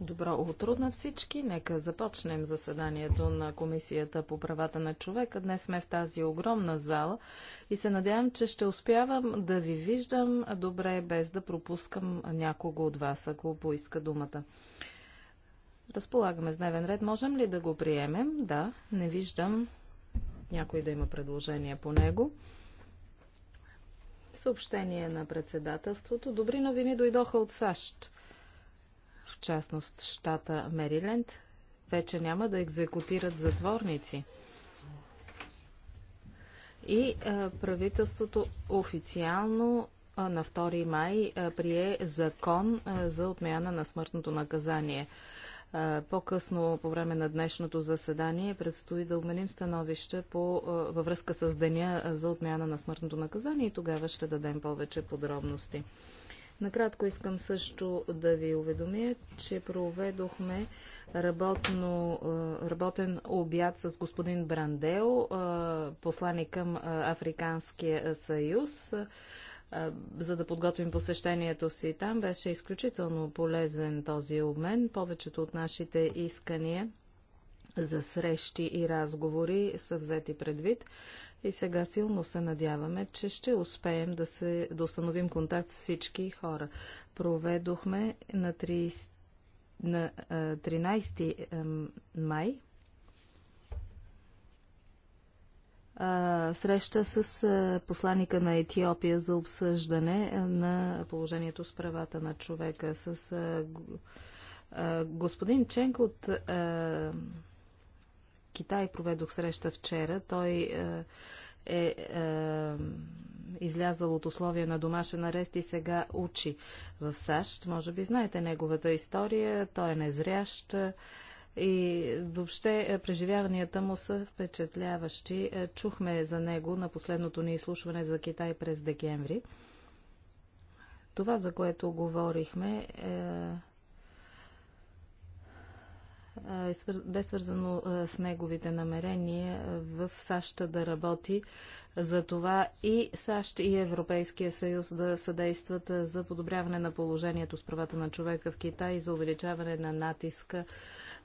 Добро утро на всички. Нека започнем заседанието на Комисията по правата на човека. Днес сме в тази огромна зала и се надявам, че ще успявам да ви виждам добре, без да пропускам някого от вас, ако поиска думата. Разполагаме с дневен ред. Можем ли да го приемем? Да, не виждам някой да има предложение по него. Съобщение на председателството. Добри новини дойдоха от САЩ. В частност, щата Мериленд вече няма да екзекутират затворници. И а, е, правителството официално а, е, на 2 май а, е, прие закон а, за отмяна на смъртното наказание. По-късно по време на днешното заседание предстои да обменим становище по, във връзка с деня за отмяна на смъртното наказание и тогава ще дадем повече подробности. Накратко искам също да ви уведомя, че проведохме работно, работен обяд с господин Брандел, послани към Африканския съюз за да подготвим посещението си там. Беше изключително полезен този обмен. Повечето от нашите искания за срещи и разговори са взети предвид. И сега силно се надяваме, че ще успеем да, се, да установим контакт с всички хора. Проведохме на, 30, на 13 май среща с посланика на Етиопия за обсъждане на положението с правата на човека. С господин Ченко от Китай проведох среща вчера. Той е, излязал от условия на домашен арест и сега учи в САЩ. Може би знаете неговата история. Той е незрящ и въобще е, преживяванията му са впечатляващи. Е, чухме за него на последното ни изслушване за Китай през декември. Това, за което говорихме, е, е, е бе свързано с неговите намерения в САЩ да работи за това и САЩ и Европейския съюз да съдействат за подобряване на положението с правата на човека в Китай и за увеличаване на натиска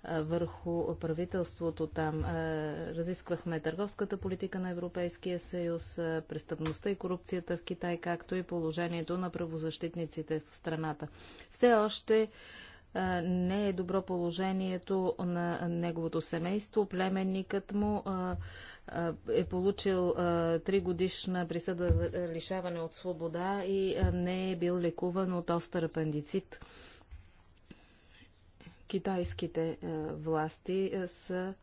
върху правителството там. Разисквахме търговската политика на Европейския съюз, престъпността и корупцията в Китай, както и положението на правозащитниците в страната. Все още не е добро положението на неговото семейство. Племенникът му е получил три годишна присъда за лишаване от свобода и не е бил лекуван от остър апендицит. Китайските е, власти е, са е,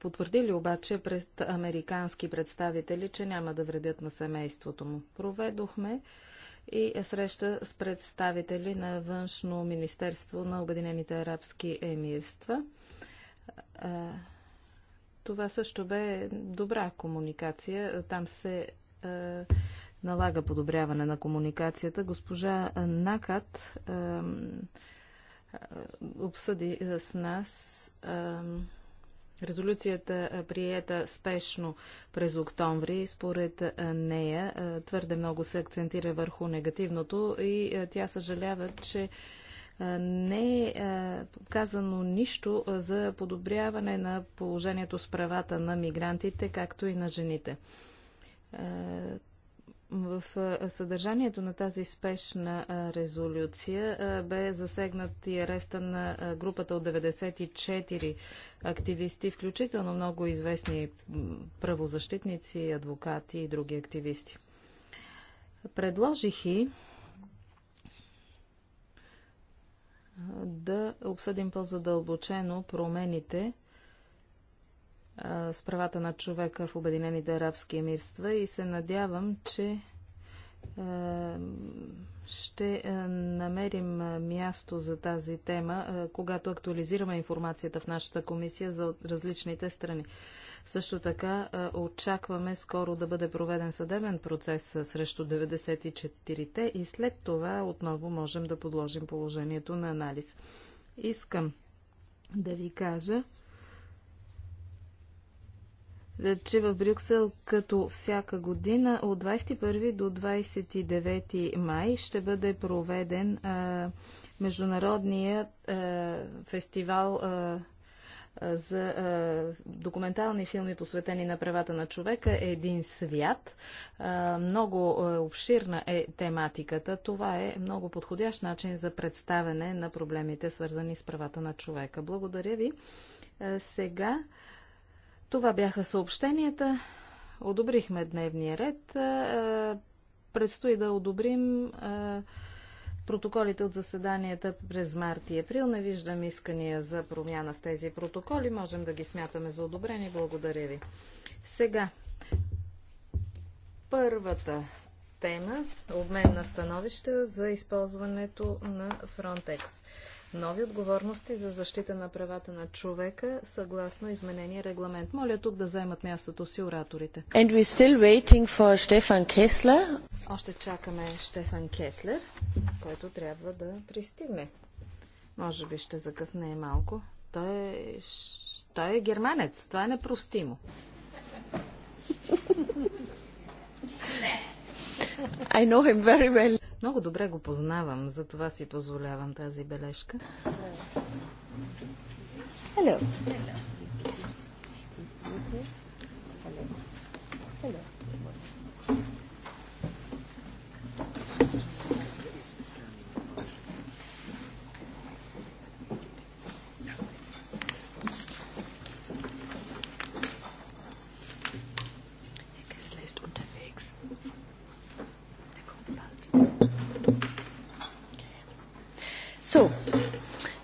потвърдили обаче пред американски представители, че няма да вредят на семейството му. Проведохме и среща с представители на Външно министерство на Обединените арабски емирства. Това също бе добра комуникация. Там се налага подобряване на комуникацията. Госпожа Накат обсъди с нас резолюцията, приета спешно през октомври. Според нея твърде много се акцентира върху негативното и тя съжалява, че не е казано нищо за подобряване на положението с правата на мигрантите, както и на жените. В съдържанието на тази спешна резолюция бе засегнат и ареста на групата от 94 активисти, включително много известни правозащитници, адвокати и други активисти. Предложих и да обсъдим по-задълбочено промените – с правата на човека в Обединените арабски емирства и се надявам, че ще намерим място за тази тема, когато актуализираме информацията в нашата комисия за различните страни. Също така очакваме скоро да бъде проведен съдебен процес срещу 94-те и след това отново можем да подложим положението на анализ. Искам да ви кажа, че в Брюксел, като всяка година, от 21 до 29 май ще бъде проведен а, Международният а, фестивал а, за а, документални филми, посветени на правата на човека, Един свят. А, много а, обширна е тематиката. Това е много подходящ начин за представяне на проблемите, свързани с правата на човека. Благодаря ви. сега. Това бяха съобщенията. Одобрихме дневния ред. Е, е, предстои да одобрим е, протоколите от заседанията през март и април. Не виждам искания за промяна в тези протоколи. Можем да ги смятаме за одобрени. Благодаря ви. Сега, първата тема – обмен на становища за използването на Frontex нови отговорности за защита на правата на човека съгласно изменения регламент. Моля тук да заемат мястото си ораторите. And still waiting for Stefan Kessler. Още чакаме Штефан Кеслер, който трябва да пристигне. Може би ще закъснее малко. Той е, той е германец. Това е непростимо. I know him very well. Много добре го познавам, затова си позволявам тази бележка. Hello. Hello. Hello. Hello.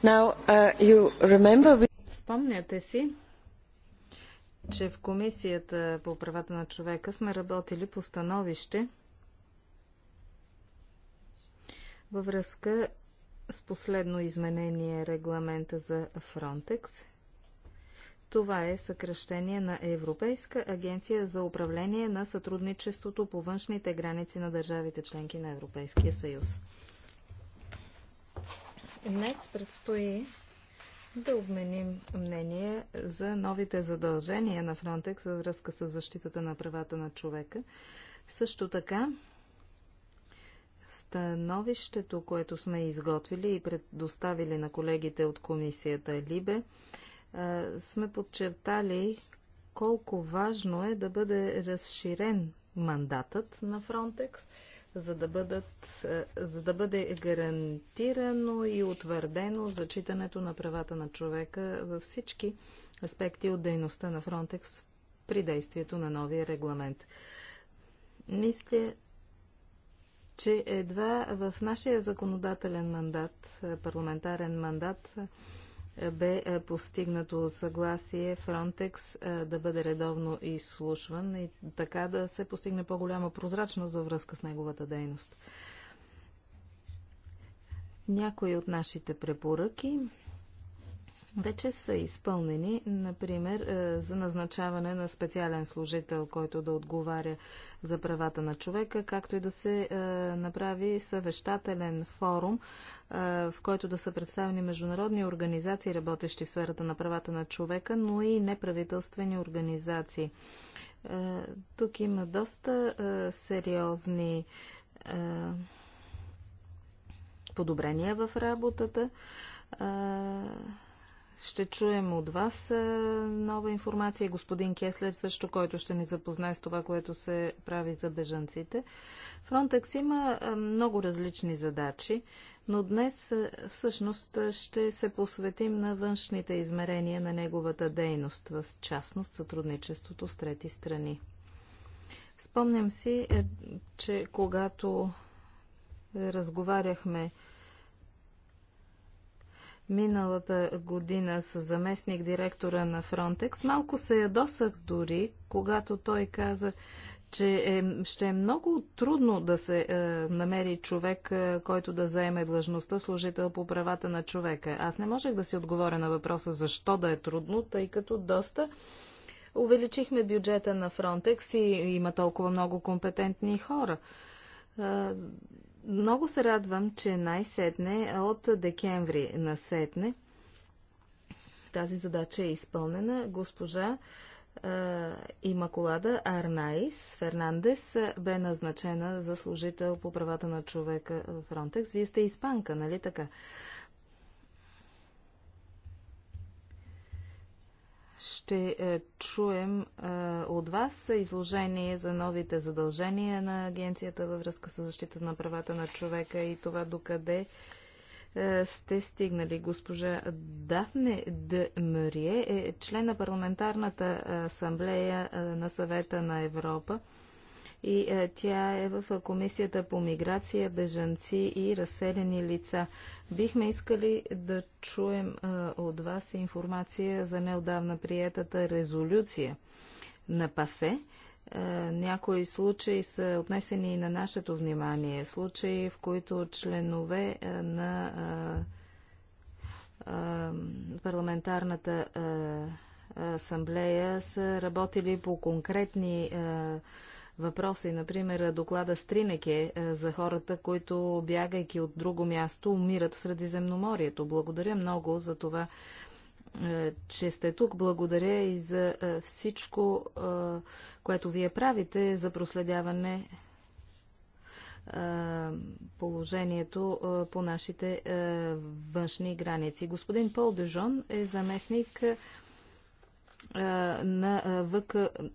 Now, uh, you remember... Спомняте си, че в Комисията по правата на човека сме работили по становище във връзка с последно изменение регламента за Фронтекс. Това е съкръщение на Европейска агенция за управление на сътрудничеството по външните граници на държавите членки на Европейския съюз. Днес предстои да обменим мнение за новите задължения на Фронтекс във връзка с защитата на правата на човека. Също така, становището, което сме изготвили и предоставили на колегите от комисията Либе, сме подчертали колко важно е да бъде разширен мандатът на Фронтекс – за да, бъдат, е, за да бъде гарантирано и утвърдено зачитането на правата на човека във всички аспекти от дейността на Фронтекс при действието на новия регламент. Мисля, че едва в нашия законодателен мандат, е, парламентарен мандат, е, бе е, постигнато съгласие Фронтекс да бъде редовно изслушван и така да се постигне по-голяма прозрачност във връзка с неговата дейност. Някои от нашите препоръки вече са изпълнени, например, е, за назначаване на специален служител, който да отговаря за правата на човека, както и да се е, направи съвещателен форум, е, в който да са представени международни организации, работещи в сферата на правата на човека, но и неправителствени организации. Тук има доста сериозни подобрения в работата ще чуем от вас е, нова информация. Господин Кеслер също, който ще ни запознае с това, което се прави за бежанците. Фронтекс има е, много различни задачи, но днес е, всъщност ще се посветим на външните измерения на неговата дейност, в частност сътрудничеството с трети страни. Спомням си, че когато разговаряхме миналата година с заместник директора на Фронтекс. Малко се ядосах дори, когато той каза, че е, ще е много трудно да се е, намери човек, е, който да заеме длъжността служител по правата на човека. Аз не можех да си отговоря на въпроса защо да е трудно, тъй като доста увеличихме бюджета на Фронтекс и има толкова много компетентни хора. Е, много се радвам, че най-сетне от декември на сетне тази задача е изпълнена. Госпожа Имаколада Арнаис Фернандес бе назначена за служител по правата на човека в Фронтекс. Вие сте испанка, нали така? ще е, чуем е, от вас изложение за новите задължения на агенцията във връзка с защита на правата на човека и това докъде е, сте стигнали. Госпожа Дафне Д. Мърие е член на парламентарната асамблея на съвета на Европа и тя е в Комисията по миграция, бежанци и разселени лица. Бихме искали да чуем от вас информация за неодавна приетата резолюция на ПАСЕ. Някои случаи са отнесени и на нашето внимание. Случаи, в които членове на парламентарната асамблея са работили по конкретни а, въпроси. Например, доклада Стринеке е, за хората, които бягайки от друго място умират в Средиземноморието. Благодаря много за това, е, че сте тук. Благодаря и за е, всичко, което вие правите за проследяване положението по нашите външни граници. Господин Пол Дежон е заместник на ВКБОН,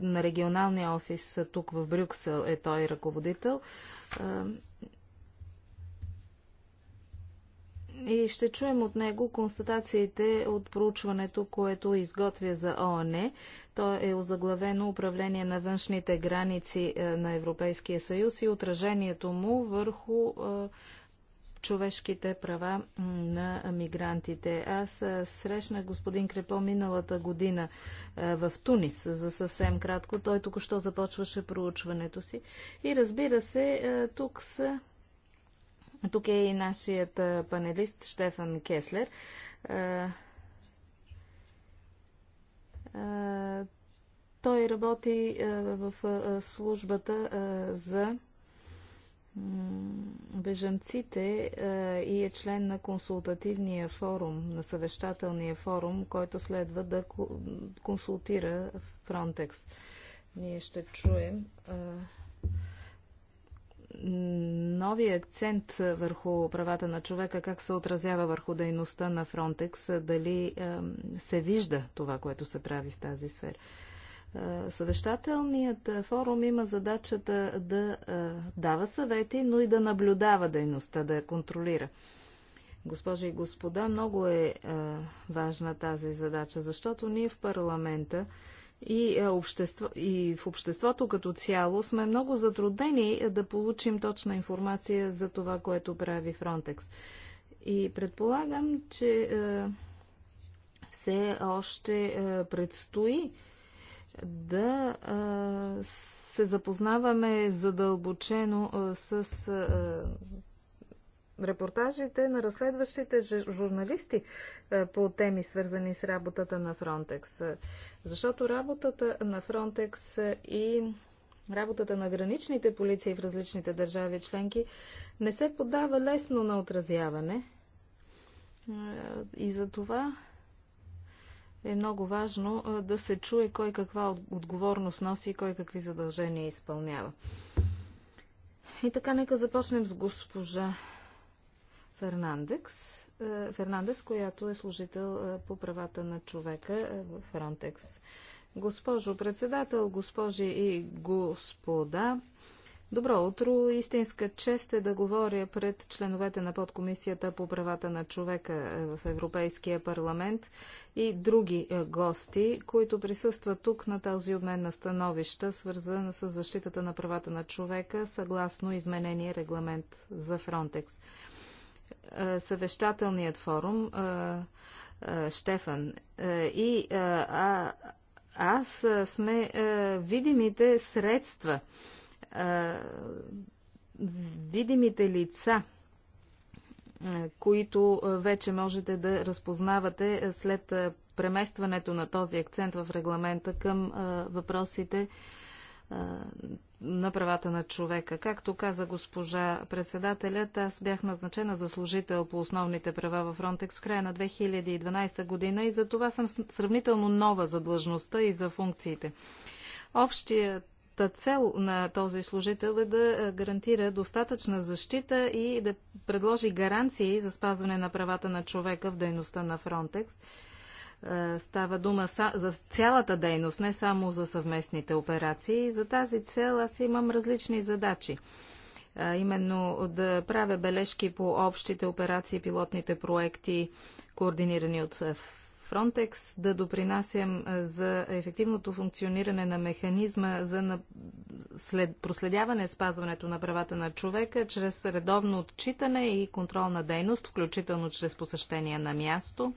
на регионалния офис тук в Брюксел е той ръководител. И ще чуем от него констатациите от проучването, което изготвя за ООН. То е озаглавено управление на външните граници на Европейския съюз и отражението му върху човешките права на мигрантите. Аз срещнах господин Крепо миналата година в Тунис за съвсем кратко. Той току-що започваше проучването си. И разбира се, тук са тук е и нашият панелист Штефан Кеслер. Той работи в службата за бежанците е, и е член на консултативния форум, на съвещателния форум, който следва да консултира Фронтекс. Ние ще чуем е, новия акцент върху правата на човека, как се отразява върху дейността на Фронтекс, дали се вижда това, което се прави в тази сфера. Съвещателният форум има задачата да дава съвети, но и да наблюдава дейността, да я контролира. Госпожи и господа, много е важна тази задача, защото ние в парламента и, общество, и в обществото като цяло сме много затруднени да получим точна информация за това, което прави Фронтекс. И предполагам, че все още предстои да се запознаваме задълбочено с репортажите на разследващите журналисти по теми, свързани с работата на Фронтекс. Защото работата на Фронтекс и работата на граничните полиции в различните държави членки не се подава лесно на отразяване. И за това е много важно да се чуе кой каква отговорност носи и кой какви задължения изпълнява. И така, нека започнем с госпожа Фернандекс, Фернандес, която е служител по правата на човека в Фронтекс. Госпожо председател, госпожи и господа, Добро утро! Истинска чест е да говоря пред членовете на подкомисията по правата на човека е, в Европейския парламент и други е, гости, които присъстват тук на този обмен на становища, свързана с защитата на правата на човека, съгласно изменение регламент за Фронтекс. Е, съвещателният форум Штефан и аз сме видимите средства – видимите лица, които вече можете да разпознавате след преместването на този акцент в регламента към въпросите на правата на човека. Както каза госпожа председателят, аз бях назначена за служител по основните права в Фронтекс в края на 2012 година и за това съм сравнително нова за длъжността и за функциите. Общият цел на този служител е да е, гарантира достатъчна защита и да предложи гаранции за спазване на правата на човека в дейността на Фронтекс. Става дума за цялата дейност, не само за съвместните операции. За тази цел аз имам различни задачи е, именно да правя бележки по общите операции, пилотните проекти, координирани от Frontex, да допринасям за ефективното функциониране на механизма за след... проследяване спазването на правата на човека чрез редовно отчитане и контролна дейност, включително чрез посещение на място.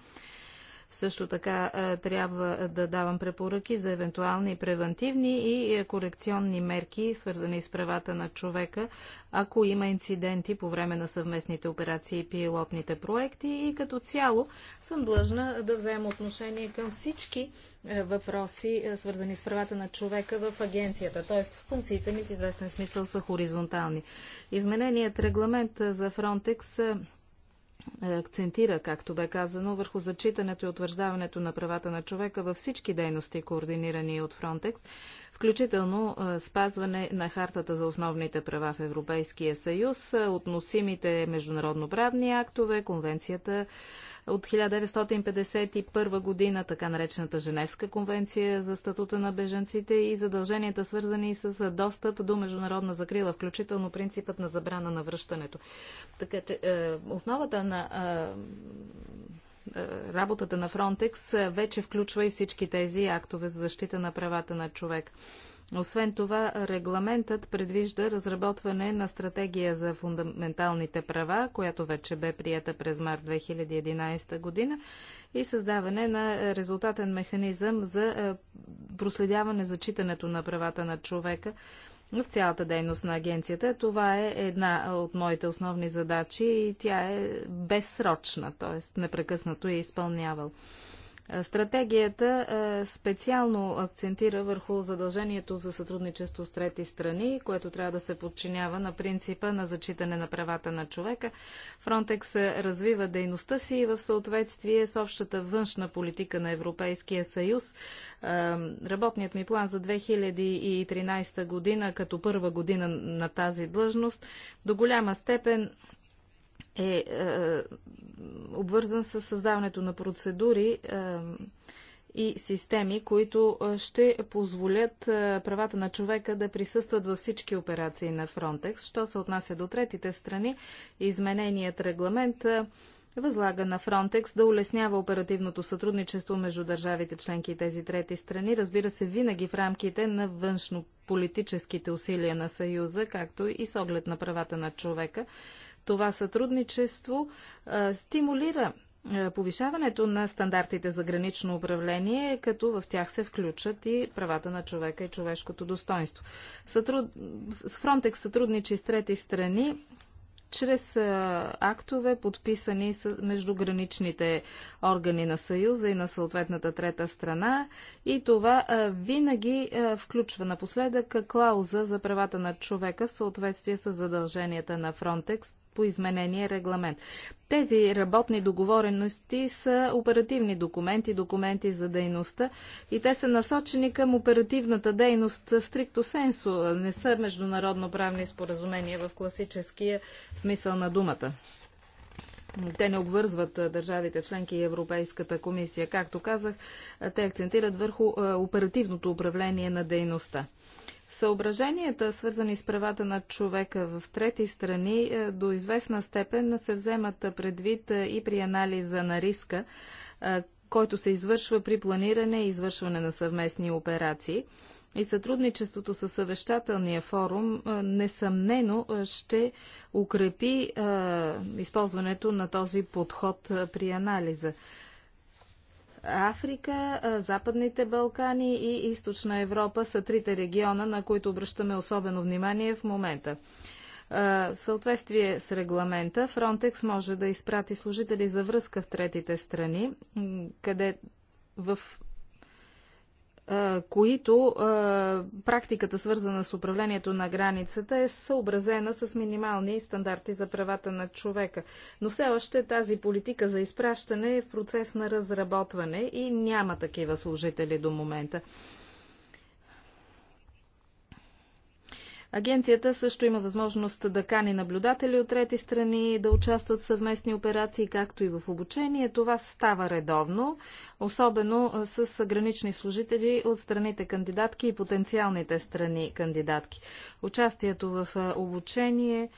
Също така трябва да давам препоръки за евентуални превентивни и корекционни мерки, свързани с правата на човека, ако има инциденти по време на съвместните операции и пилотните проекти. И като цяло съм длъжна да взема отношение към всички въпроси, свързани с правата на човека в агенцията. Т.е. функциите ми в известен смисъл са хоризонтални. Измененият регламент за Фронтекс е, акцентира, както бе казано, върху зачитането и утвърждаването на правата на човека във всички дейности, координирани от Фронтекс, включително спазване на Хартата за основните права в Европейския съюз, относимите международноправни актове, конвенцията от 1951 година, така наречената Женевска конвенция за статута на беженците и задълженията свързани с достъп до международна закрила, включително принципът на забрана на връщането. Така че основата на е, работата на Фронтекс е, вече включва и всички тези актове за защита на правата на човек. Освен това, регламентът предвижда разработване на стратегия за фундаменталните права, която вече бе прията през март 2011 година и създаване на резултатен механизъм за е, проследяване зачитането на правата на човека в цялата дейност на агенцията. Това е една от моите основни задачи и тя е безсрочна, т.е. непрекъснато е изпълнявал. Стратегията е, специално акцентира върху задължението за сътрудничество с трети страни, което трябва да се подчинява на принципа на зачитане на правата на човека. Фронтекс развива дейността си и в съответствие с общата външна политика на Европейския съюз. Е, работният ми план за 2013 година, като първа година на тази длъжност, до голяма степен е, е обвързан с създаването на процедури е, и системи, които е, ще позволят е, правата на човека да присъстват във всички операции на Фронтекс. Що се отнася до третите страни, измененият регламент е, възлага на Фронтекс да улеснява оперативното сътрудничество между държавите членки и тези трети страни, разбира се, винаги в рамките на външно-политическите усилия на Съюза, както и с оглед на правата на човека това сътрудничество стимулира повишаването на стандартите за гранично управление, като в тях се включат и правата на човека и човешкото достоинство. Сътруд... Фронтекс сътрудничи с трети страни чрез актове, подписани с, между граничните органи на Съюза и на съответната трета страна. И това винаги включва напоследък клауза за правата на човека в съответствие с задълженията на Фронтекс по изменение регламент. Тези работни договорености са оперативни документи, документи за дейността и те са насочени към оперативната дейност стрикто сенсо, не са международно правни споразумения в класическия смисъл на думата. Те не обвързват държавите членки и Европейската комисия. Както казах, те акцентират върху оперативното управление на дейността. Съображенията, свързани с правата на човека в трети страни, е, до известна степен се вземат предвид е, и при анализа на риска, е, който се извършва при планиране и извършване на съвместни операции. И сътрудничеството с съвещателния форум несъмнено ще укрепи използването на този подход при анализа. Африка, Западните Балкани и Източна Европа са трите региона, на които обръщаме особено внимание в момента. В съответствие с регламента, Фронтекс може да изпрати служители за връзка в третите страни, къде в които практиката, свързана с управлението на границата, е съобразена с минимални стандарти за правата на човека. Но все още тази политика за изпращане е в процес на разработване и няма такива служители до момента. Агенцията също има възможност да кани наблюдатели от трети страни да участват в съвместни операции, както и в обучение. Това става редовно, особено с гранични служители от страните кандидатки и потенциалните страни кандидатки. Участието в обучение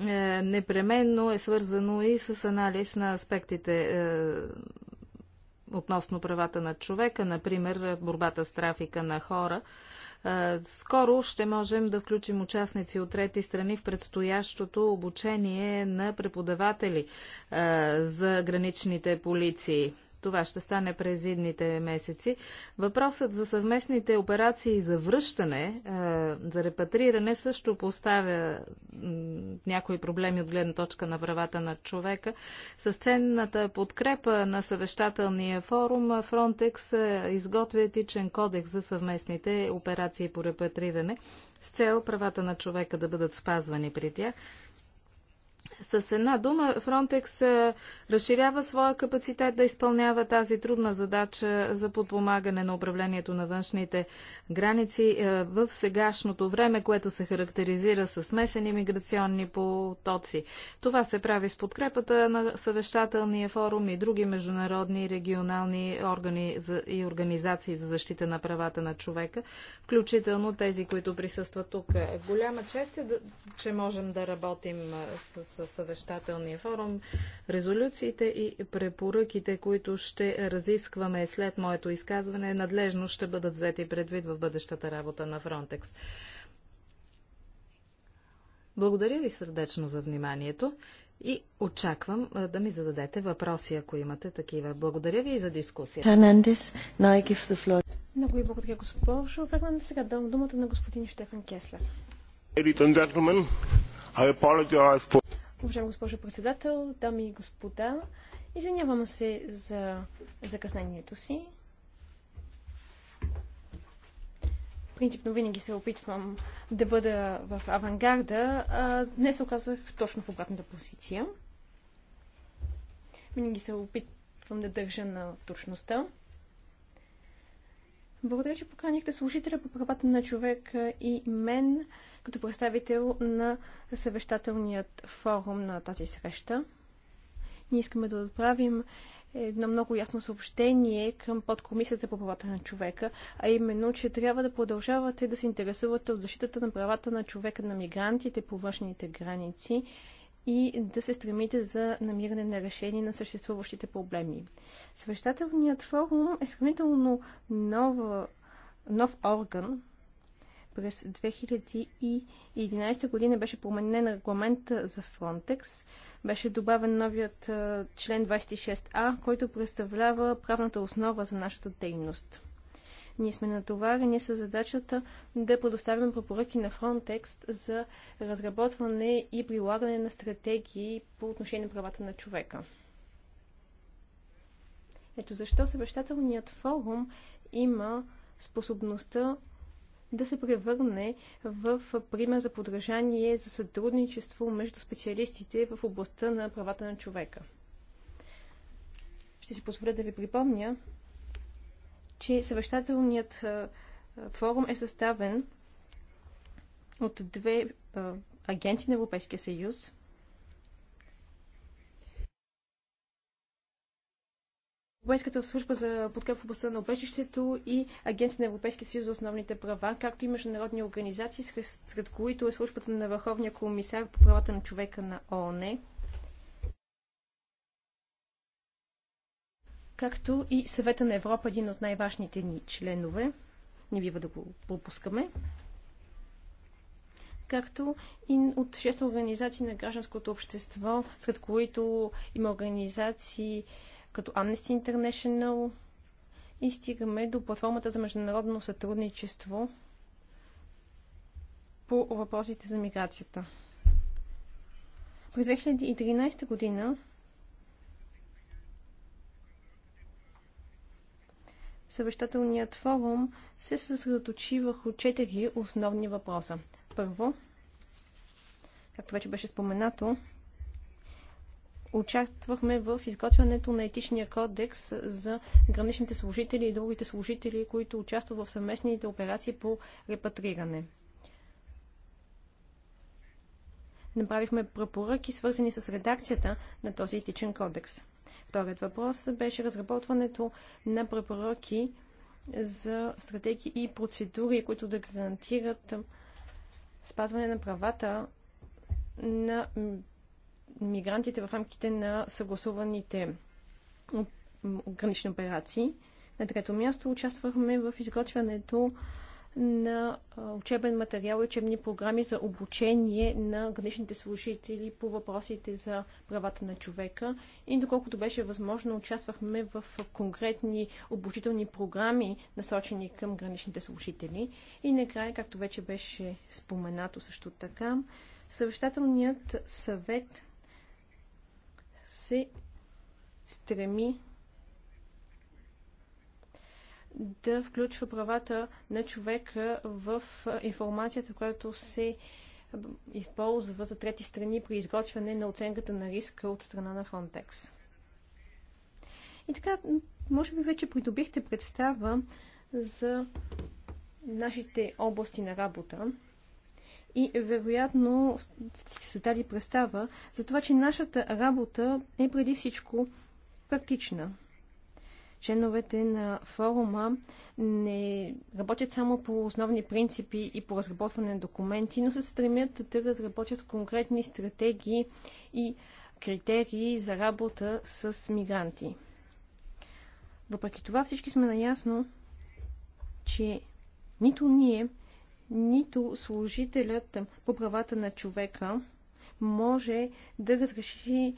е, непременно е свързано и с анализ на аспектите е, относно правата на човека, например борбата с трафика на хора скоро ще можем да включим участници от трети страни в предстоящото обучение на преподаватели за граничните полиции. Това ще стане през едните месеци. Въпросът за съвместните операции за връщане, е, за репатриране също поставя някои проблеми от гледна точка на правата на човека. С ценната подкрепа на съвещателния форум Frontex е, изготвя етичен кодекс за съвместните операции по репатриране с цел правата на човека да бъдат спазвани при тях. С една дума, Фронтекс разширява своя капацитет да изпълнява тази трудна задача за подпомагане на управлението на външните граници в сегашното време, което се характеризира с смесени миграционни потоци. Това се прави с подкрепата на съвещателния форум и други международни и регионални органи и организации за защита на правата на човека, включително тези, които присъстват тук. Е, голяма чест е, че можем да работим с съвещателния форум. Резолюциите и препоръките, които ще разискваме след моето изказване, надлежно ще бъдат взети предвид в бъдещата работа на Фронтекс. Благодаря ви сърдечно за вниманието и очаквам да ми зададете въпроси, ако имате такива. Благодаря ви и за дискусията. Фернандес, Много ви благодаря, госпожо Фернандес. Сега давам думата на господин Штефан Кеслер. For... Уважаема госпожо председател, дами и господа, извинявам се за закъснението си. Принципно винаги се опитвам да бъда в авангарда, а днес се оказах точно в обратната позиция. Винаги се опитвам да държа на точността. Благодаря, че поканихте служителя по правата на човек и мен като представител на съвещателният форум на тази среща. Ние искаме да отправим едно много ясно съобщение към подкомисията по правата на човека, а именно, че трябва да продължавате да се интересувате от защитата на правата на човека на мигрантите по външните граници и да се стремите за намиране на решение на съществуващите проблеми. Съвещателният форум е сравнително нова, нов орган. През 2011 година беше променен регламент за Frontex. Беше добавен новият член 26А, който представлява правната основа за нашата дейност. Ние сме натоварени с задачата да предоставим препоръки на Frontex за разработване и прилагане на стратегии по отношение на правата на човека. Ето защо съвещателният форум има способността да се превърне в пример за подражание за сътрудничество между специалистите в областта на правата на човека. Ще си позволя да ви припомня, че съвещателният форум е съставен от две агенции на Европейския съюз. Европейската служба за подкрепа в областта на обежището и Агенция на Европейския съюз за основните права, както и международни организации, сред които е службата на Върховния комисар по правата на човека на ООН. както и съвета на Европа, един от най-важните ни членове. Не бива да го пропускаме както и от шест организации на гражданското общество, сред които има организации като Amnesty International и стигаме до платформата за международно сътрудничество по въпросите за миграцията. През 2013 година съвещателният форум се съсредоточи върху четири основни въпроса. Първо, както вече беше споменато, участвахме в изготвянето на етичния кодекс за граничните служители и другите служители, които участват в съвместните операции по репатриране. Направихме препоръки, свързани с редакцията на този етичен кодекс. Вторият въпрос беше разработването на препоръки за стратегии и процедури, които да гарантират спазване на правата на мигрантите в рамките на съгласуваните гранични операции. На трето място участвахме в изготвянето на учебен материал и учебни програми за обучение на граничните служители по въпросите за правата на човека. И доколкото беше възможно, участвахме в конкретни обучителни програми, насочени към граничните служители. И накрая, както вече беше споменато също така, съвещателният съвет се стреми да включва правата на човека в информацията, която се използва за трети страни при изготвяне на оценката на риска от страна на Frontex. И така, може би вече придобихте представа за нашите области на работа и вероятно сте се дали представа за това, че нашата работа е преди всичко практична. Членовете на форума не работят само по основни принципи и по разработване на документи, но се стремят да разработят конкретни стратегии и критерии за работа с мигранти. Въпреки това всички сме наясно, че нито ние, нито служителят по правата на човека може да разреши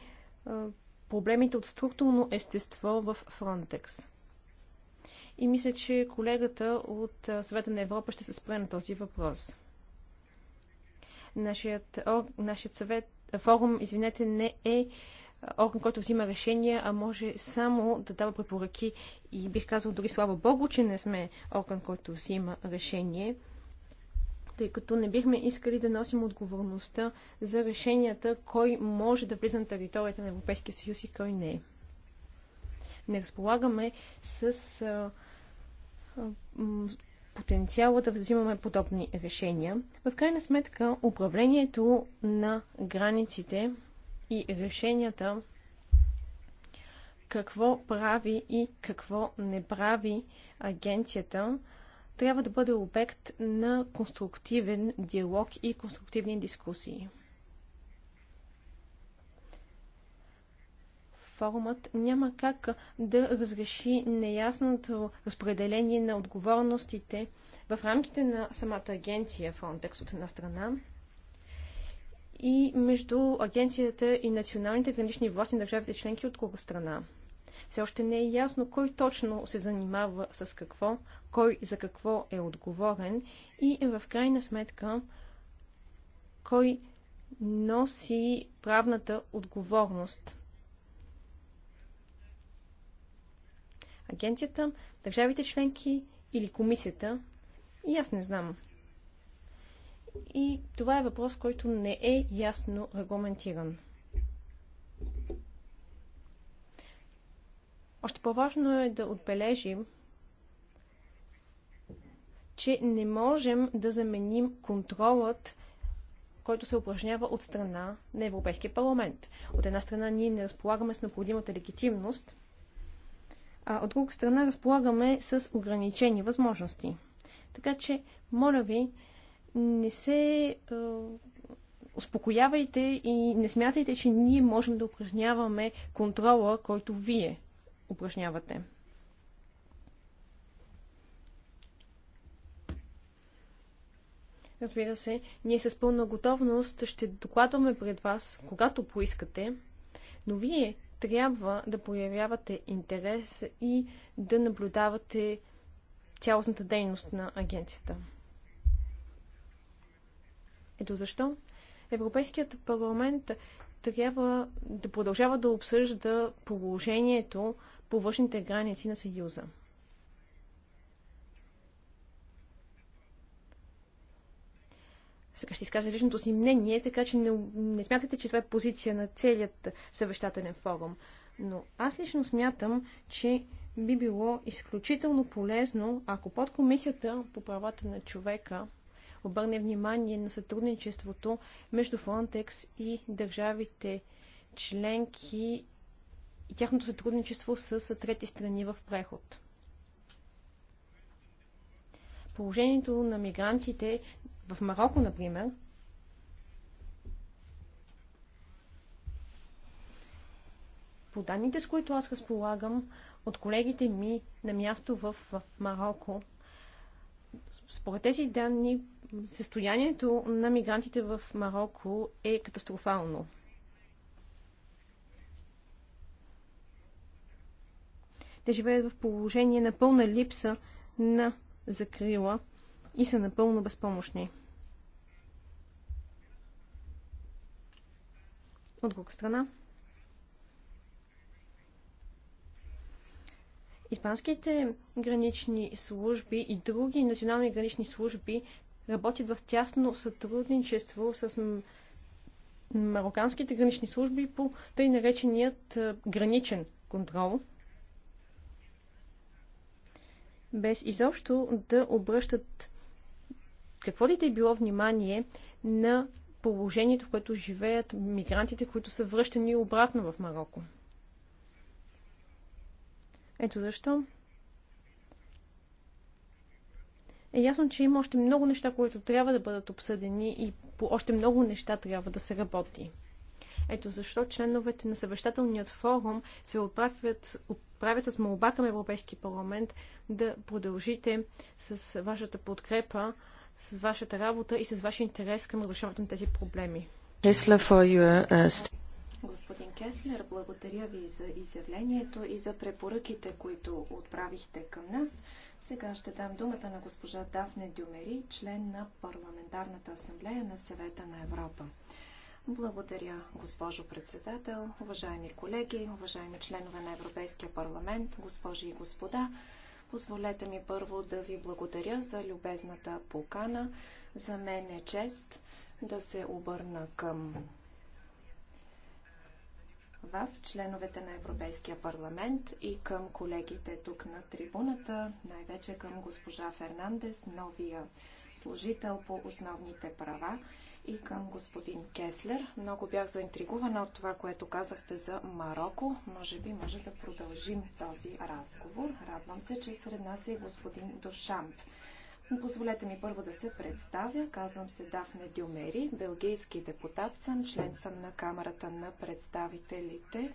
проблемите от структурно естество в Фронтекс. И мисля, че колегата от Съвета на Европа ще се спре на този въпрос. Нашият, нашият съвет, форум, извинете, не е орган, който взима решения, а може само да дава препоръки. И бих казал дори слава Богу, че не сме орган, който взима решение тъй като не бихме искали да носим отговорността за решенията, кой може да влиза на територията на Европейския съюз и кой не. Не разполагаме с а, а, потенциала да взимаме подобни решения. В крайна сметка, управлението на границите и решенията какво прави и какво не прави агенцията трябва да бъде обект на конструктивен диалог и конструктивни дискусии. форумът няма как да разреши неясното разпределение на отговорностите в рамките на самата агенция Frontex от една страна и между агенцията и националните гранични власти на държавите членки от друга страна. Все още не е ясно кой точно се занимава с какво, кой за какво е отговорен и в крайна сметка кой носи правната отговорност. Агенцията, държавите членки или комисията, и аз не знам. И това е въпрос, който не е ясно регламентиран. Още по-важно е да отбележим, че не можем да заменим контролът, който се упражнява от страна на Европейския парламент. От една страна ние не разполагаме с необходимата легитимност, а от друга страна разполагаме с ограничени възможности. Така че, моля ви, не се е, успокоявайте и не смятайте, че ние можем да упражняваме контрола, който вие упражнявате. Разбира се, ние с пълна готовност ще докладваме пред вас, когато поискате, но вие трябва да проявявате интерес и да наблюдавате цялостната дейност на агенцията. Ето защо Европейският парламент трябва да продължава да обсъжда положението по външните граници на Съюза. Сега ще изкажа личното си мнение, така че не, не смятате, че това е позиция на целият съвещателен форум. Но аз лично смятам, че би било изключително полезно, ако подкомисията по правата на човека обърне внимание на сътрудничеството между Фронтекс и държавите членки и тяхното сътрудничество с трети страни в преход. Положението на мигрантите в Марокко, например, по данните, с които аз разполагам от колегите ми на място в Марокко, според тези данни, състоянието на мигрантите в Марокко е катастрофално. Те живеят в положение на пълна липса на закрила и са напълно безпомощни. От друга страна, Испанските гранични служби и други национални гранични служби работят в тясно сътрудничество с мароканските гранични служби по тъй нареченият граничен контрол – без изобщо да обръщат какво ли да е било внимание на положението, в което живеят мигрантите, които са връщани обратно в Марокко. Ето защо е ясно, че има още много неща, които трябва да бъдат обсъдени и по още много неща трябва да се работи. Ето защо членовете на съвещателният форум се отправят, отправят с молба към Европейски парламент да продължите с вашата подкрепа, с вашата работа и с вашия интерес към разрешаването на тези проблеми. Uh, Господин Кеслер, благодаря ви за изявлението и за препоръките, които отправихте към нас. Сега ще дам думата на госпожа Дафне Дюмери, член на Парламентарната асамблея на съвета на Европа. Благодаря, госпожо председател, уважаеми колеги, уважаеми членове на Европейския парламент, госпожи и господа. Позволете ми първо да ви благодаря за любезната покана. За мен е чест да се обърна към вас, членовете на Европейския парламент и към колегите тук на трибуната, най-вече към госпожа Фернандес, новия служител по основните права и към господин Кеслер. Много бях заинтригувана от това, което казахте за Марокко. Може би може да продължим този разговор. Радвам се, че сред нас е господин Дошамп. Позволете ми първо да се представя. Казвам се Дафне Дюмери, белгийски депутат съм, член съм на Камерата на представителите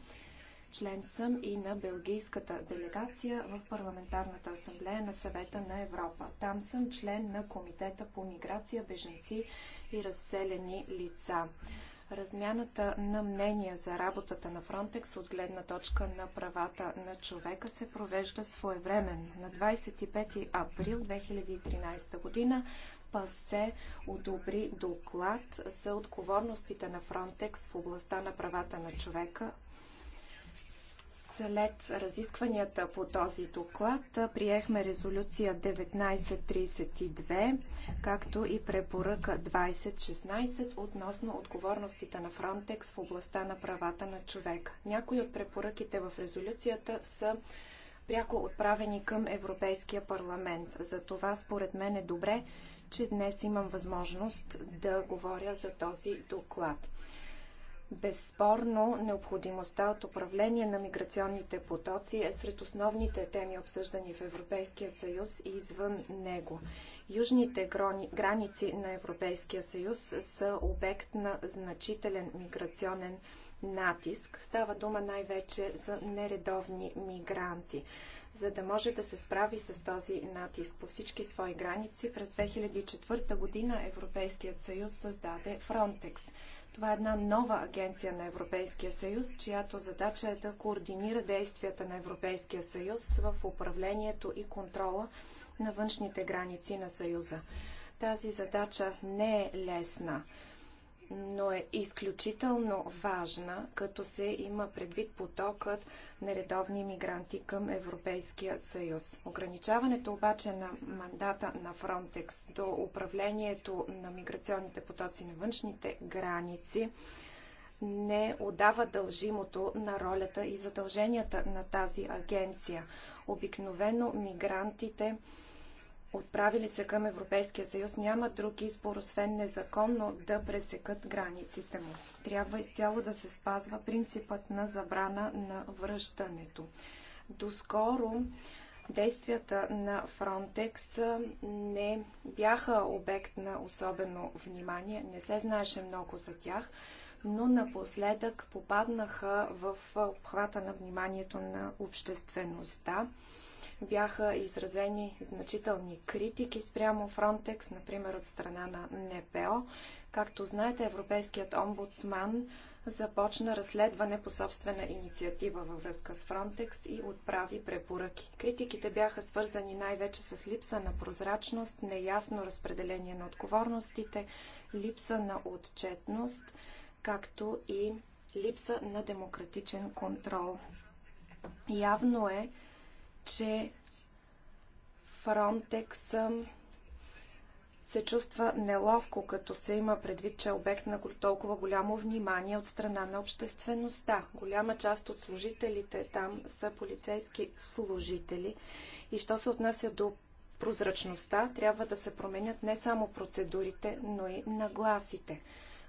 Член съм и на белгийската делегация в Парламентарната асамблея на съвета на Европа. Там съм член на Комитета по миграция, беженци и разселени лица. Размяната на мнения за работата на Фронтекс от гледна точка на правата на човека се провежда своевременно. На 25 април 2013 година ПАСЕ одобри доклад за отговорностите на Фронтекс в областта на правата на човека след разискванията по този доклад приехме резолюция 1932, както и препоръка 2016 относно отговорностите на Фронтекс в областта на правата на човека. Някои от препоръките в резолюцията са пряко отправени към Европейския парламент. За това според мен е добре, че днес имам възможност да говоря за този доклад. Безспорно, необходимостта от управление на миграционните потоци е сред основните теми, обсъждани в Европейския съюз и извън него. Южните граници на Европейския съюз са обект на значителен миграционен натиск. Става дума най-вече за нередовни мигранти. За да може да се справи с този натиск по всички свои граници, през 2004 година Европейският съюз създаде Фронтекс – това е една нова агенция на Европейския съюз, чиято задача е да координира действията на Европейския съюз в управлението и контрола на външните граници на съюза. Тази задача не е лесна но е изключително важна, като се има предвид потокът нередовни мигранти към Европейския съюз. Ограничаването обаче на мандата на Фронтекс до управлението на миграционните потоци на външните граници не отдава дължимото на ролята и задълженията на тази агенция. Обикновено мигрантите отправили се към Европейския съюз, няма друг избор, освен незаконно да пресекат границите му. Трябва изцяло да се спазва принципът на забрана на връщането. Доскоро действията на Фронтекс не бяха обект на особено внимание, не се знаеше много за тях, но напоследък попаднаха в обхвата на вниманието на обществеността бяха изразени значителни критики спрямо Фронтекс, например от страна на НПО. Както знаете, Европейският омбудсман започна разследване по собствена инициатива във връзка с Фронтекс и отправи препоръки. Критиките бяха свързани най-вече с липса на прозрачност, неясно разпределение на отговорностите, липса на отчетност, както и липса на демократичен контрол. Явно е, че Фронтекс се чувства неловко, като се има предвид, че е обект на толкова голямо внимание от страна на обществеността. Голяма част от служителите там са полицейски служители. И що се отнася до прозрачността, трябва да се променят не само процедурите, но и нагласите.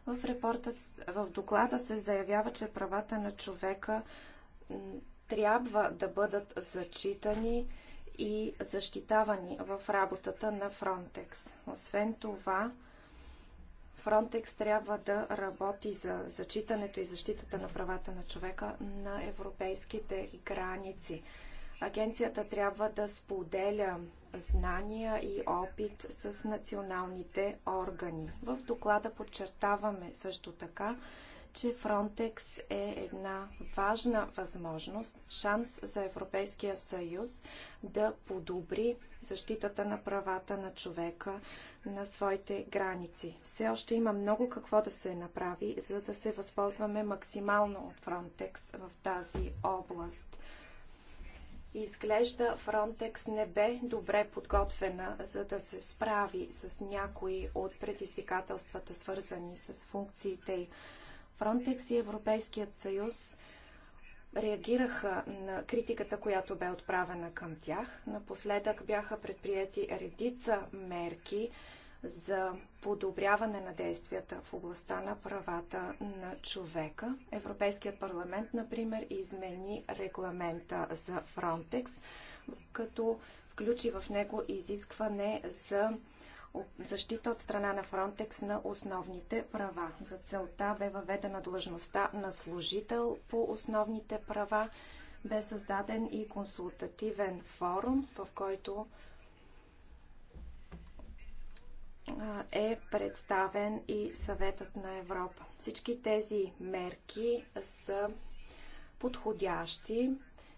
В, репорта, в доклада се заявява, че правата на човека трябва да бъдат зачитани и защитавани в работата на Фронтекс. Освен това, Фронтекс трябва да работи за зачитането и защитата на правата на човека на европейските граници. Агенцията трябва да споделя знания и опит с националните органи. В доклада подчертаваме също така, че Фронтекс е една важна възможност, шанс за Европейския съюз да подобри защитата на правата на човека на своите граници. Все още има много какво да се направи, за да се възползваме максимално от Фронтекс в тази област. Изглежда Фронтекс не бе добре подготвена, за да се справи с някои от предизвикателствата, свързани с функциите Фронтекс и Европейският съюз реагираха на критиката, която бе отправена към тях. Напоследък бяха предприяти редица мерки за подобряване на действията в областта на правата на човека. Европейският парламент, например, измени регламента за Фронтекс, като включи в него изискване за защита от страна на Фронтекс на основните права. За целта бе въведена длъжността на служител по основните права. Бе създаден и консултативен форум, в който е представен и съветът на Европа. Всички тези мерки са подходящи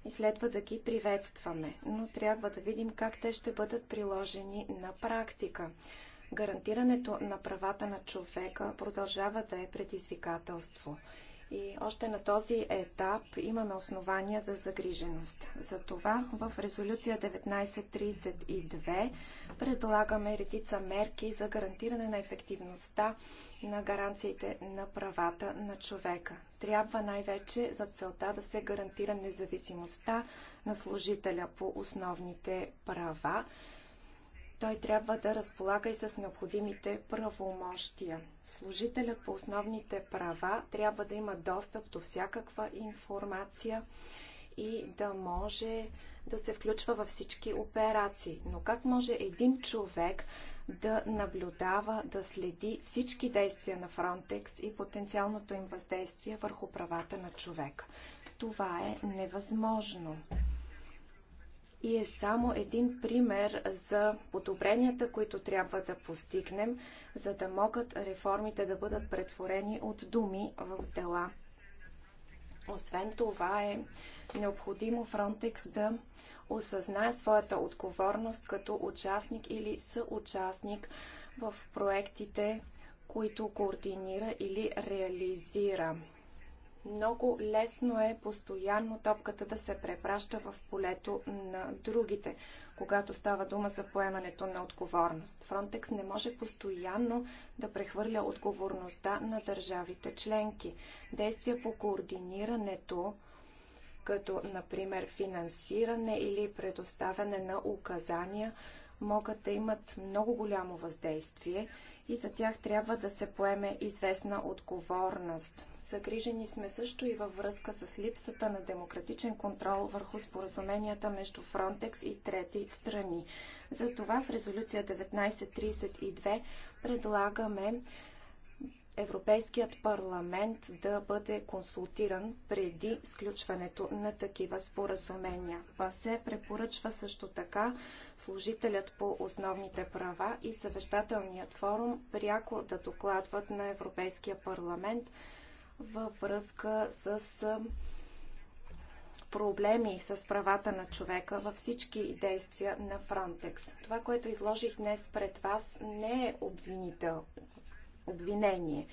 и следва да ги приветстваме, но трябва да видим как те ще бъдат приложени на практика. Гарантирането на правата на човека продължава да е предизвикателство. И още на този етап имаме основания за загриженост. Затова в резолюция 1932 предлагаме редица мерки за гарантиране на ефективността на гаранциите на правата на човека трябва най-вече за целта да се гарантира независимостта на служителя по основните права. Той трябва да разполага и с необходимите правомощия. Служителят по основните права трябва да има достъп до всякаква информация, и да може да се включва във всички операции. Но как може един човек да наблюдава, да следи всички действия на Фронтекс и потенциалното им въздействие върху правата на човек? Това е невъзможно и е само един пример за подобренията, които трябва да постигнем, за да могат реформите да бъдат претворени от думи в дела. Освен това е необходимо Фронтекс да осъзнае своята отговорност като участник или съучастник в проектите, които координира или реализира много лесно е постоянно топката да се препраща в полето на другите, когато става дума за поемането на отговорност. Фронтекс не може постоянно да прехвърля отговорността на държавите членки. Действия по координирането като например финансиране или предоставяне на указания, могат да имат много голямо въздействие и за тях трябва да се поеме известна отговорност. Загрижени сме също и във връзка с липсата на демократичен контрол върху споразуменията между Фронтекс и трети страни. Затова в резолюция 1932 предлагаме Европейският парламент да бъде консултиран преди сключването на такива споразумения. ПАСЕ препоръчва също така служителят по основните права и съвещателният форум пряко да докладват на Европейския парламент във връзка с проблеми с правата на човека във всички действия на Фронтекс. Това, което изложих днес пред вас, не е обвинител, обвинение.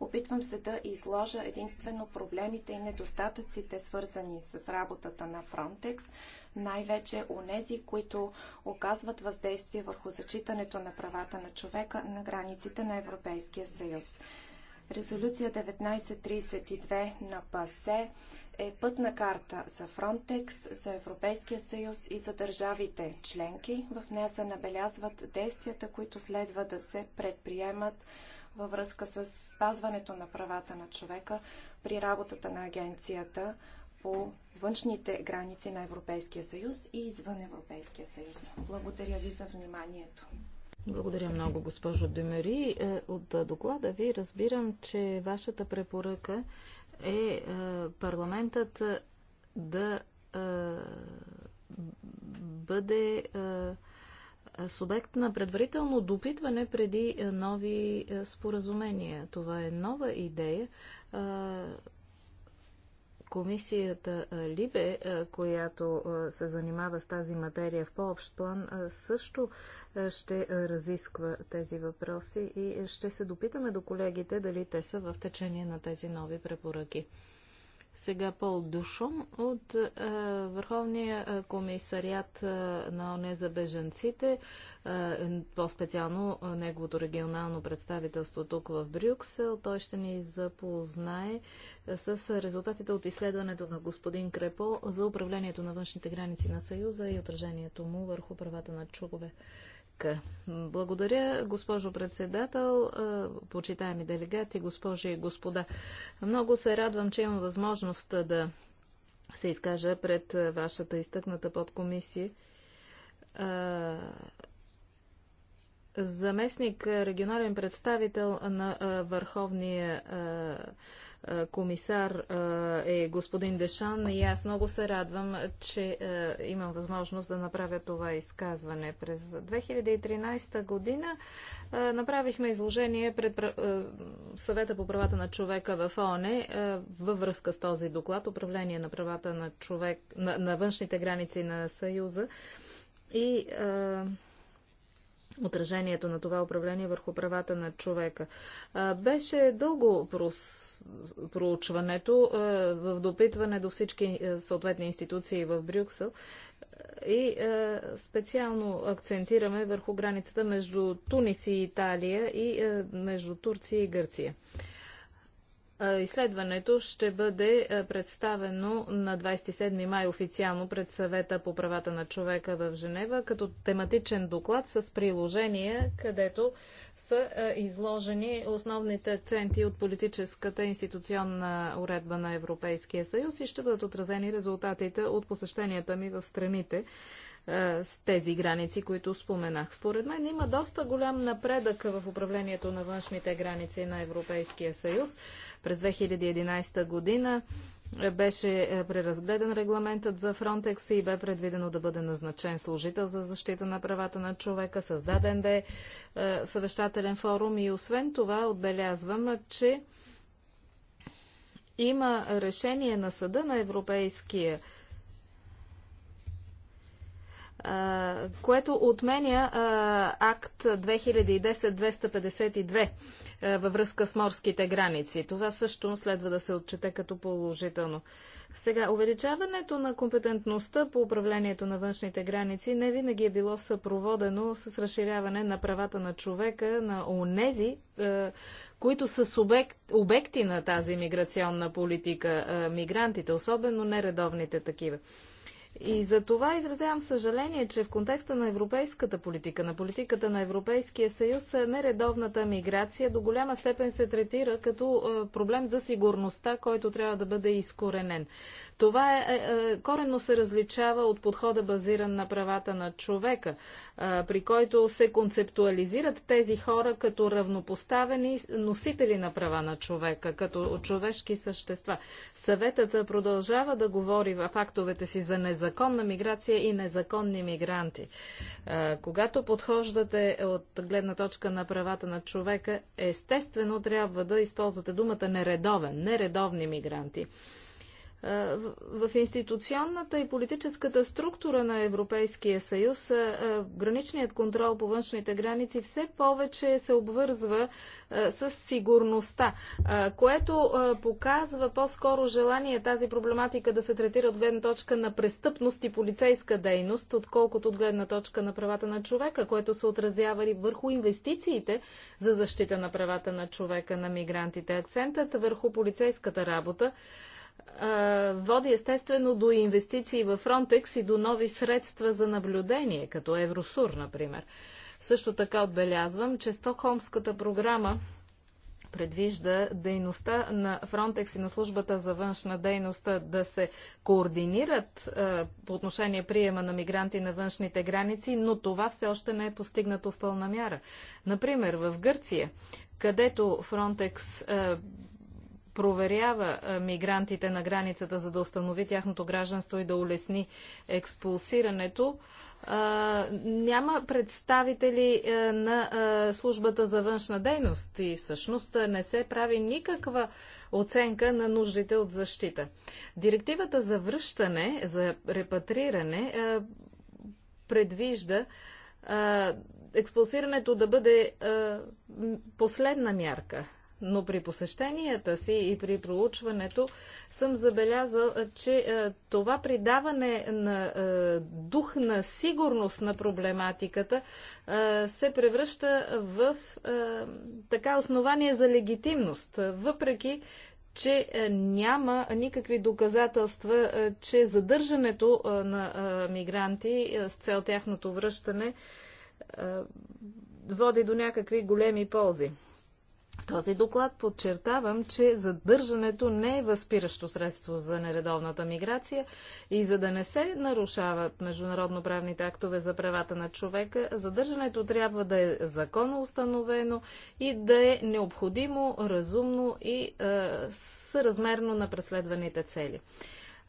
Опитвам се да изложа единствено проблемите и недостатъците, свързани с работата на Frontex, най-вече онези, които оказват въздействие върху зачитането на правата на човека на границите на Европейския съюз. Резолюция 1932 на ПАСЕ е пътна карта за Фронтекс, за Европейския съюз и за държавите членки. В нея се набелязват действията, които следва да се предприемат във връзка с спазването на правата на човека при работата на агенцията по външните граници на Европейския съюз и извън Европейския съюз. Благодаря ви за вниманието. Благодаря много, госпожо Демери. Е, от доклада ви разбирам, че вашата препоръка е, е парламентът да е, бъде субект на предварително допитване преди е, нови е, споразумения. Това е нова идея. Е, комисията Либе, която се занимава с тази материя в по-общ план, също ще разисква тези въпроси и ще се допитаме до колегите дали те са в течение на тези нови препоръки. Сега Пол Душум от е, Върховния е, комисариат е, на ОНЕ за беженците, е, по-специално е, неговото регионално представителство тук в Брюксел. Той ще ни запознае е, с резултатите от изследването на господин Крепо за управлението на външните граници на Съюза и отражението му върху правата на чугове така. Благодаря, госпожо председател, почитаеми делегати, госпожи и господа. Много се радвам, че имам възможност да се изкажа пред вашата изтъкната подкомисия. Заместник регионален представител на Върховния комисар е господин Дешан и аз много се радвам, че имам възможност да направя това изказване. През 2013 година направихме изложение пред съвета по правата на човека в ООН във връзка с този доклад управление на правата на човек на, на външните граници на Съюза и отражението на това управление върху правата на човека. Беше дълго проучването в допитване до всички съответни институции в Брюксел и специално акцентираме върху границата между Тунис и Италия и между Турция и Гърция. Изследването ще бъде представено на 27 май официално пред съвета по правата на човека в Женева като тематичен доклад с приложение, където са изложени основните акценти от политическата институционна уредба на Европейския съюз и ще бъдат отразени резултатите от посещенията ми в страните с тези граници, които споменах. Според мен има доста голям напредък в управлението на външните граници на Европейския съюз. През 2011 година е, беше е, преразгледан регламентът за Фронтекс и бе предвидено да бъде назначен служител за защита на правата на човека. Създаден бе е, съвещателен форум и освен това отбелязвам, че има решение на Съда на Европейския което отменя акт 2010-252 е, във връзка с морските граници. Това също следва да се отчете като положително. Сега, увеличаването на компетентността по управлението на външните граници не винаги е било съпроводено с разширяване на правата на човека, на онези, е, които са субект, обекти на тази миграционна политика, е, мигрантите, особено нередовните такива. И за това изразявам съжаление, че в контекста на европейската политика, на политиката на Европейския съюз, е, нередовната миграция до голяма степен се третира като е, проблем за сигурността, който трябва да бъде изкоренен. Това е, е, е, коренно се различава от подхода базиран на правата на човека, е, при който се концептуализират тези хора като равнопоставени носители на права на човека, като човешки същества. Съветът продължава да говори в фактовете си за незаконност законна миграция и незаконни мигранти. Когато подхождате от гледна точка на правата на човека, естествено трябва да използвате думата нередовен, нередовни мигранти. Е, в институционната и политическата структура на Европейския съюз е, е, граничният контрол по външните граници все повече се обвързва с сигурността, което показва по-скоро желание тази проблематика да се третира от гледна точка на престъпност и полицейска дейност, отколкото от гледна точка на правата на човека, което се отразява и върху инвестициите за защита на правата на човека на мигрантите. Акцентът върху полицейската работа води естествено до инвестиции в Фронтекс и до нови средства за наблюдение, като Евросур, например. Също така отбелязвам, че Стокхолмската програма предвижда дейността на Фронтекс и на службата за външна дейност да се координират е, по отношение приема на мигранти на външните граници, но това все още не е постигнато в пълна мяра. Например, в Гърция, където Фронтекс е, проверява мигрантите на границата, за да установи тяхното гражданство и да улесни експулсирането. Няма представители на службата за външна дейност и всъщност не се прави никаква оценка на нуждите от защита. Директивата за връщане, за репатриране предвижда експулсирането да бъде последна мярка но при посещенията си и при проучването съм забелязал, че това придаване на дух на сигурност на проблематиката се превръща в така основание за легитимност, въпреки че няма никакви доказателства, че задържането на мигранти с цел тяхното връщане води до някакви големи ползи. В този доклад подчертавам, че задържането не е възпиращо средство за нередовната миграция и за да не се нарушават международно-правните актове за правата на човека, задържането трябва да е законно установено и да е необходимо, разумно и е, съразмерно на преследваните цели.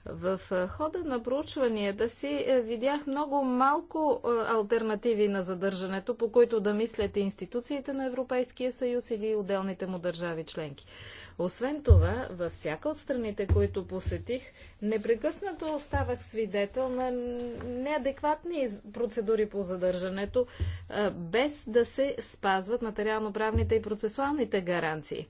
В е, хода на проучванията си е, видях много малко е, альтернативи на задържането, по които да мислят институциите на Европейския съюз или отделните му държави членки. Освен това, във всяка от страните, които посетих, непрекъснато оставах свидетел на неадекватни процедури по задържането, без да се спазват материално-правните и процесуалните гаранции.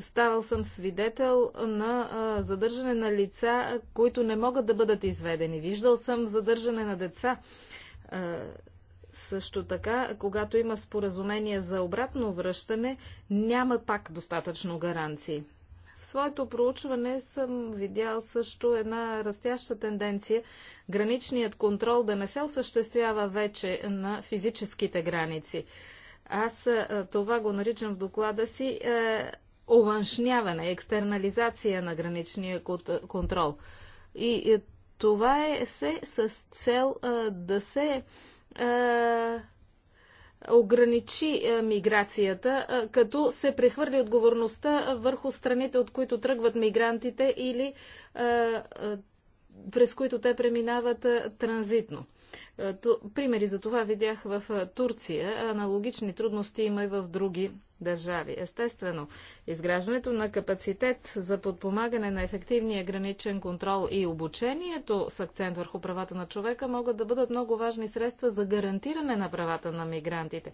Ставал съм свидетел на задържане на лица, които не могат да бъдат изведени. Виждал съм задържане на деца. също така, когато има споразумение за обратно връщане, няма пак достатъчно гаранции. В своето проучване съм видял също една растяща тенденция граничният контрол да не се осъществява вече на физическите граници. Аз това го наричам в доклада си овъншняване, екстернализация на граничния контрол. И това е се с цел да се ограничи миграцията, като се прехвърли отговорността върху страните, от които тръгват мигрантите или през които те преминават транзитно. Е, примери за това видях в е, Турция. Аналогични трудности има и в други държави. Естествено, изграждането на капацитет за подпомагане на ефективния граничен контрол и обучението с акцент върху правата на човека могат да бъдат много важни средства за гарантиране на правата на мигрантите.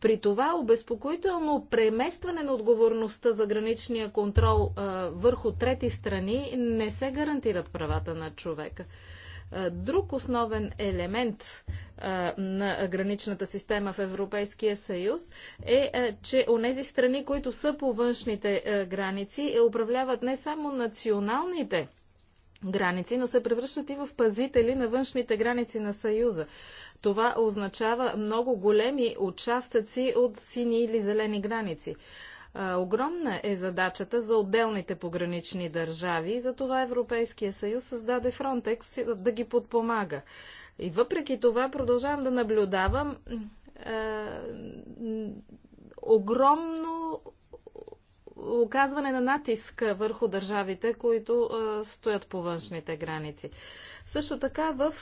При това обезпокоително преместване на отговорността за граничния контрол а, е, върху трети страни не се гарантират правата на човека. Друг основен елемент на граничната система в Европейския съюз е, че у нези страни, които са по външните граници, е, управляват не само националните граници, но се превръщат и в пазители на външните граници на Съюза. Това означава много големи участъци от сини или зелени граници. Огромна е задачата за отделните погранични държави и затова Европейския съюз създаде Фронтекс да ги подпомага. И въпреки това продължавам да наблюдавам огромно оказване на натиск върху държавите, които стоят по външните граници. Също така в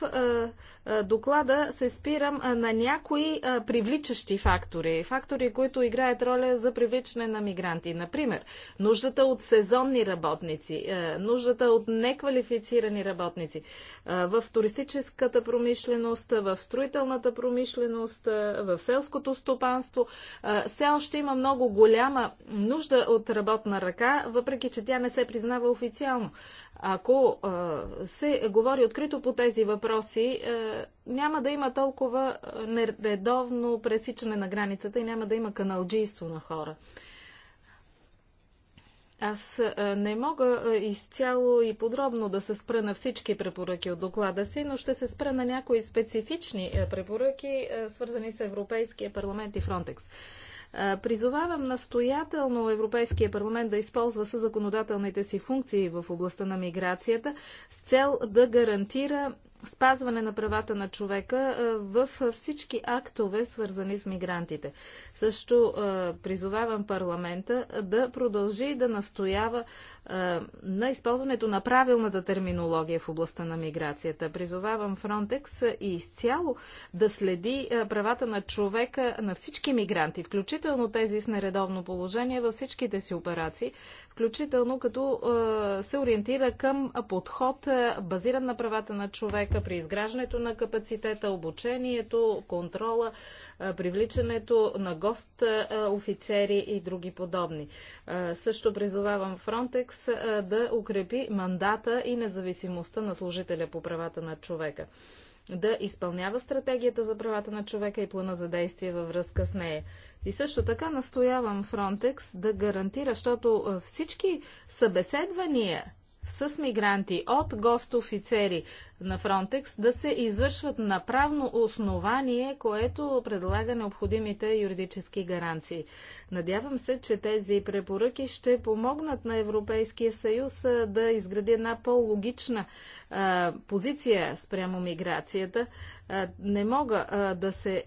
доклада се спирам на някои привличащи фактори. Фактори, които играят роля за привличане на мигранти. Например, нуждата от сезонни работници, нуждата от неквалифицирани работници в туристическата промишленост, в строителната промишленост, в селското стопанство. Все още има много голяма нужда от работна ръка, въпреки че тя не се признава официално. Ако се говори открито по тези въпроси, няма да има толкова нередовно пресичане на границата и няма да има каналджийство на хора. Аз не мога изцяло и подробно да се спра на всички препоръки от доклада си, но ще се спра на някои специфични препоръки, свързани с Европейския парламент и Фронтекс. Призовавам настоятелно Европейския парламент да използва със законодателните си функции в областта на миграцията с цел да гарантира спазване на правата на човека в всички актове, свързани с мигрантите. Също призовавам парламента да продължи да настоява на използването на правилната терминология в областта на миграцията. Призовавам Frontex и изцяло да следи правата на човека на всички мигранти, включително тези с нередовно положение във всичките си операции, включително като се ориентира към подход базиран на правата на човека при изграждането на капацитета, обучението, контрола, привличането на гост офицери и други подобни. Също призовавам Фронтекс да укрепи мандата и независимостта на служителя по правата на човека да изпълнява стратегията за правата на човека и плана за действие във връзка с нея. И също така настоявам Фронтекс да гарантира, защото всички събеседвания с мигранти от гостофицери на Фронтекс да се извършват на правно основание, което предлага необходимите юридически гаранции. Надявам се, че тези препоръки ще помогнат на Европейския съюз да изгради една по-логична позиция спрямо миграцията. Не мога да се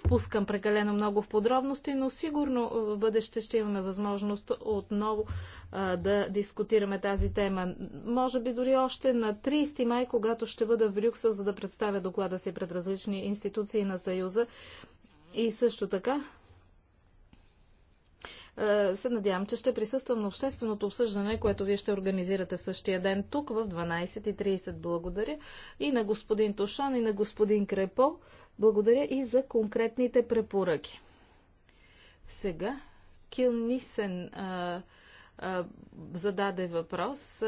впускам прекалено много в подробности, но сигурно в бъдеще ще имаме възможност отново да дискутираме тази тема. Може би дори още на 30 май, когато ще бъда в Брюксел, за да представя доклада си пред различни институции на Съюза. И също така е, се надявам, че ще присъствам на общественото обсъждане, което вие ще организирате същия ден тук в 12.30. Благодаря и на господин Тошан, и на господин Крепо. Благодаря и за конкретните препоръки. Сега Кил Нисен а, е, а, е, зададе въпрос.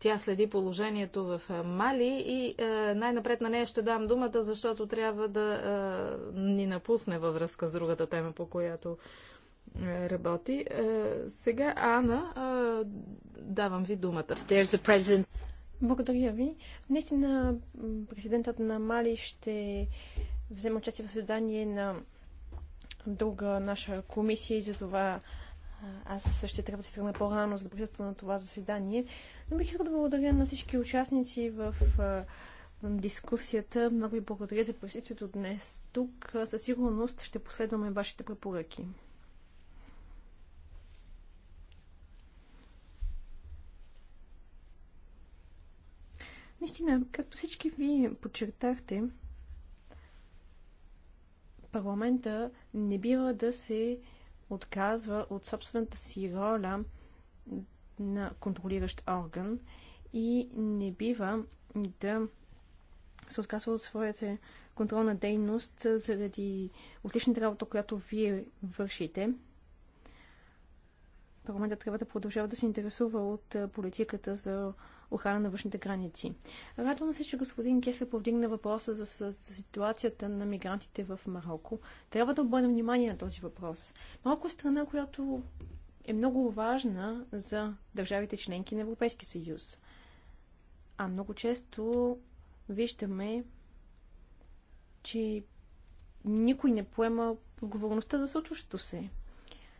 Тя следи положението в Мали и е, най-напред на нея ще дам думата, защото трябва да е, ни напусне във връзка с другата тема, по която е, работи. Е, сега, Ана, е, давам ви думата. Благодаря ви. Наистина, президентът на Мали ще взема участие в заседание на друга наша комисия и за това аз ще трябва да се тръгна по-рано, за да присъствам на това заседание. Но бих искал да благодаря на всички участници в дискусията. Много ви благодаря за присъствието днес. Тук със сигурност ще последваме вашите препоръки. Наистина, както всички вие подчертахте, парламента не бива да се отказва от собствената си роля на контролиращ орган и не бива да се отказва от своята контролна дейност заради отличната работа, която вие вършите. Парламентът трябва да продължава да се интересува от политиката за охрана на външните граници. Радвам се, че господин Кесър повдигна въпроса за, ситуацията на мигрантите в Марокко. Трябва да обърнем внимание на този въпрос. Марокко е страна, която е много важна за държавите членки на Европейския съюз. А много често виждаме, че никой не поема отговорността за случващото се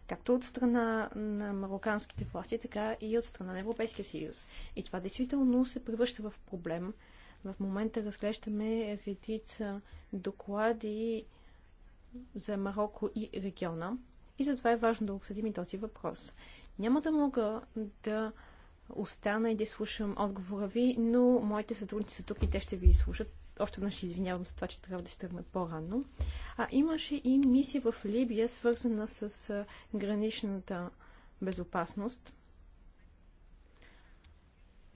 както от страна на мароканските власти, така и от страна на Европейския съюз. И това действително се превръща в проблем. В момента разглеждаме редица доклади за Марокко и региона. И затова е важно да обсъдим и този въпрос. Няма да мога да остана и да слушам отговора ви, но моите сътрудници са тук и те ще ви слушат. Още веднъж извинявам за това, че трябва да се тръгна по-рано. А имаше и мисия в Либия, свързана с граничната безопасност.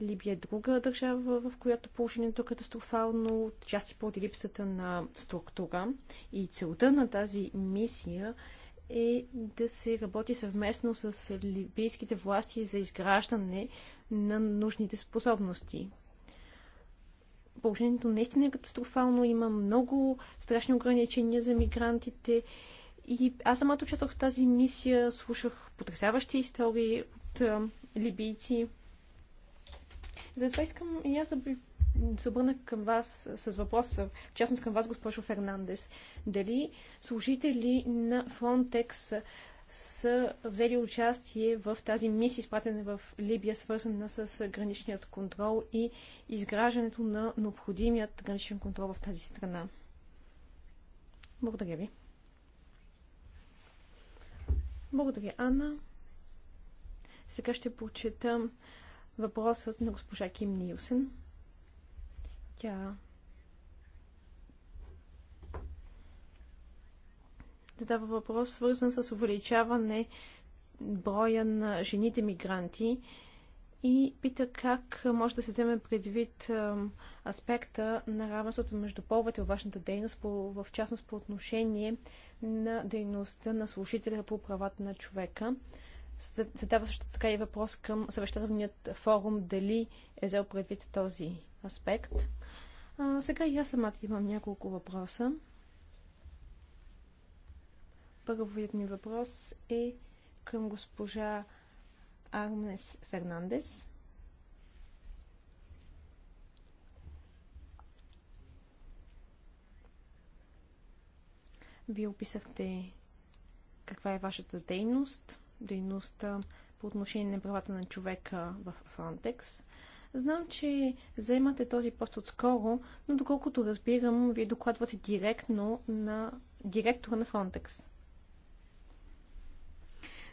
Либия е друга държава, в която положението е катастрофално, от части по липсата на структура. И целта на тази мисия е да се работи съвместно с либийските власти за изграждане на нужните способности положението наистина е катастрофално, има много страшни ограничения за мигрантите. И аз самата участвах в тази мисия, слушах потрясаващи истории от а, либийци. Затова искам и аз да би се обърна към вас с въпроса, в частност към вас, госпожо Фернандес. Дали служители на Frontex са взели участие в тази мисия, изпратена в Либия, свързана с граничният контрол и изграждането на необходимият граничен контрол в тази страна. Благодаря ви. Благодаря, Анна. Сега ще прочета въпросът на госпожа Ким Нилсен. Тя задава въпрос, свързан с увеличаване броя на жените мигранти и пита как може да се вземе предвид аспекта на равенството между половете във вашата дейност, в частност по отношение на дейността на служителя по правата на човека. Задава също така и въпрос към съвещателният форум дали е взел предвид този аспект. А, сега и аз самата имам няколко въпроса. Първият ми въпрос е към госпожа Армес Фернандес. Вие описахте каква е вашата дейност, дейността по отношение на правата на човека в Фронтекс. Знам, че заемате този пост отскоро, но доколкото разбирам, вие докладвате директно на директора на Фронтекс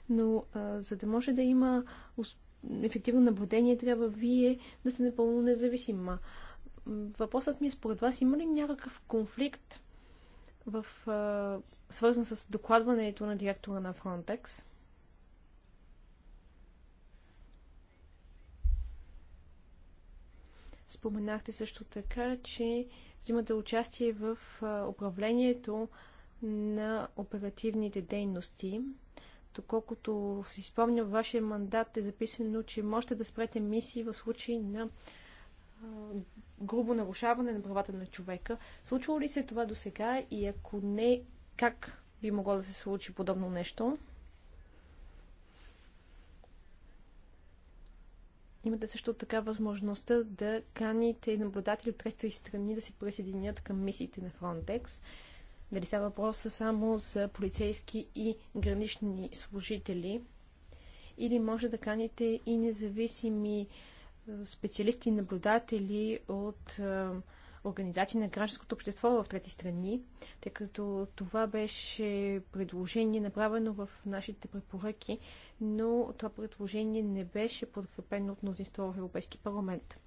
но а, за да може да има ефективно наблюдение, трябва вие да сте напълно независима. Въпросът ми е според вас, има ли някакъв конфликт в, а, свързан с докладването на директора на Frontex? Споменахте също така, че взимате участие в управлението на оперативните дейности. Доколкото си в вашия мандат е записано, че можете да спрете мисии в случай на а, грубо нарушаване на правата на човека. Случвало ли се това до сега и ако не, как би могло да се случи подобно нещо? Имате също така възможността да каните наблюдатели от трети страни да се присъединят към мисиите на Frontex. Дали става въпрос само за полицейски и гранични служители? Или може да каните и независими специалисти и наблюдатели от организации на гражданското общество в трети страни, тъй като това беше предложение направено в нашите препоръки, но това предложение не беше подкрепено от мнозинство в Европейски парламент.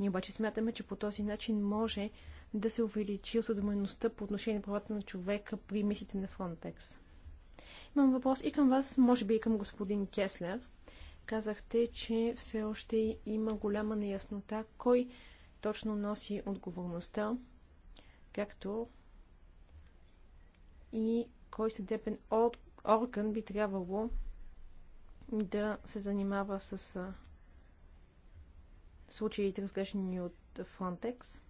Ние обаче смятаме, че по този начин може да се увеличи осъдомеността по отношение на правата на човека при мисите на Фронтекс. Имам въпрос и към вас, може би и към господин Кеслер. Казахте, че все още има голяма неяснота кой точно носи отговорността, както и кой съдебен орган би трябвало да се занимава с случаите, разглеждани от Фронтекс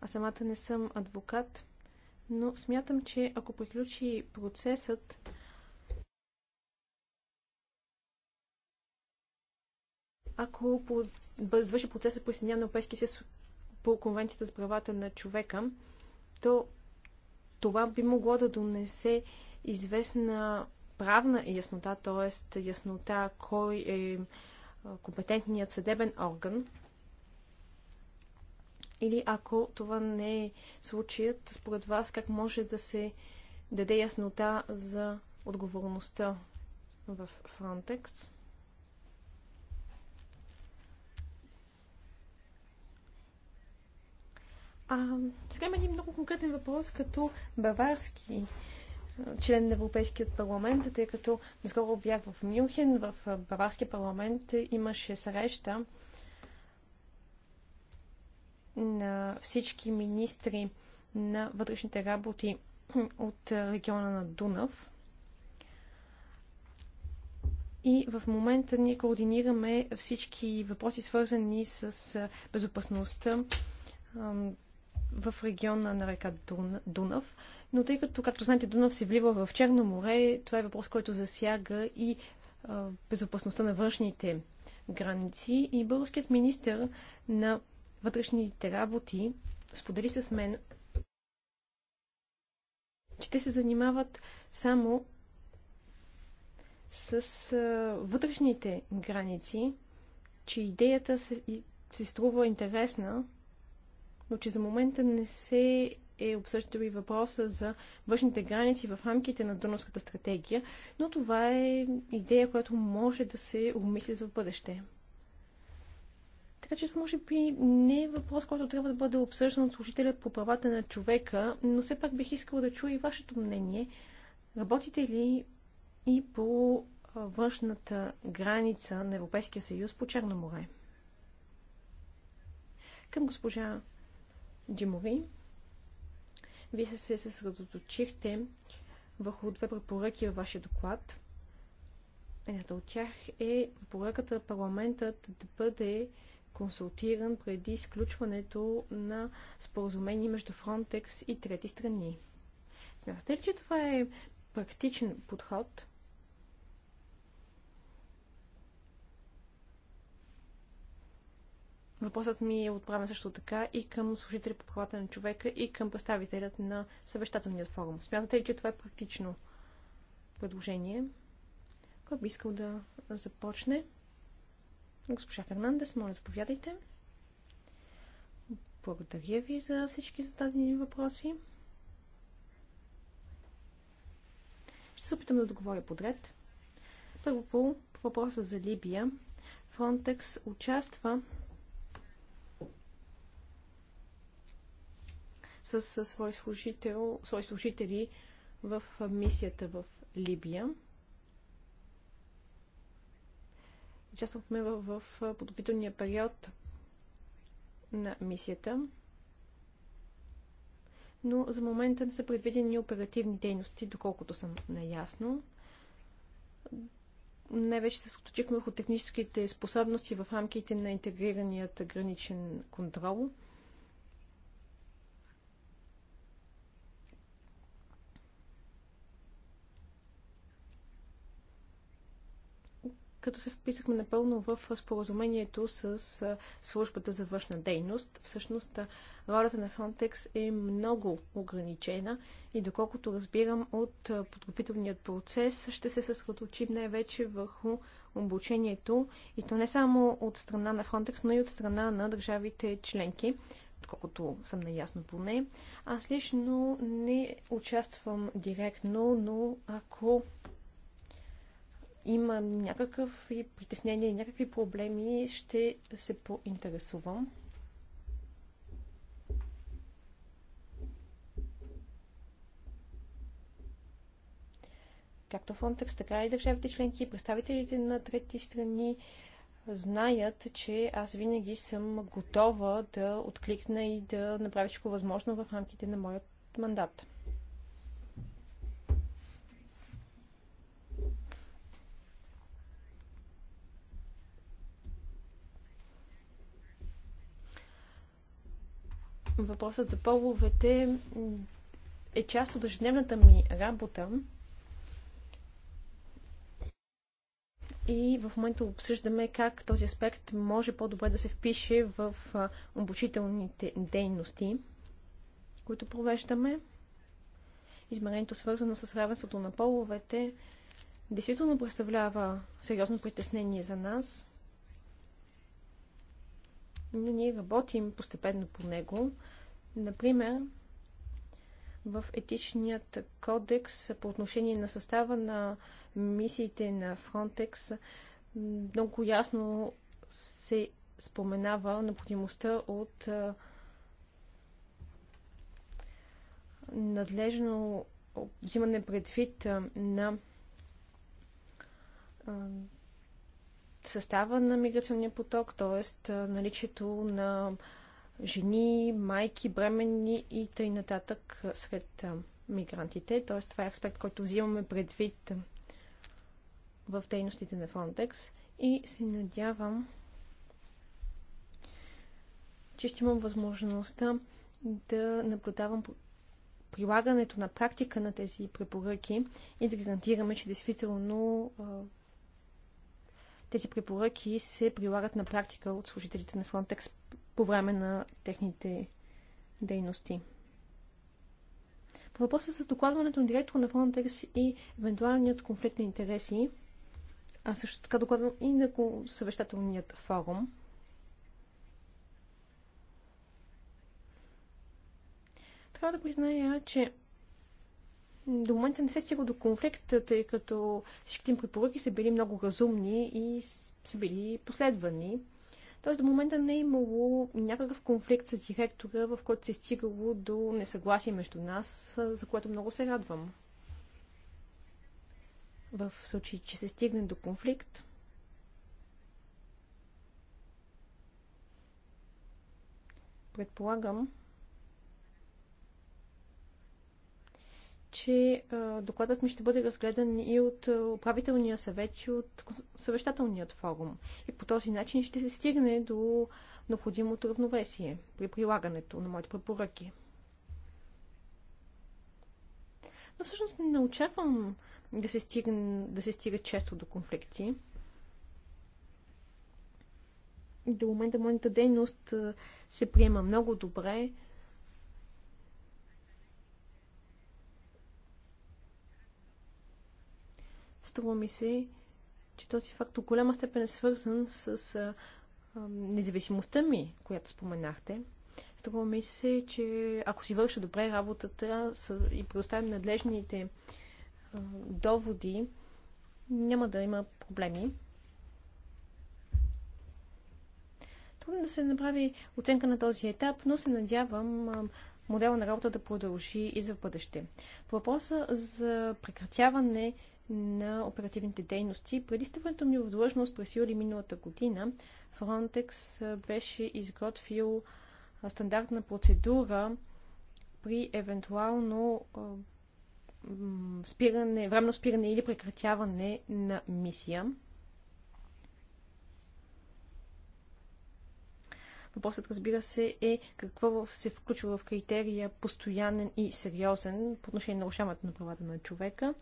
а самата не съм адвокат, но смятам, че ако приключи процесът, ако извърши процесът по на Европейския съюз по Конвенцията за правата на човека, то това би могло да донесе известна правна яснота, т.е. яснота кой е компетентният съдебен орган. Или ако това не е случаят, според вас как може да се даде яснота за отговорността в Frontex? А, сега има един много конкретен въпрос като баварски член на Европейският парламент, тъй като наскоро бях в Мюнхен, в Баварския парламент имаше среща на всички министри на вътрешните работи от региона на Дунав. И в момента ние координираме всички въпроси, свързани с безопасността в региона на река Дунав. Но тъй като, както знаете, Дунав се влива в Черно море, това е въпрос, който засяга и безопасността на външните граници. И българският министр на вътрешните работи сподели с мен, че те се занимават само с вътрешните граници, че идеята се, се струва интересна, но че за момента не се е обсъждал и въпроса за външните граници в рамките на Дунавската стратегия, но това е идея, която може да се обмисли за в бъдеще. Така че може би не е въпрос, който трябва да бъде обсъждан от служителя по правата на човека, но все пак бих искала да чуя и вашето мнение. Работите ли и по външната граница на Европейския съюз по Черно море? Към госпожа Димови, вие се съсредоточихте върху две препоръки във вашия доклад. Едната от тях е препоръката парламентът да бъде консултиран преди изключването на споразумение между Frontex и трети страни. Смятате ли, че това е практичен подход? Въпросът ми е отправен също така и към служители по правата на човека и към представителят на съвещателният форум. Смятате ли, че това е практично предложение? Кой би искал да започне? Госпожа Фернандес, моля, заповядайте. Благодаря ви за всички зададени въпроси. Ще се опитам да договоря подред. Първо, по въпроса за Либия. Фронтекс участва с, свои, служител, свои служители в мисията в Либия. Участвахме в, в подготвителния период на мисията, но за момента не са предвидени оперативни дейности, доколкото съм наясно. Най-вече се съточихме върху техническите способности в рамките на интегрираният граничен контрол – като се вписахме напълно в споразумението с службата за външна дейност. Всъщност, ролята на Frontex е много ограничена и доколкото разбирам от подготовителният процес, ще се съсредоточим най-вече върху обучението и то не само от страна на Frontex, но и от страна на държавите членки отколкото съм наясно поне. Аз лично не участвам директно, но ако има някакви притеснения, някакви проблеми, ще се поинтересувам. Както Frontex, така и държавите членки, представителите на трети страни знаят, че аз винаги съм готова да откликна и да направя всичко възможно в рамките на моят мандат. Въпросът за половете е част от ежедневната ми работа. И в момента обсъждаме как този аспект може по-добре да се впише в обучителните дейности, които провеждаме. Измерението, свързано с равенството на половете, действително представлява сериозно притеснение за нас но ние работим постепенно по него. Например, в етичният кодекс по отношение на състава на мисиите на Frontex много ясно се споменава необходимостта от надлежно взимане предвид на състава на миграционния поток, т.е. наличието на жени, майки, бременни и тъй нататък сред мигрантите. Т.е. това е аспект, който взимаме предвид в дейностите на Frontex и се надявам, че ще имам възможността да наблюдавам прилагането на практика на тези препоръки и да гарантираме, че действително тези препоръки се прилагат на практика от служителите на Frontex по време на техните дейности. По въпроса за докладването на директора на Frontex и евентуалният конфликт на интереси, а също така докладвам и на съвещателният форум. Трябва да призная, че до момента не се стига до конфликт, тъй като всичките им препоръки са били много разумни и са били последвани. Тоест до момента не е имало някакъв конфликт с директора, в който се е стигало до несъгласие между нас, за което много се радвам. В случай, че се стигне до конфликт, предполагам, че докладът ми ще бъде разгледан и от управителния съвет и от съвещателният форум. И по този начин ще се стигне до необходимото равновесие при прилагането на моите препоръки. Но всъщност не очаквам да се, стигне, да се стига често до конфликти. До момента моята дейност се приема много добре Струва ми се, че този факт до голяма степен е свързан с а, а, независимостта ми, която споменахте. Струва ми се, че ако си върша добре работата с, и предоставим надлежните а, доводи, няма да има проблеми. Трудно да се направи оценка на този етап, но се надявам модела на работа да продължи и за бъдеще. По въпроса за прекратяване на оперативните дейности. Преди стъпването ми в длъжност през юли миналата година, Frontex беше изготвил стандартна процедура при евентуално спиране, временно спиране или прекратяване на мисия. Въпросът, разбира се, е какво се включва в критерия постоянен и сериозен по отношение на нарушаването на правата на човека.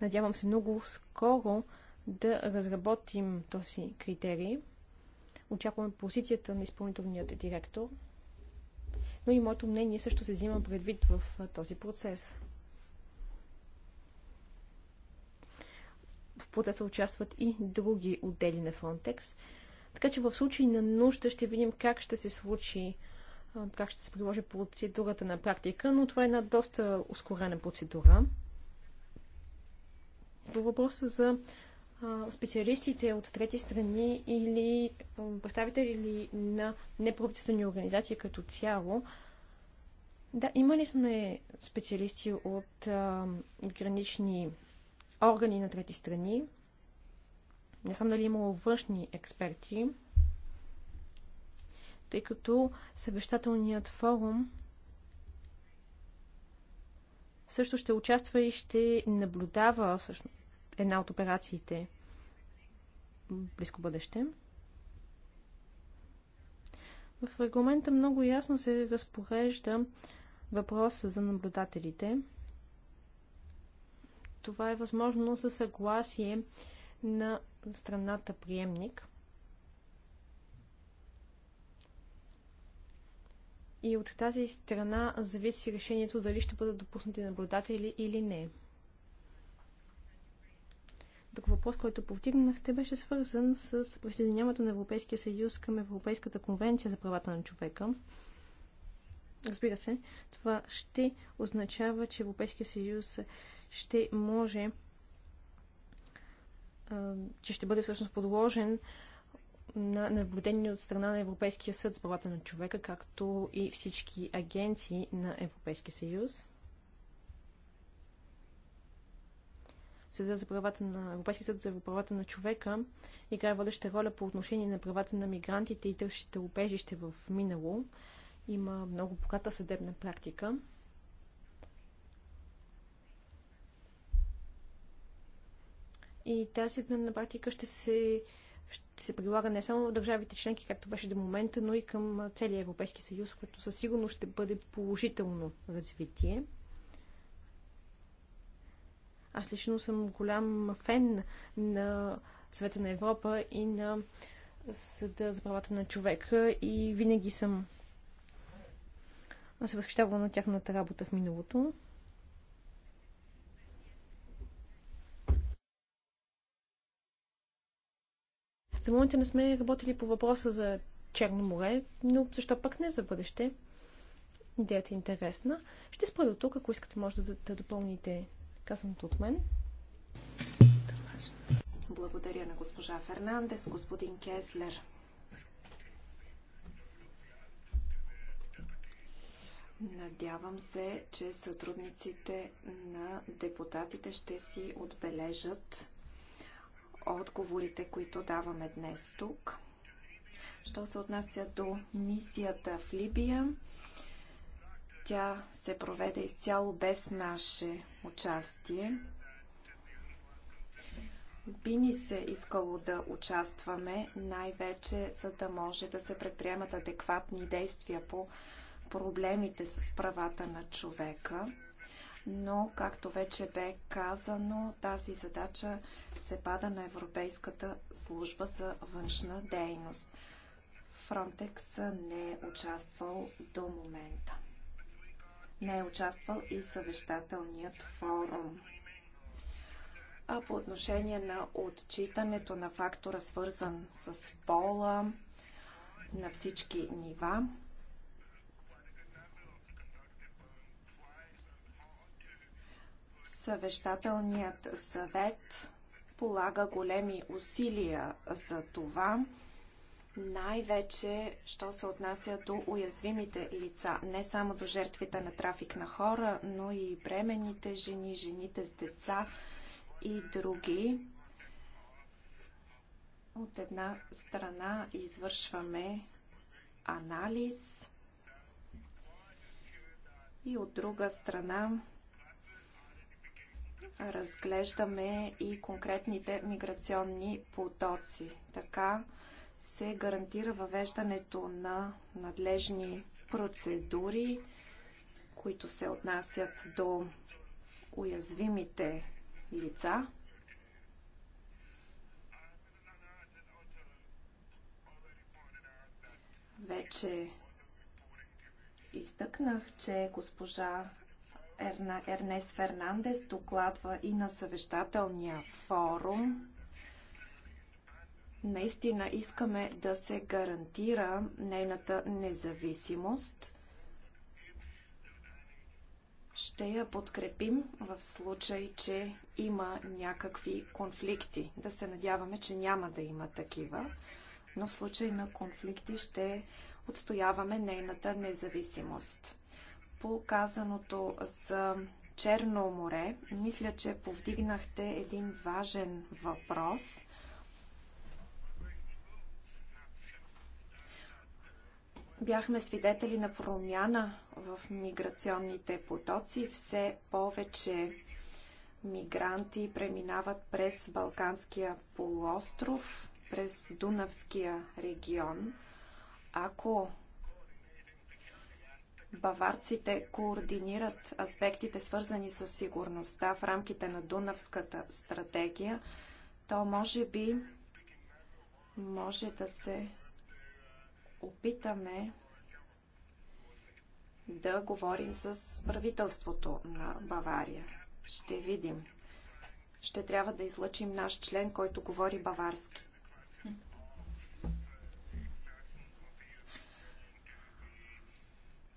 Надявам се много скоро да разработим този критерий. Очакваме позицията на изпълнителният директор. Но и моето мнение също се взима предвид в този процес. В процеса участват и други отдели на Frontex. Така че в случай на нужда ще видим как ще се случи, как ще се приложи процедурата на практика, но това е една доста ускорена процедура. По въпроса за специалистите от трети страни или представители на неправителствени организации като цяло. Да, имали сме специалисти от а, гранични органи на трети страни. Не съм дали е имало външни експерти, тъй като съвещателният форум също ще участва и ще наблюдава всъщност една от операциите близко бъдеще. В регламента много ясно се разпорежда въпроса за наблюдателите. Това е възможно със съгласие на страната приемник. И от тази страна зависи решението дали ще бъдат допуснати наблюдатели или не. Друг въпрос, който повдигнахте, беше свързан с присъединяването на Европейския съюз към Европейската конвенция за правата на човека. Разбира се, това ще означава, че Европейския съюз ще може, че ще бъде всъщност подложен на наблюдение от страна на Европейския съд за правата на човека, както и всички агенции на Европейския съюз. Съда за правата на Европейския съд за правата на човека играе водеща роля по отношение на правата на мигрантите и търсещите убежище в минало. Има много богата съдебна практика. И тази съдебна практика ще се, ще се прилага не само в държавите членки, както беше до момента, но и към целия Европейски съюз, което със сигурност ще бъде положително развитие. Аз лично съм голям фен на Света на Европа и на Съда за правата на човека и винаги съм се възхищавала на тяхната работа в миналото. За момента не сме работили по въпроса за Черно море, но защо пък не за бъдеще? Идеята е интересна. Ще спра до тук, ако искате може да, да допълните казаното от мен. Благодаря на госпожа Фернандес, господин Кеслер. Надявам се, че сътрудниците на депутатите ще си отбележат отговорите, които даваме днес тук. Що се отнася до мисията в Либия, тя се проведе изцяло без наше участие. Би ни се искало да участваме, най-вече за да може да се предприемат адекватни действия по проблемите с правата на човека но, както вече бе казано, тази задача се пада на Европейската служба за външна дейност. Фронтекс не е участвал до момента не е участвал и съвещателният форум. А по отношение на отчитането на фактора, свързан с пола на всички нива, съвещателният съвет полага големи усилия за това най-вече, що се отнася до уязвимите лица, не само до жертвите на трафик на хора, но и бременните жени, жените с деца и други. От една страна извършваме анализ и от друга страна разглеждаме и конкретните миграционни потоци. Така, се гарантира въвеждането на надлежни процедури, които се отнасят до уязвимите лица. Вече изтъкнах, че госпожа Ерна, Ернес Фернандес докладва и на съвещателния форум наистина искаме да се гарантира нейната независимост, ще я подкрепим в случай, че има някакви конфликти. Да се надяваме, че няма да има такива, но в случай на конфликти ще отстояваме нейната независимост. По казаното за Черно море, мисля, че повдигнахте един важен въпрос – бяхме свидетели на промяна в миграционните потоци. Все повече мигранти преминават през Балканския полуостров, през Дунавския регион. Ако баварците координират аспектите, свързани с сигурността в рамките на Дунавската стратегия, то може би може да се опитаме да говорим с правителството на Бавария. Ще видим. Ще трябва да излъчим наш член, който говори баварски.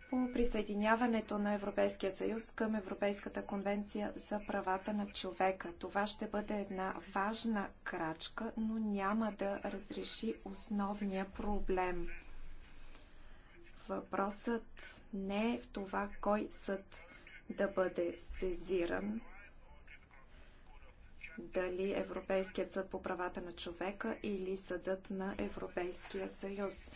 по присъединяването на Европейския съюз към Европейската конвенция за правата на човека. Това ще бъде една важна крачка, но няма да разреши основния проблем – Въпросът не е в това кой съд да бъде сезиран, дали Европейският съд по правата на човека или съдът на Европейския съюз.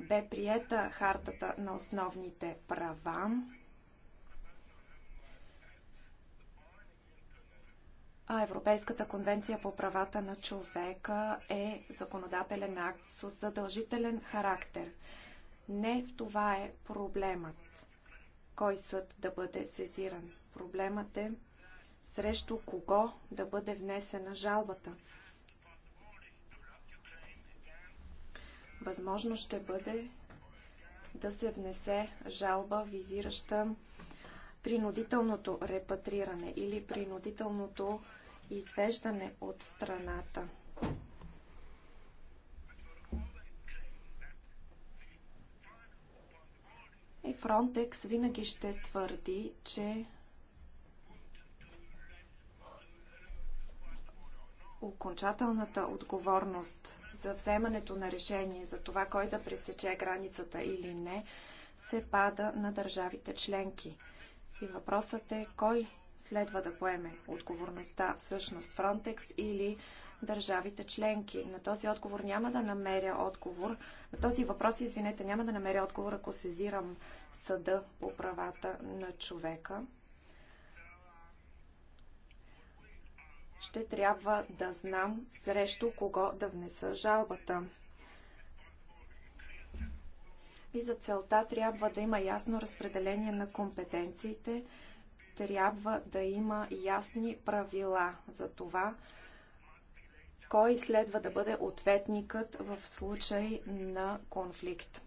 Бе приета хартата на основните права. а Европейската конвенция по правата на човека е законодателен акт с задължителен характер. Не в това е проблемът, кой съд да бъде сезиран. Проблемът е срещу кого да бъде внесена жалбата. Възможно ще бъде да се внесе жалба, визираща принудителното репатриране или принудителното извеждане от страната. И Фронтекс винаги ще твърди, че окончателната отговорност за вземането на решение за това кой да пресече границата или не, се пада на държавите членки. И въпросът е кой следва да поеме отговорността всъщност Фронтекс или държавите членки. На този отговор няма да намеря отговор. На този въпрос, извинете, няма да намеря отговор, ако сезирам съда по правата на човека. Ще трябва да знам срещу кого да внеса жалбата. И за целта трябва да има ясно разпределение на компетенциите, трябва да има ясни правила за това, кой следва да бъде ответникът в случай на конфликт.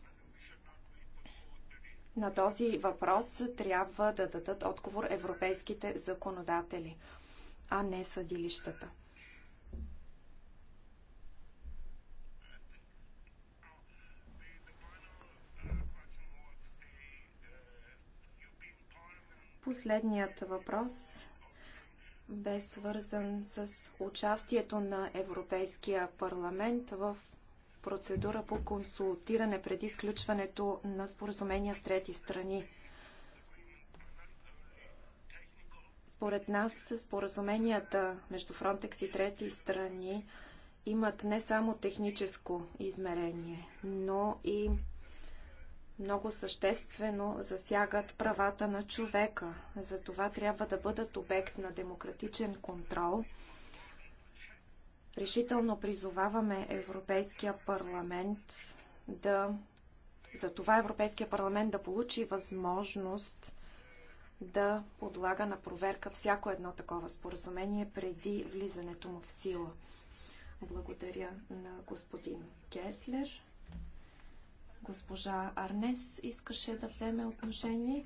На този въпрос трябва да дадат отговор европейските законодатели, а не съдилищата. Последният въпрос бе свързан с участието на Европейския парламент в процедура по консултиране преди сключването на споразумения с трети страни. Според нас споразуменията между Фронтекс и трети страни имат не само техническо измерение, но и много съществено засягат правата на човека. Затова трябва да бъдат обект на демократичен контрол. Решително призоваваме Европейския парламент да. За това Европейския парламент да получи възможност да подлага на проверка всяко едно такова споразумение преди влизането му в сила. Благодаря на господин Кеслер. Госпожа Арнес искаше да вземе отношение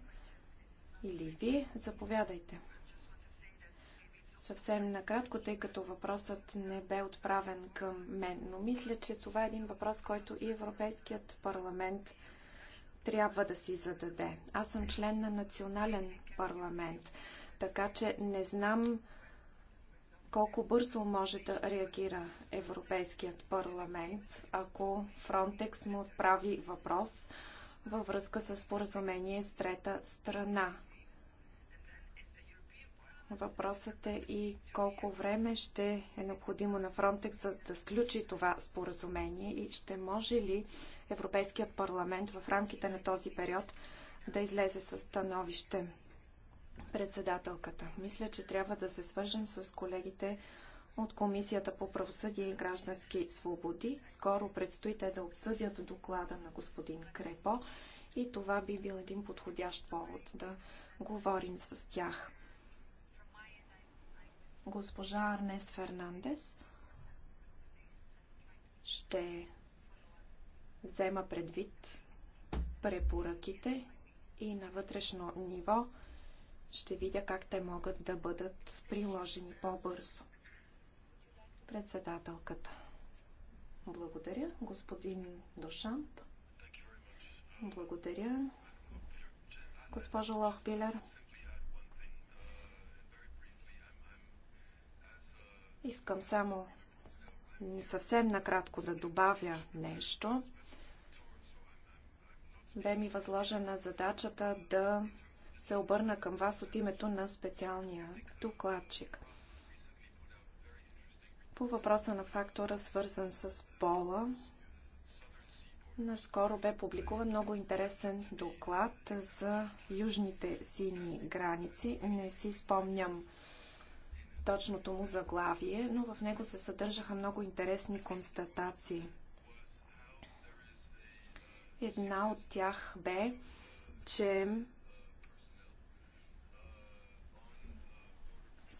или ви. Заповядайте. Съвсем накратко, тъй като въпросът не бе отправен към мен, но мисля, че това е един въпрос, който и Европейският парламент трябва да си зададе. Аз съм член на национален парламент, така че не знам колко бързо може да реагира Европейският парламент, ако Фронтекс му отправи въпрос във връзка с споразумение с трета страна. Въпросът е и колко време ще е необходимо на Фронтекс за да сключи това споразумение и ще може ли Европейският парламент в рамките на този период да излезе със становище. Председателката. Мисля, че трябва да се свържем с колегите от Комисията по правосъдие и граждански свободи. Скоро предстои те да обсъдят доклада на господин Крепо и това би бил един подходящ повод да говорим с тях. Госпожа Арнес Фернандес ще взема предвид препоръките и на вътрешно ниво – ще видя как те могат да бъдат приложени по-бързо. Председателката. Благодаря, господин Дошамп. Благодаря, госпожо Лохбилер. Искам само съвсем накратко да добавя нещо. Бе ми възложена задачата да се обърна към вас от името на специалния докладчик. По въпроса на фактора, свързан с пола, наскоро бе публикуван много интересен доклад за южните сини граници. Не си спомням точното му заглавие, но в него се съдържаха много интересни констатации. Една от тях бе, че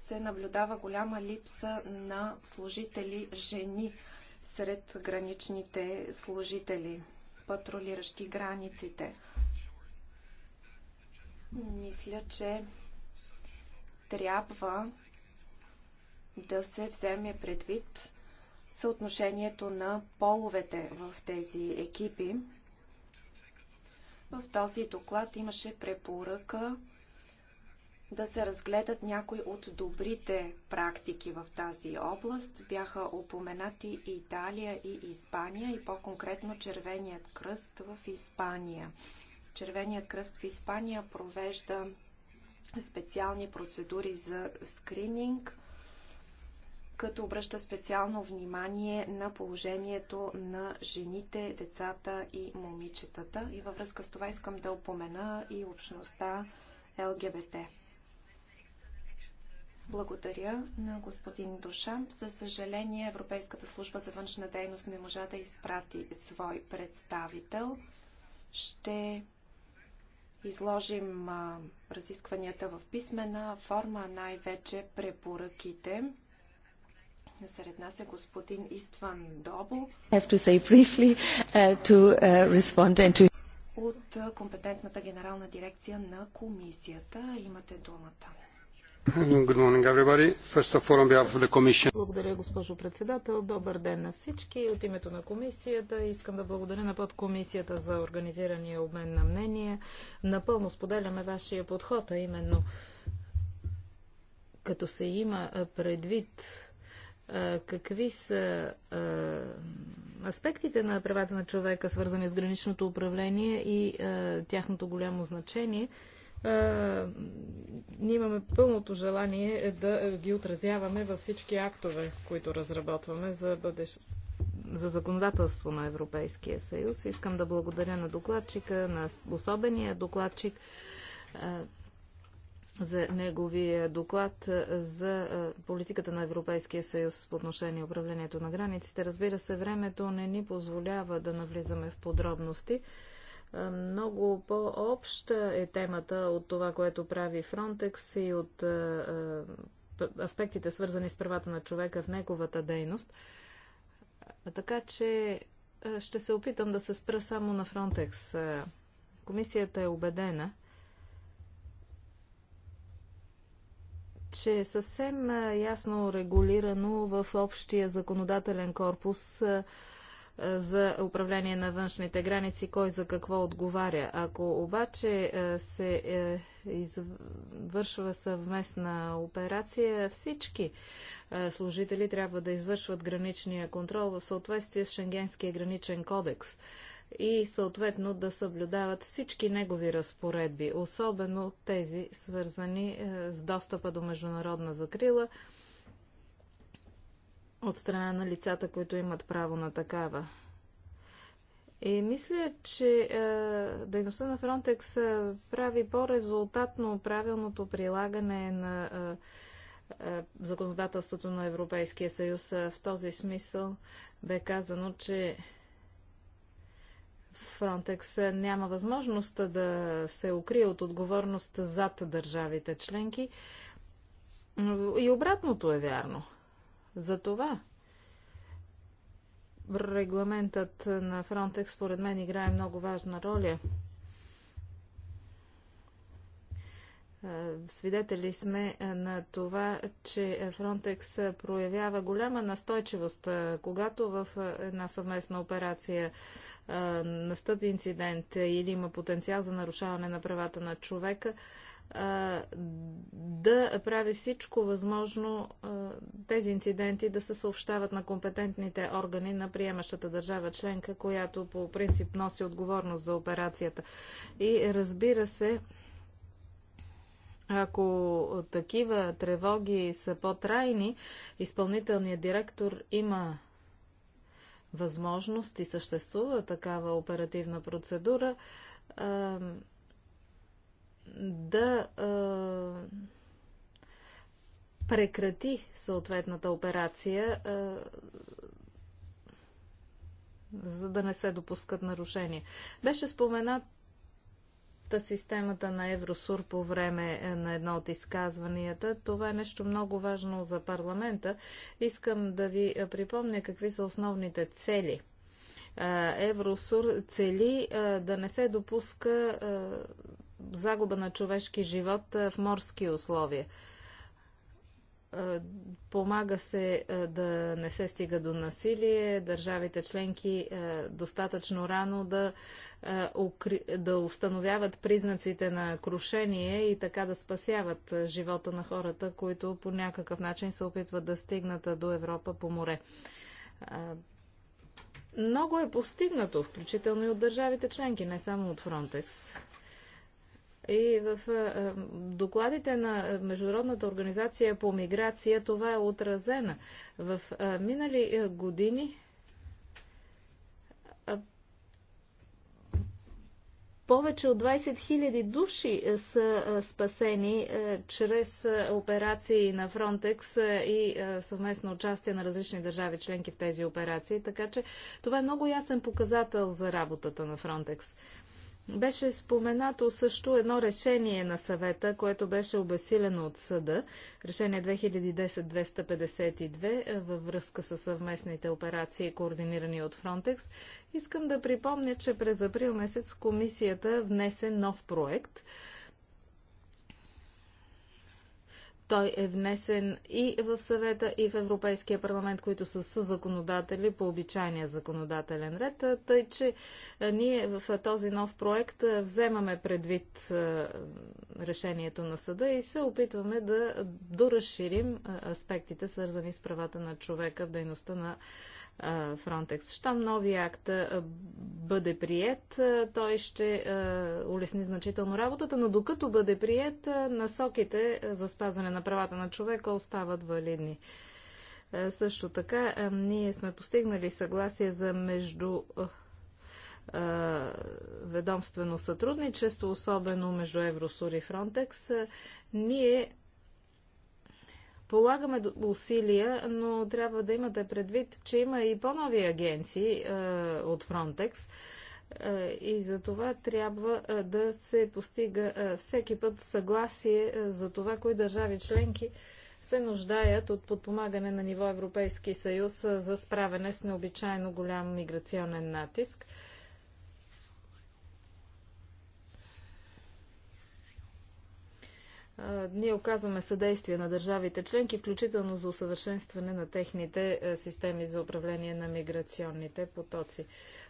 се наблюдава голяма липса на служители жени сред граничните служители, патрулиращи границите. Мисля, че трябва да се вземе предвид съотношението на половете в тези екипи. В този доклад имаше препоръка да се разгледат някои от добрите практики в тази област. Бяха упоменати Италия и Испания и по-конкретно Червеният кръст в Испания. Червеният кръст в Испания провежда специални процедури за скрининг, като обръща специално внимание на положението на жените, децата и момичетата. И във връзка с това искам да упомена и общността ЛГБТ. Благодаря на господин Душамп. За съжаление, Европейската служба за външна дейност не можа да изпрати свой представител. Ще изложим а, разискванията в писмена форма, най-вече препоръките. Сред нас е господин Истван Добо. Uh, uh, От компетентната генерална дирекция на комисията имате думата. Morning, благодаря, госпожо председател. Добър ден на всички. От името на комисията искам да благодаря на подкомисията за организирания обмен на мнение. Напълно споделяме вашия подход, а именно като се има предвид какви са аспектите на правата на човека, свързани с граничното управление и тяхното голямо значение – ние имаме пълното желание да ги отразяваме във всички актове, които разработваме за бъдещ за законодателство на Европейския съюз. Искам да благодаря на докладчика, на особения докладчик за неговия доклад за политиката на Европейския съюз по отношение управлението на границите. Разбира се, времето не ни позволява да навлизаме в подробности. Е, много по-обща е темата от това, което прави Фронтекс и от е, е, аспектите, свързани с правата на човека в неговата дейност. Така че ще се опитам да се спра само на Фронтекс. Комисията е убедена, че е съвсем ясно регулирано в общия законодателен корпус е, за управление на външните граници, кой за какво отговаря. Ако обаче е, се е, извършва съвместна операция, всички служители трябва да извършват граничния контрол в съответствие с Шенгенския граничен кодекс и съответно да съблюдават всички негови разпоредби, особено тези свързани с достъпа до международна закрила, от страна на лицата, които имат право на такава. И мисля, че е, дейността на Frontex е, прави по-резултатно правилното прилагане на е, е, законодателството на Европейския съюз. Е, в този смисъл бе казано, че Frontex е, няма възможност да се укрие от отговорност зад държавите членки. И обратното е вярно. Затова регламентът на Frontex според мен играе много важна роля. Свидетели сме на това, че Frontex проявява голяма настойчивост, когато в една съвместна операция настъпи инцидент или има потенциал за нарушаване на правата на човека да прави всичко възможно тези инциденти да се съобщават на компетентните органи на приемащата държава членка, която по принцип носи отговорност за операцията. И разбира се, ако такива тревоги са по-трайни, изпълнителният директор има възможност и съществува такава оперативна процедура да а, прекрати съответната операция, а, за да не се допускат нарушения. Беше споменат системата на Евросур по време е, на едно от изказванията. Това е нещо много важно за парламента. Искам да ви припомня какви са основните цели. Евросур цели да не се допуска загуба на човешки живот в морски условия. Помага се да не се стига до насилие, държавите членки достатъчно рано да, да установяват признаците на крушение и така да спасяват живота на хората, които по някакъв начин се опитват да стигнат до Европа по море. Много е постигнато, включително и от държавите членки, не само от Фронтекс. И в докладите на Международната организация по миграция това е отразено. В минали години повече от 20 000 души са спасени а, чрез операции на Фронтекс а, и а, съвместно участие на различни държави членки в тези операции. Така че това е много ясен показател за работата на Фронтекс. Беше споменато също едно решение на съвета, което беше обесилено от съда, решение 2010-252 е, във връзка с съвместните операции, координирани от Фронтекс. Искам да припомня, че през април месец комисията внесе нов проект – Той е внесен и в съвета, и в Европейския парламент, които са законодатели по обичайния законодателен ред. Тъй, че ние в този нов проект вземаме предвид решението на съда и се опитваме да доразширим аспектите, свързани с правата на човека в дейността на Фронтекс. Щом новия акт бъде прият, той ще улесни значително работата, но докато бъде прият, насоките за спазване на правата на човека остават валидни. Също така, ние сме постигнали съгласие за между ведомствено сътрудничество, особено между Евросур и Фронтекс. Ние Полагаме усилия, но трябва да имате предвид, че има и по-нови агенции е, от Frontex. Е, и за това трябва е, да се постига е, всеки път съгласие е, за това, кои държави членки се нуждаят от подпомагане на ниво Европейски съюз е, за справяне с необичайно голям миграционен натиск. ние оказваме съдействие на държавите членки, включително за усъвършенстване на техните е, системи за управление на миграционните потоци.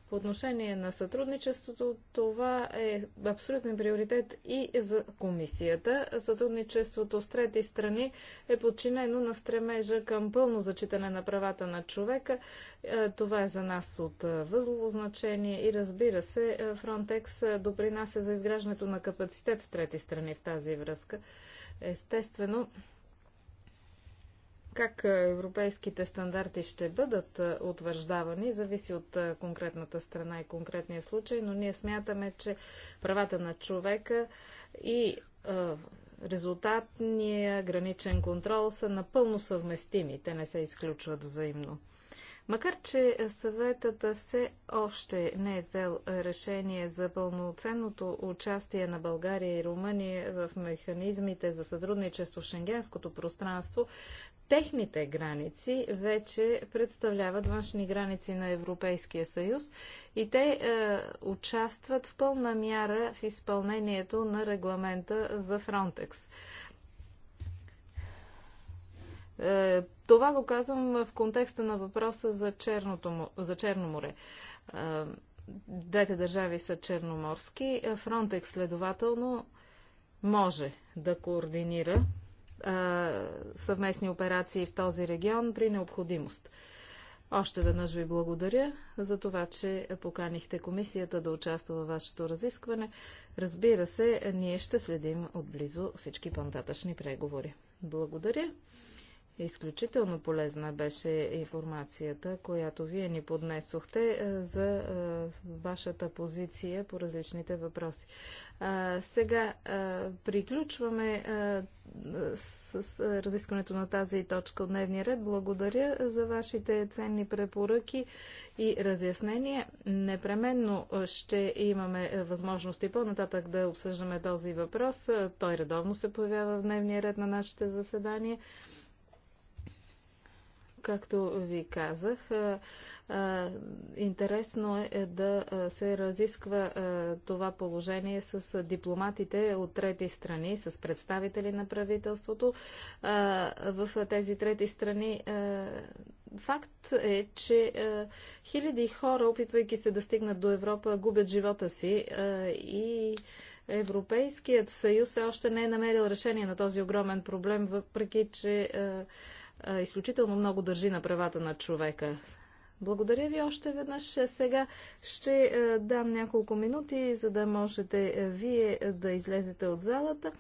По отношение на сътрудничеството, това е абсолютен приоритет и за комисията. Сътрудничеството с трети страни е подчинено на стремежа към пълно зачитане на правата на човека. Е, това е за нас от е, възлово значение и разбира се, е, Frontex допринася за изграждането на капацитет в трети страни в тази връзка. Естествено, как е, европейските стандарти ще бъдат е, утвърждавани, зависи от е, конкретната страна и конкретния случай, но ние смятаме, че правата на човека и резултатния граничен контрол са напълно съвместими. Те не се изключват взаимно. Макар, че съветът все още не е взел решение за пълноценното участие на България и Румъния в механизмите за сътрудничество в шенгенското пространство, техните граници вече представляват външни граници на Европейския съюз и те е, участват в пълна мяра в изпълнението на регламента за Фронтекс. Е, това го казвам в контекста на въпроса за, черното, за Черно море. Е, двете държави са черноморски. Е, Фронтекс, следователно, може да координира съвместни операции в този регион при необходимост. Още веднъж ви благодаря за това, че поканихте комисията да участва във вашето разискване. Разбира се, ние ще следим отблизо всички пантатъчни преговори. Благодаря. Изключително полезна беше информацията, която вие ни поднесохте е, за е, вашата позиция по различните въпроси. Сега е, приключваме с разискването на тази точка от дневния ред. Благодаря за вашите ценни препоръки и разяснения. Непременно ще имаме възможности по-нататък да обсъждаме този въпрос. Той редовно се появява в дневния ред на нашите заседания. Както ви казах, интересно е, е да се разисква това положение с дипломатите от трети страни, с представители на правителството. В тези трети страни факт е, че хиляди хора, опитвайки се да стигнат до Европа, губят живота си и Европейският съюз още не е намерил решение на този огромен проблем, въпреки че изключително много държи на правата на човека. Благодаря ви още веднъж. Сега ще дам няколко минути, за да можете вие да излезете от залата.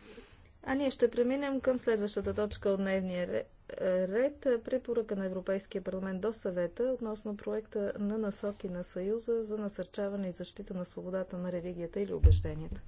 А ние ще преминем към следващата точка от дневния ред. Препоръка на Европейския парламент до съвета относно проекта на насоки на Съюза за насърчаване и защита на свободата на религията или убежденията.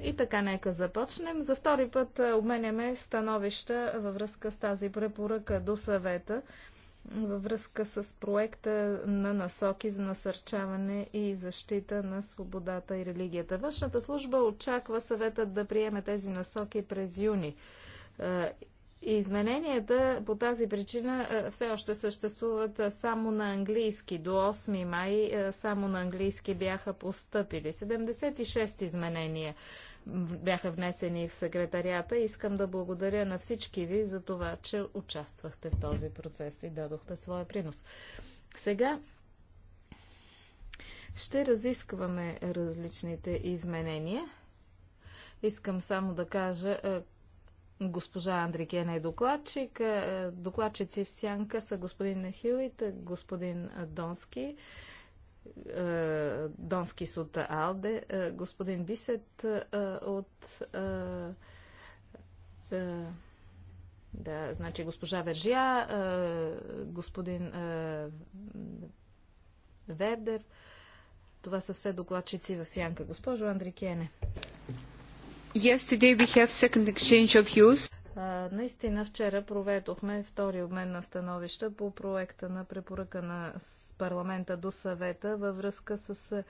И така, нека започнем. За втори път е, обменяме становища във връзка с тази препоръка до съвета във връзка с проекта на насоки за насърчаване и защита на свободата и религията. Външната служба очаква съветът да приеме тези насоки през юни. Е, Измененията по тази причина е, все още съществуват е, само на английски. До 8 май е, само на английски бяха поступили. 76 изменения бяха внесени в секретарията. Искам да благодаря на всички ви за това, че участвахте в този процес и дадохте своя принос. Сега ще разискваме различните изменения. Искам само да кажа Госпожа Андрикена е докладчик. Е, докладчици в сянка са господин Хюит, господин Донски, е, с от Алде, е, господин Бисет от да, значи госпожа Вержия, господин Вердер. Това са все докладчици в сянка. Госпожо Андрикене. Yesterday we have second exchange of views. Наистина вчера проведохме втори обмен на становища по проекта на препоръка на парламента до съвета във връзка с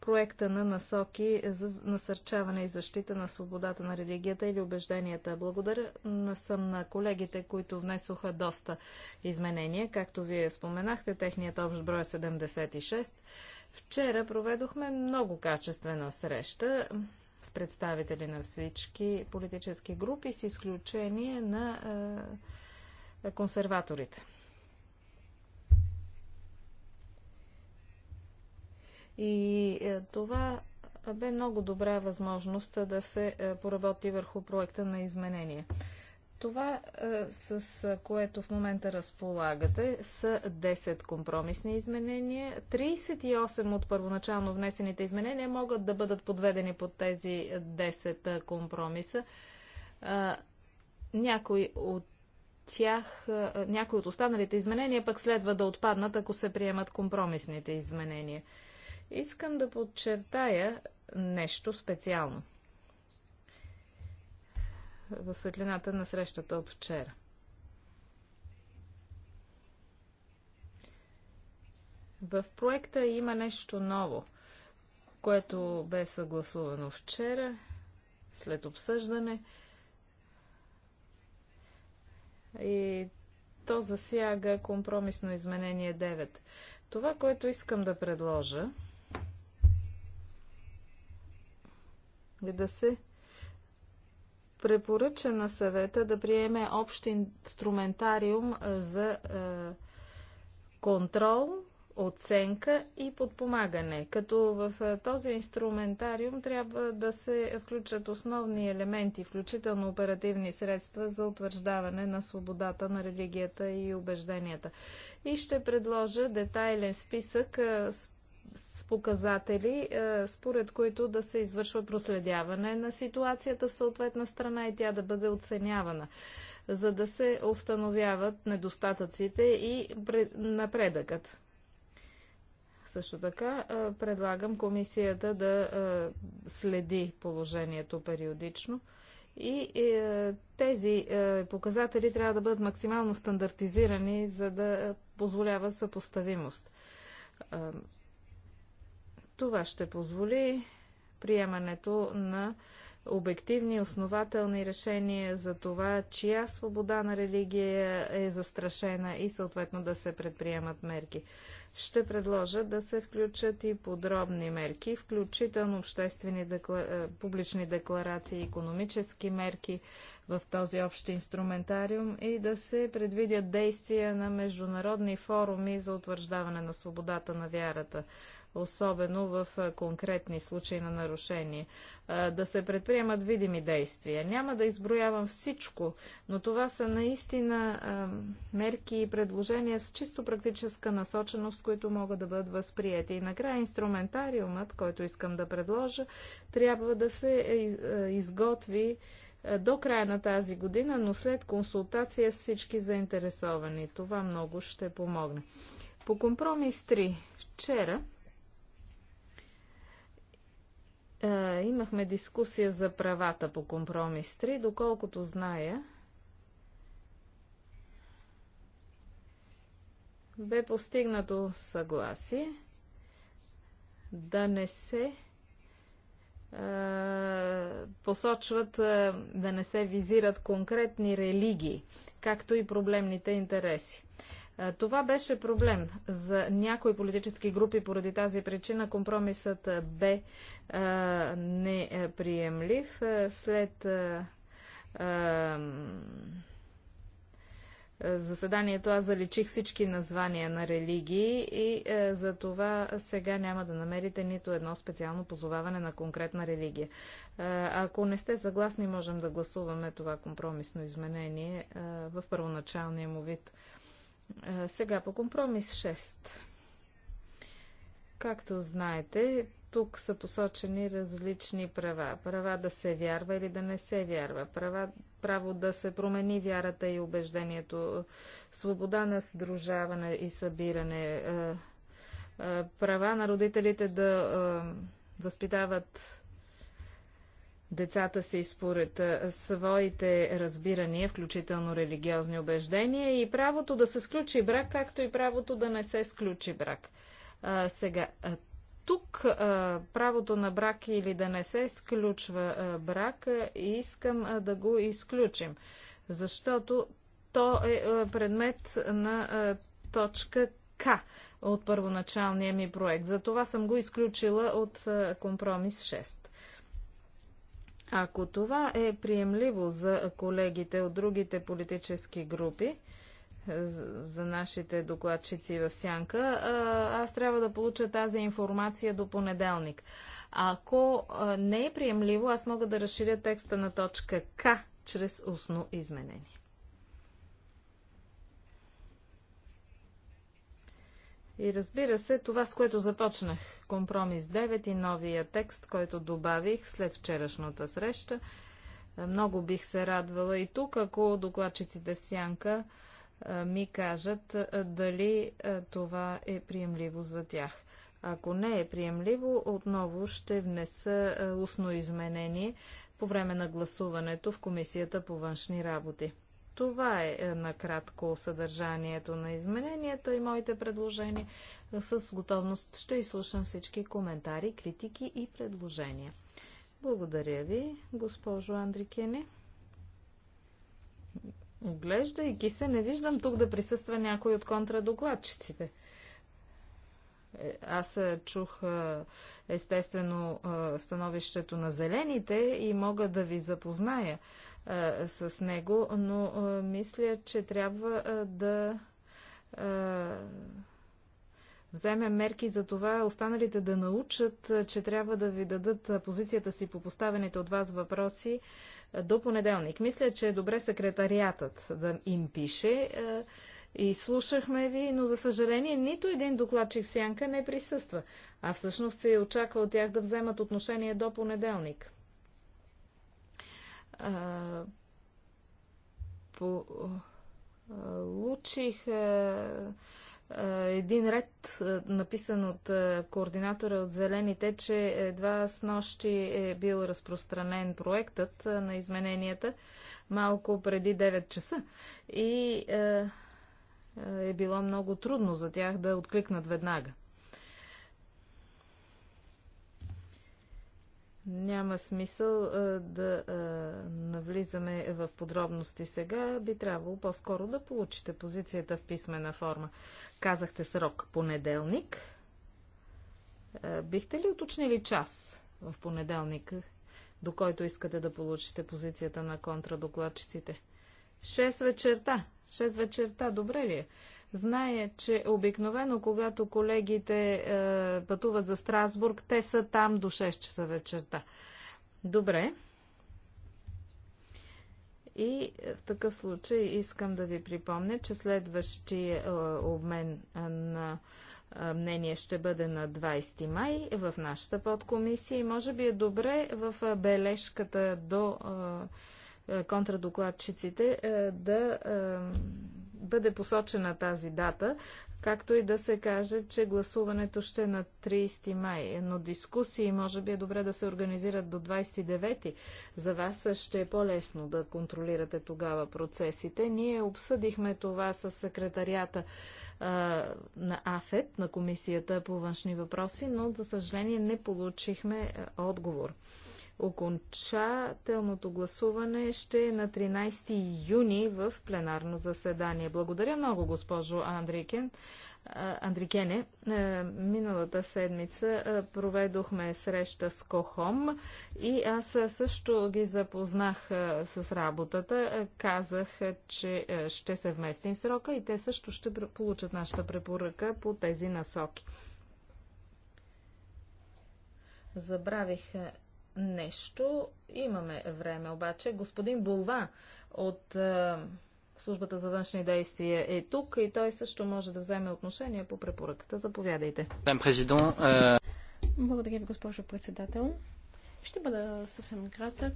проекта на насоки за насърчаване и защита на свободата на религията или убежденията. Благодаря на съм на колегите, които внесоха доста изменения. Както вие споменахте, техният общ брой е 76. Вчера проведохме много качествена среща с представители на всички политически групи, с изключение на е, консерваторите. И е, това бе много добра възможност да се е, поработи върху проекта на изменение. Това, е, с е, което в момента разполагате, са 10 компромисни изменения. 38 от първоначално внесените изменения могат да бъдат подведени под тези 10 е, компромиса. Някои от тях, някои от останалите изменения пък следва да отпаднат, ако се приемат компромисните изменения. Искам да подчертая нещо специално – в светлината на срещата от вчера. В проекта има нещо ново, което бе съгласувано вчера, след обсъждане. И то засяга компромисно изменение 9. Това, което искам да предложа, е да се препоръча на съвета да приеме общ инструментариум за е, контрол, оценка и подпомагане. Като в е, този инструментариум трябва да се включат основни елементи, включително оперативни средства за утвърждаване на свободата на религията и убежденията. И ще предложа детайлен списък е, с с показатели, е, според които да се извършва проследяване на ситуацията в съответна страна и тя да бъде оценявана, за да се установяват недостатъците и напредъкът. Също така е, предлагам комисията да е, следи положението периодично. И е, тези е, показатели трябва да бъдат максимално стандартизирани, за да позволява съпоставимост. Е, това ще позволи приемането на обективни основателни решения за това, чия свобода на религия е застрашена и съответно да се предприемат мерки. Ще предложа да се включат и подробни мерки, включително обществени декла... Е, публични декларации, економически мерки в този общ инструментариум и да се предвидят действия на международни форуми за утвърждаване на свободата на вярата особено в конкретни случаи на нарушение. Да се предприемат видими действия. Няма да изброявам всичко, но това са наистина мерки и предложения с чисто практическа насоченост, които могат да бъдат възприяти. И накрая инструментариумът, който искам да предложа, трябва да се е, е, изготви е, до края на тази година, но след консултация с всички заинтересовани. Това много ще помогне. По компромис 3. Вчера е, имахме дискусия за правата по компромис 3. Доколкото зная, бе постигнато съгласие да не се е, посочват е, да не се визират конкретни религии, както и проблемните интереси. Е, това беше проблем за някои политически групи. Поради тази причина компромисът е, бе е, неприемлив. След заседанието аз заличих всички названия на религии и за това сега няма да намерите нито едно специално позоваване на конкретна религия. ако не сте съгласни, можем да гласуваме това компромисно изменение в първоначалния му вид. Е, сега по компромис 6. Както знаете, тук са посочени различни права. Права да се вярва или да не се вярва. Права, право да се промени вярата и убеждението. Свобода на сдружаване и събиране. Е, е, права на родителите да възпитават децата си според своите разбирания, включително религиозни убеждения и правото да се сключи брак, както и правото да не се сключи брак. А, сега, тук а, правото на брак или да не се сключва а, брак, а, искам а, да го изключим, защото то е а, предмет на а, точка К от първоначалния ми проект. Затова съм го изключила от а, компромис 6. Ако това е приемливо за колегите от другите политически групи, за нашите докладчици в Сянка, аз трябва да получа тази информация до понеделник. Ако не е приемливо, аз мога да разширя текста на точка К чрез устно изменение. И разбира се, това с което започнах, компромис 9 и новия текст, който добавих след вчерашната среща, много бих се радвала и тук, ако докладчиците в сянка ми кажат дали това е приемливо за тях. Ако не е приемливо, отново ще внеса устно изменение по време на гласуването в Комисията по външни работи. Това е, е накратко съдържанието на измененията и моите предложения. С готовност ще изслушам всички коментари, критики и предложения. Благодаря ви, госпожо Андрикени. Оглеждайки се, не виждам тук да присъства някой от контрадокладчиците. Е, аз е, чух естествено становището на зелените и мога да ви запозная с него, но мисля, че трябва да вземем мерки за това останалите да научат, че трябва да ви дадат позицията си по поставените от вас въпроси до понеделник. Мисля, че е добре секретариатът да им пише. И слушахме ви, но за съжаление нито един докладчик Сянка не присъства, а всъщност се очаква от тях да вземат отношение до понеделник получих един ред, написан от координатора от Зелените, че едва с нощи е бил разпространен проектът на измененията малко преди 9 часа. И е, е било много трудно за тях да откликнат веднага. Няма смисъл а, да а, навлизаме в подробности сега. Би трябвало по-скоро да получите позицията в писмена форма. Казахте срок понеделник. А, бихте ли уточнили час в понеделник, до който искате да получите позицията на контрадокладчиците? 6 вечерта. 6 вечерта, добре ли е? Зная, че обикновено, когато колегите е, пътуват за Страсбург, те са там до 6 часа вечерта. Добре. И в такъв случай искам да ви припомня, че следващия е, обмен е, на е, мнение ще бъде на 20 май в нашата подкомисия и може би е добре в е, бележката до е, контрадокладчиците е, да бъде посочена тази дата, както и да се каже, че гласуването ще е на 30 май. Но дискусии може би е добре да се организират до 29. За вас ще е по-лесно да контролирате тогава процесите. Ние обсъдихме това с секретарията а, на АФЕТ, на Комисията по външни въпроси, но за съжаление не получихме отговор. Окончателното гласуване ще е на 13 юни в пленарно заседание. Благодаря много, госпожо Андрикен. Андрикене. Миналата седмица проведохме среща с Кохом и аз също ги запознах с работата. Казах, че ще се вместим в срока и те също ще получат нашата препоръка по тези насоки. Забравих нещо. Имаме време обаче. Господин Булва от е, Службата за външни действия е тук и той също може да вземе отношение по препоръката. Заповядайте. Е, Благодаря ви, госпожо председател. Ще бъда съвсем кратък.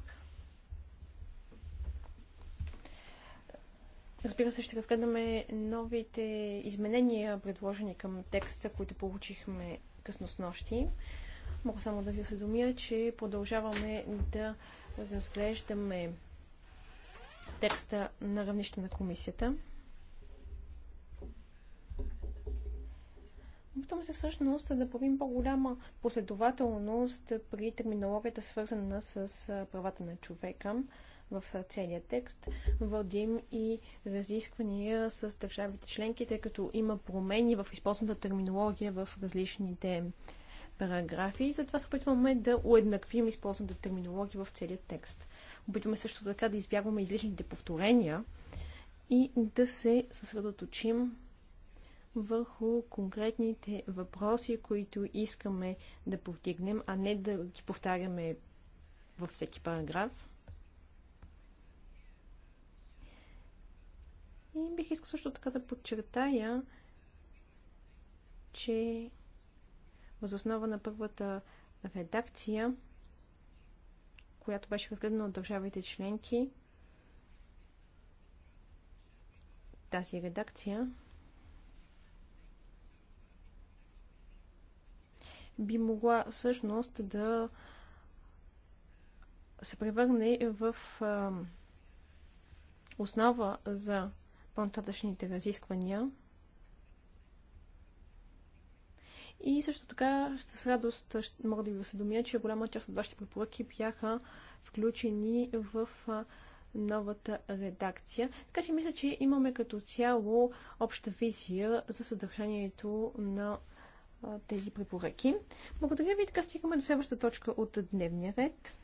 Разбира се, ще разгледаме новите изменения, предложени към текста, които получихме късно с нощи. Мога само да ви осведомя, че продължаваме да разглеждаме текста на равнище на комисията. Опитваме се всъщност да правим по-голяма последователност при терминологията, свързана с правата на човека в целия текст. Водим и разисквания с държавите членки, тъй като има промени в използваната терминология в различните параграфи и затова се опитваме да уеднаквим използваната терминология в целият текст. Опитваме също така да избягваме излишните повторения и да се съсредоточим върху конкретните въпроси, които искаме да повдигнем, а не да ги повтаряме във всеки параграф. И бих искал също така да подчертая, че възоснова на първата редакция, която беше разгледана от държавите членки. Тази редакция би могла всъщност да се превърне в основа за по-нататъчните разисквания. И също така с радост мога да ви осъдомя, че голяма част от вашите препоръки бяха включени в новата редакция. Така че мисля, че имаме като цяло обща визия за съдържанието на тези препоръки. Благодаря ви. Така стигаме до следващата точка от дневния ред.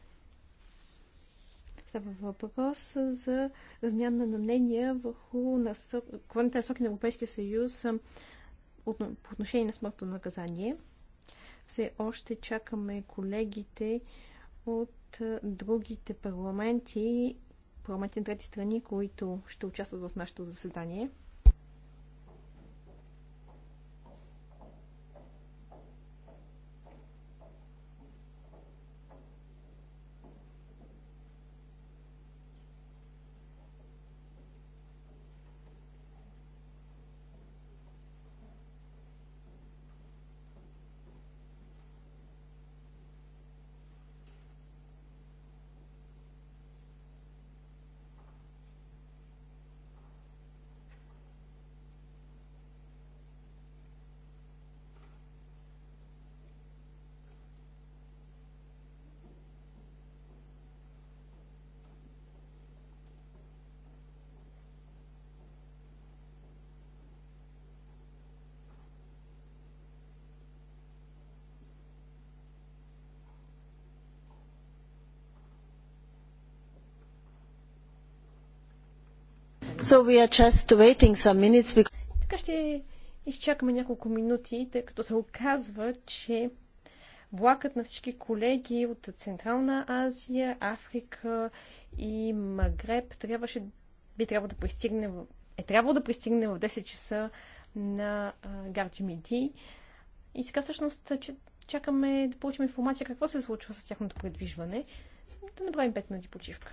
Става въпрос за размяна на мнения върху насок... насоки на Европейския съюз по отношение на смъртно наказание. Все още чакаме колегите от другите парламенти, парламенти на трети страни, които ще участват в нашето заседание. So we are just waiting some minutes because... Така ще изчакаме няколко минути, тъй като се оказва, че влакът на всички колеги от Централна Азия, Африка и Магреб трябваше, би трябвало да пристигне, в, е трябвало да пристигне в 10 часа на Гарджимити. И сега всъщност чакаме да получим информация какво се случва с тяхното предвижване. Да направим 5 минути почивка.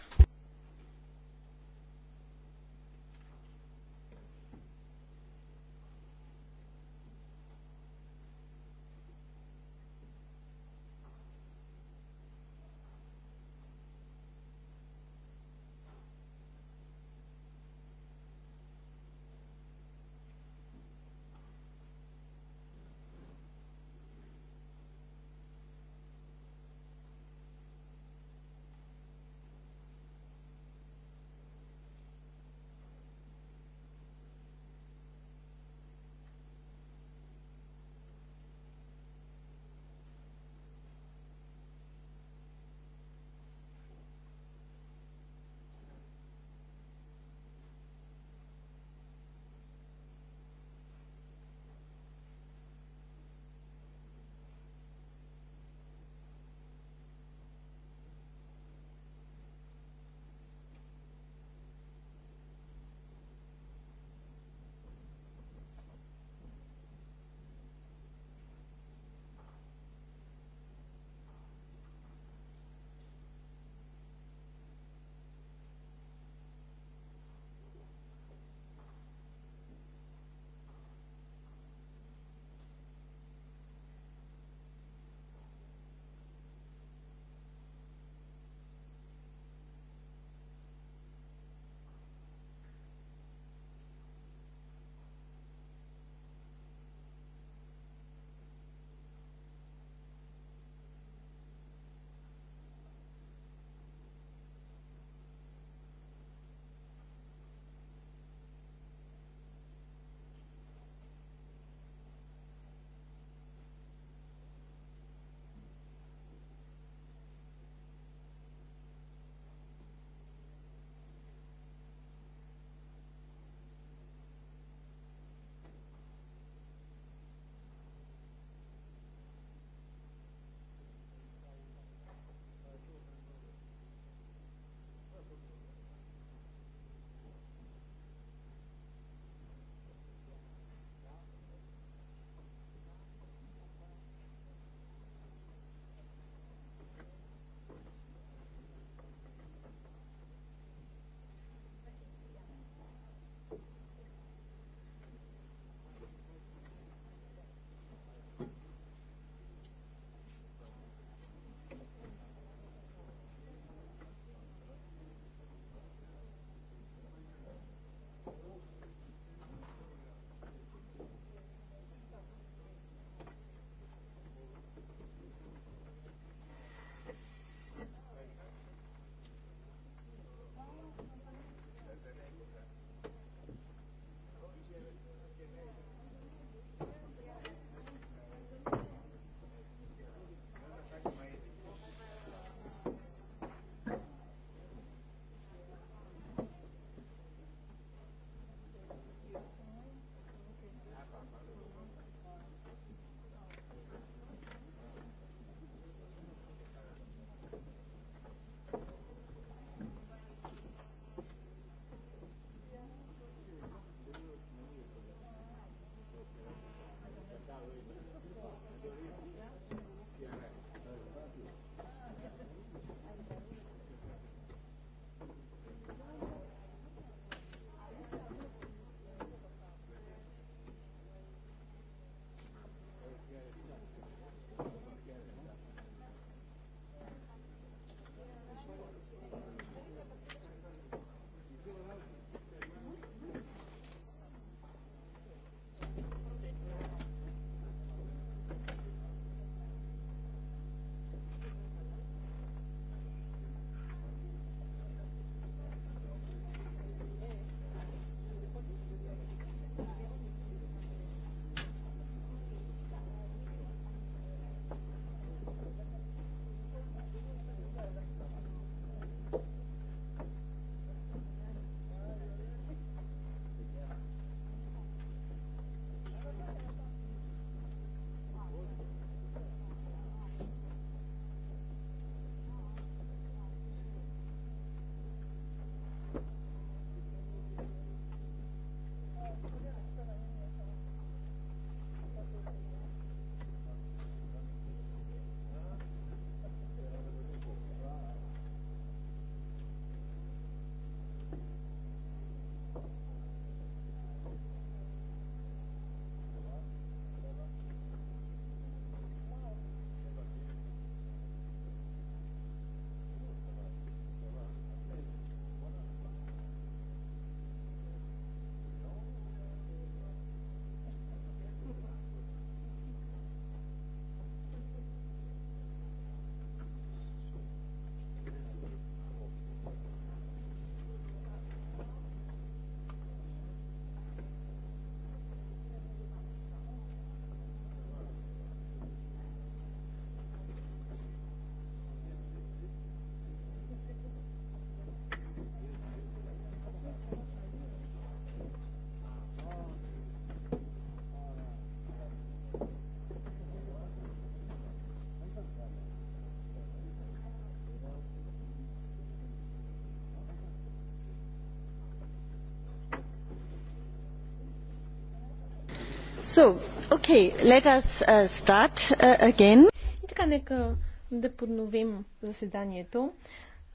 So, okay, let us uh, start uh, again. И така, нека да подновим заседанието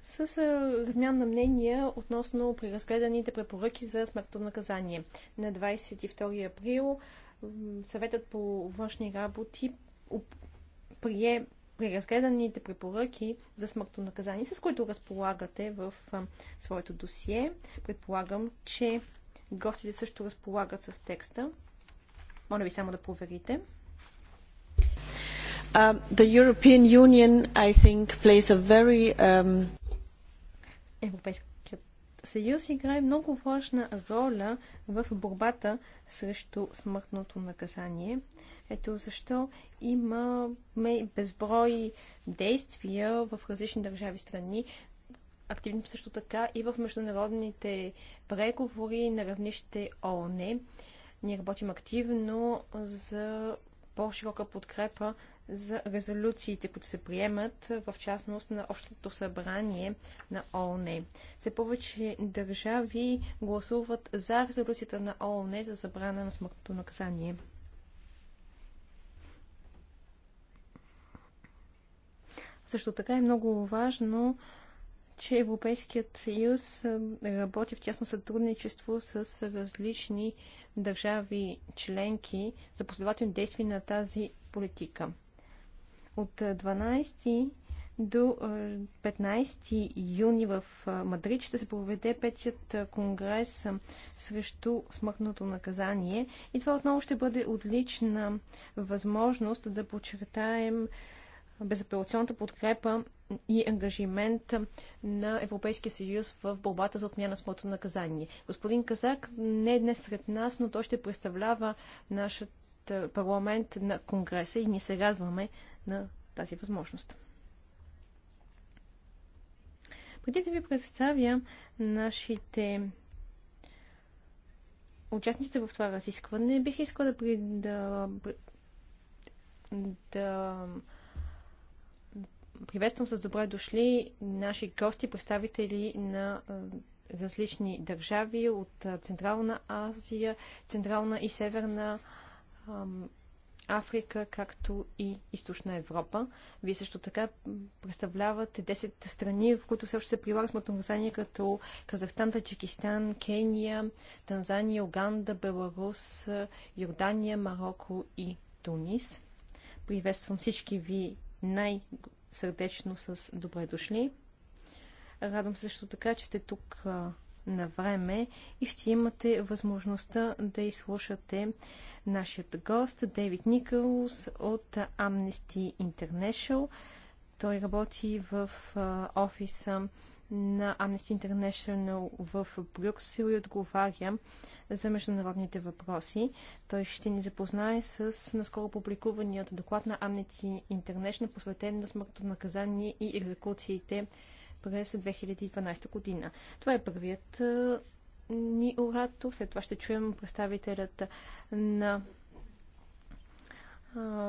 с размян на мнения относно преразгледаните препоръки за смъртно наказание. На 22 април съветът по външни работи прие преразгледаните препоръки за смъртно наказание, с които разполагате в своето досие. Предполагам, че гостите също разполагат с текста. Моля ви само да проверите. Uh, um, Европейският съюз играе много важна роля в борбата срещу смъртното наказание. Ето защо има безброй действия в различни държави страни, активни също така и в международните преговори на равнище ООН. Ние работим активно за по-широка подкрепа за резолюциите, които се приемат, в частност на Общото събрание на ООН. Все повече държави гласуват за резолюцията на ООН за забрана на смъртното наказание. Също така е много важно, че Европейският съюз работи в тясно сътрудничество с различни държави членки за последователни действия на тази политика. От 12 до 15 юни в Мадрид ще се проведе петият конгрес срещу смъртното наказание. И това отново ще бъде отлична възможност да подчертаем безапелационната подкрепа и ангажимент на Европейския съюз в борбата за отмяна на смъртно наказание. Господин Казак не е днес сред нас, но той ще представлява нашият парламент на Конгреса и ние се радваме на тази възможност. Преди да ви представя нашите участниците в това разискване, бих искала да, да... да приветствам с добре дошли наши гости, представители на различни държави от Централна Азия, Централна и Северна Африка, както и Източна Европа. Вие също така представлявате 10 страни, в които също се прилага смъртно наказание, като Казахстан, Таджикистан, Кения, Танзания, Уганда, Беларус, Йордания, Марокко и Тунис. Приветствам всички ви най сърдечно с добре дошли. Радвам се също така, че сте тук на време и ще имате възможността да изслушате нашият гост Дейвид Никълс от Amnesty International. Той работи в офиса на Amnesty International в Брюксел и отговаря за международните въпроси. Той ще ни запознае с наскоро публикуваният доклад на Amnesty International, посветен на смъртното наказание и екзекуциите през 2012 година. Това е първият ни оратор. След това ще чуем представителят на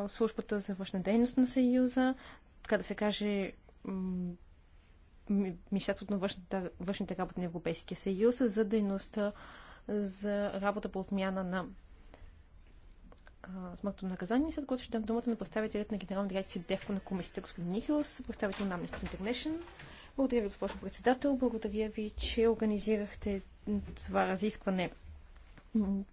службата за външна дейност на Съюза, така да се каже, Министерството на външните, външните работи на Европейския съюз за дейността за работа по отмяна на смъртно наказание, след което ще дам думата на представителят на Генерална дирекция ДЕВКО на комисията господин Нихилс, представител на Amnesty International. Благодаря ви, госпожо председател. Благодаря ви, че организирахте това разискване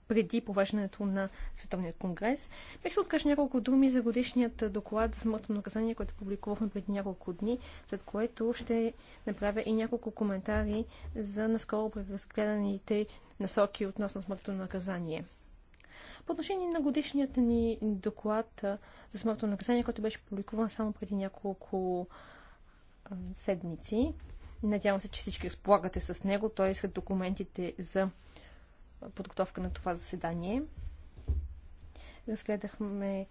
преди повеждането на Световния конгрес. Бих се откажа няколко думи за годишният доклад за смъртно наказание, който публикувахме преди няколко дни, след което ще направя и няколко коментари за наскоро преразгледаните насоки относно смъртно наказание. По отношение на годишният ни доклад за смъртно наказание, който беше публикуван само преди няколко седмици, надявам се, че всички разполагате с него, т.е. сред документите за подготовка на това заседание. Разгледахме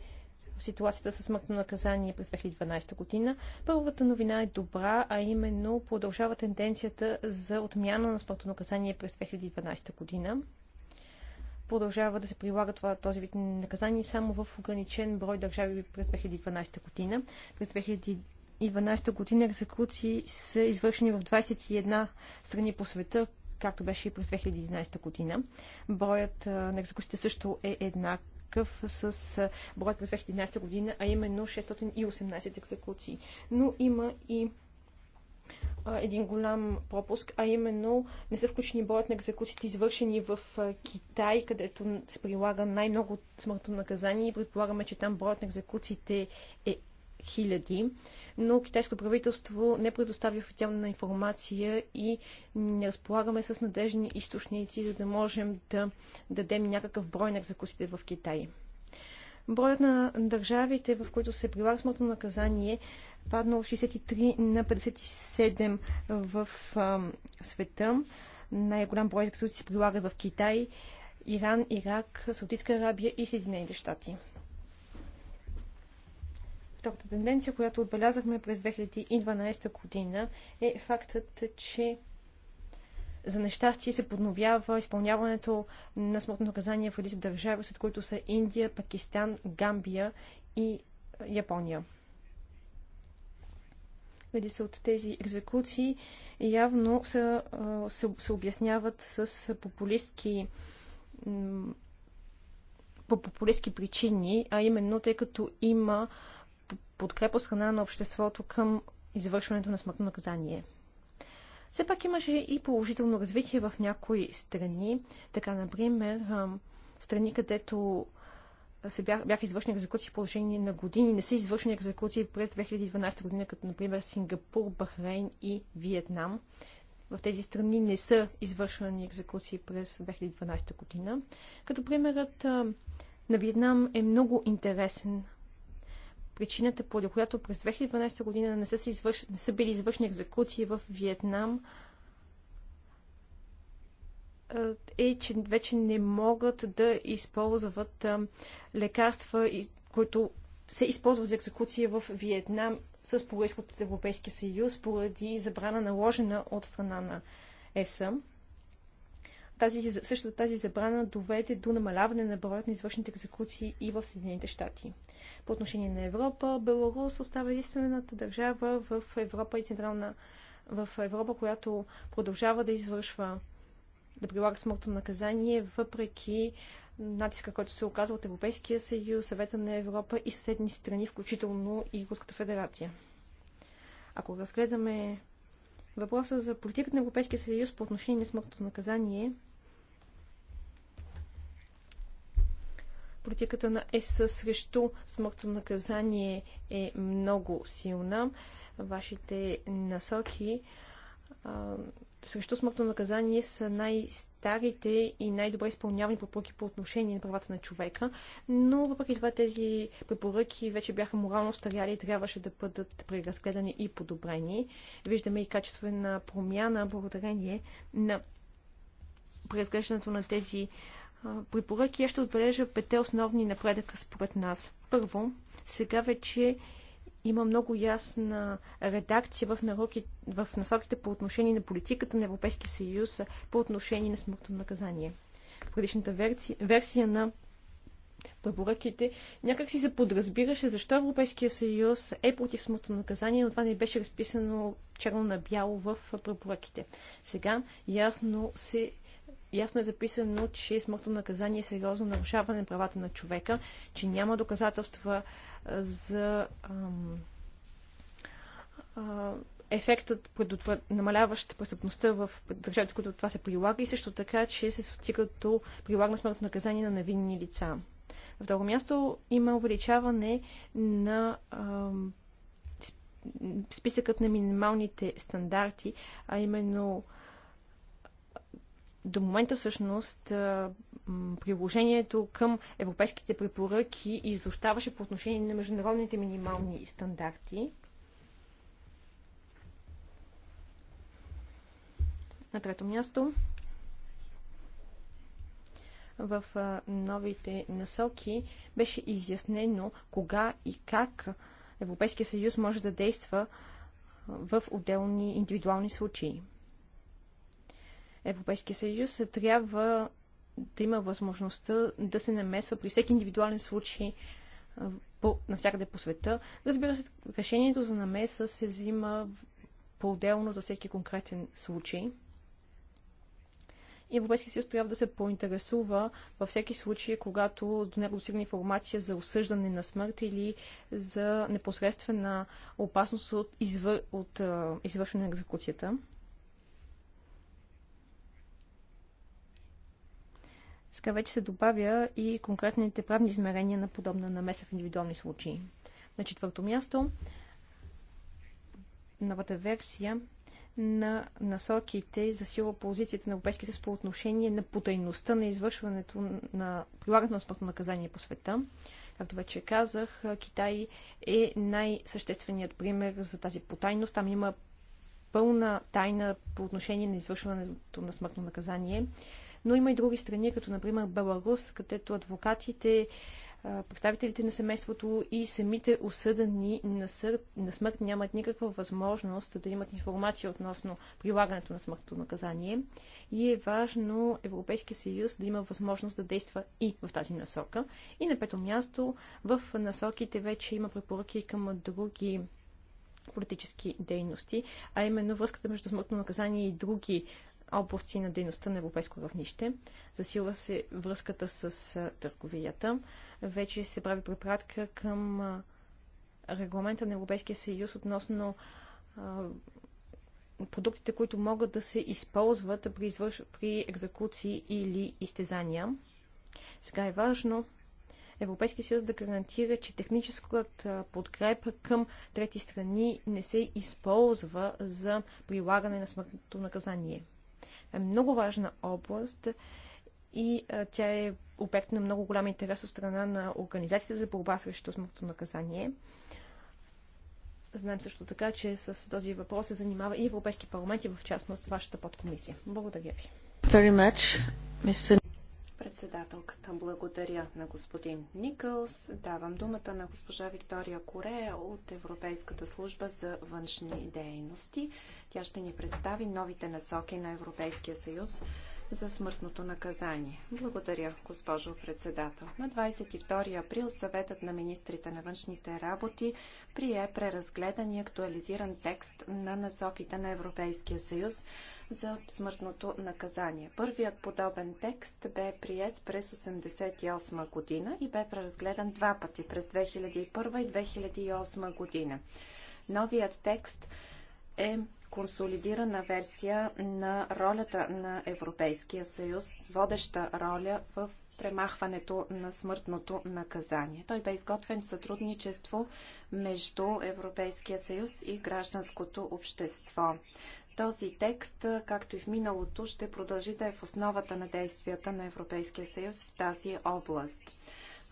ситуацията със смъртно наказание през 2012 година. Първата новина е добра, а именно продължава тенденцията за отмяна на смъртно наказание през 2012 година. Продължава да се прилага това, този вид наказание само в ограничен брой държави през 2012 година. През 2012 година екзекуции са извършени в 21 страни по света, както беше и през 2011 година. Броят на екзекуциите също е еднакъв с броят през 2011 година, а именно 618 екзекуции. Но има и един голям пропуск, а именно не са включени броят на екзекуциите, извършени в Китай, където се прилага най-много смъртно наказание и предполагаме, че там броят на екзекуциите е хиляди, но китайското правителство не предоставя официална информация и не разполагаме с надежни източници, за да можем да дадем някакъв брой на закусите в Китай. Броят на държавите, в които се прилага смъртно наказание, падна от 63 на 57 в а, света. Най-голям брой екзекуции се прилагат в Китай, Иран, Ирак, Саудитска Арабия и Съединените щати. Втората тенденция, която отбелязахме през 2012 година е фактът, че за нещастие се подновява изпълняването на смъртно наказание в редица държави, след които са Индия, Пакистан, Гамбия и Япония. се от тези екзекуции явно са, се, се обясняват с популистки по популистски причини, а именно тъй като има подкрепа страна на обществото към извършването на смъртно наказание. Все пак имаше и положително развитие в някои страни, така например страни, където се бях, бяха извършени екзекуции в положение на години, не са извършени екзекуции през 2012 година, като например Сингапур, Бахрейн и Виетнам. В тези страни не са извършвани екзекуции през 2012 година. Като примерът на Виетнам е много интересен причината, поради която през 2012 година не са, се извърш... не са били извършени екзекуции в Виетнам, е, че вече не могат да използват лекарства, които се използват за екзекуция в Виетнам с происход от Европейския съюз, поради забрана наложена от страна на ЕСА. Тази, същата тази забрана доведе до намаляване на броят на извършените екзекуции и в Съединените щати. По отношение на Европа, Беларус остава единствената държава в Европа и Централна в Европа, която продължава да извършва, да прилага смъртно наказание, въпреки натиска, който се оказва от Европейския съюз, Съвета на Европа и съседни страни, включително и Руската федерация. Ако разгледаме въпроса за политиката на Европейския съюз по отношение на смъртното наказание, Политиката на ЕС срещу смъртно наказание е много силна. Вашите насоки а, срещу смъртно наказание са най-старите и най-добре изпълнявани препоръки по отношение на правата на човека, но въпреки това тези препоръки вече бяха морално старяли и трябваше да бъдат преразгледани и подобрени. Виждаме и качествена промяна благодарение на преразглеждането на тези препоръки, аз ще отбележа пете основни напредъка според нас. Първо, сега вече има много ясна редакция в, нароки, в насоките по отношение на политиката на Европейския съюз по отношение на смъртно наказание. В предишната версия, версия на препоръките някак си се подразбираше защо Европейския съюз е против смъртно наказание, но това не беше разписано черно на бяло в препоръките. Сега ясно се ясно е записано, че смъртно наказание е сериозно нарушаване на правата на човека, че няма доказателства за ам, а, ефектът, предотвър... намаляващ престъпността в държавите, които това се прилага и също така, че се стига до прилагане смъртно наказание на невинни лица. На второ място има увеличаване на ам, списъкът на минималните стандарти, а именно до момента всъщност приложението към европейските препоръки изоставаше по отношение на международните минимални стандарти. На трето място в новите насоки беше изяснено кога и как Европейския съюз може да действа в отделни индивидуални случаи. Европейския съюз трябва да има възможността да се намесва при всеки индивидуален случай по, навсякъде по света. Разбира се, решението за намеса се взима по-отделно за всеки конкретен случай. Европейския съюз трябва да се поинтересува във всеки случай, когато до него достигне информация за осъждане на смърт или за непосредствена опасност от, извър... от а, извършване на екзекуцията. Сега вече се добавя и конкретните правни измерения на подобна намеса в индивидуални случаи. На четвърто място, новата версия на насоките за сила позицията на Европейския съюз по отношение на потайността на извършването на прилагането на смъртно наказание по света. Както вече казах, Китай е най-същественият пример за тази потайност. Там има пълна тайна по отношение на извършването на смъртно наказание но има и други страни, като например Беларус, където адвокатите, представителите на семейството и самите осъдани на, сър... на смърт нямат никаква възможност да имат информация относно прилагането на смъртното наказание. И е важно Европейския съюз да има възможност да действа и в тази насока. И на пето място, в насоките вече има препоръки към други политически дейности, а именно връзката между смъртно наказание и други области на дейността на европейско равнище. Засилва се връзката с търговията. Вече се прави препратка към регламента на Европейския съюз относно продуктите, които могат да се използват при, извърш... при екзекуции или изтезания. Сега е важно Европейския съюз да гарантира, че техническата подкрепа към трети страни не се използва за прилагане на смъртното наказание е много важна област и а, тя е обект на много голям интерес от страна на Организацията за борба срещу смъртно наказание. Знаем също така, че с този въпрос се занимава и Европейски парламент и в частност вашата подкомисия. Благодаря ви. Very much, Mr. Председателката благодаря на господин Никълс. Давам думата на госпожа Виктория Корея от Европейската служба за външни дейности. Тя ще ни представи новите насоки на Европейския съюз за смъртното наказание. Благодаря, госпожо председател. На 22 април съветът на министрите на външните работи прие преразгледан и актуализиран текст на насоките на Европейския съюз за смъртното наказание. Първият подобен текст бе прият през 1988 година и бе преразгледан два пъти през 2001 и 2008 година. Новият текст е консолидирана версия на ролята на Европейския съюз, водеща роля в премахването на смъртното наказание. Той бе изготвен в сътрудничество между Европейския съюз и гражданското общество. Този текст, както и в миналото, ще продължи да е в основата на действията на Европейския съюз в тази област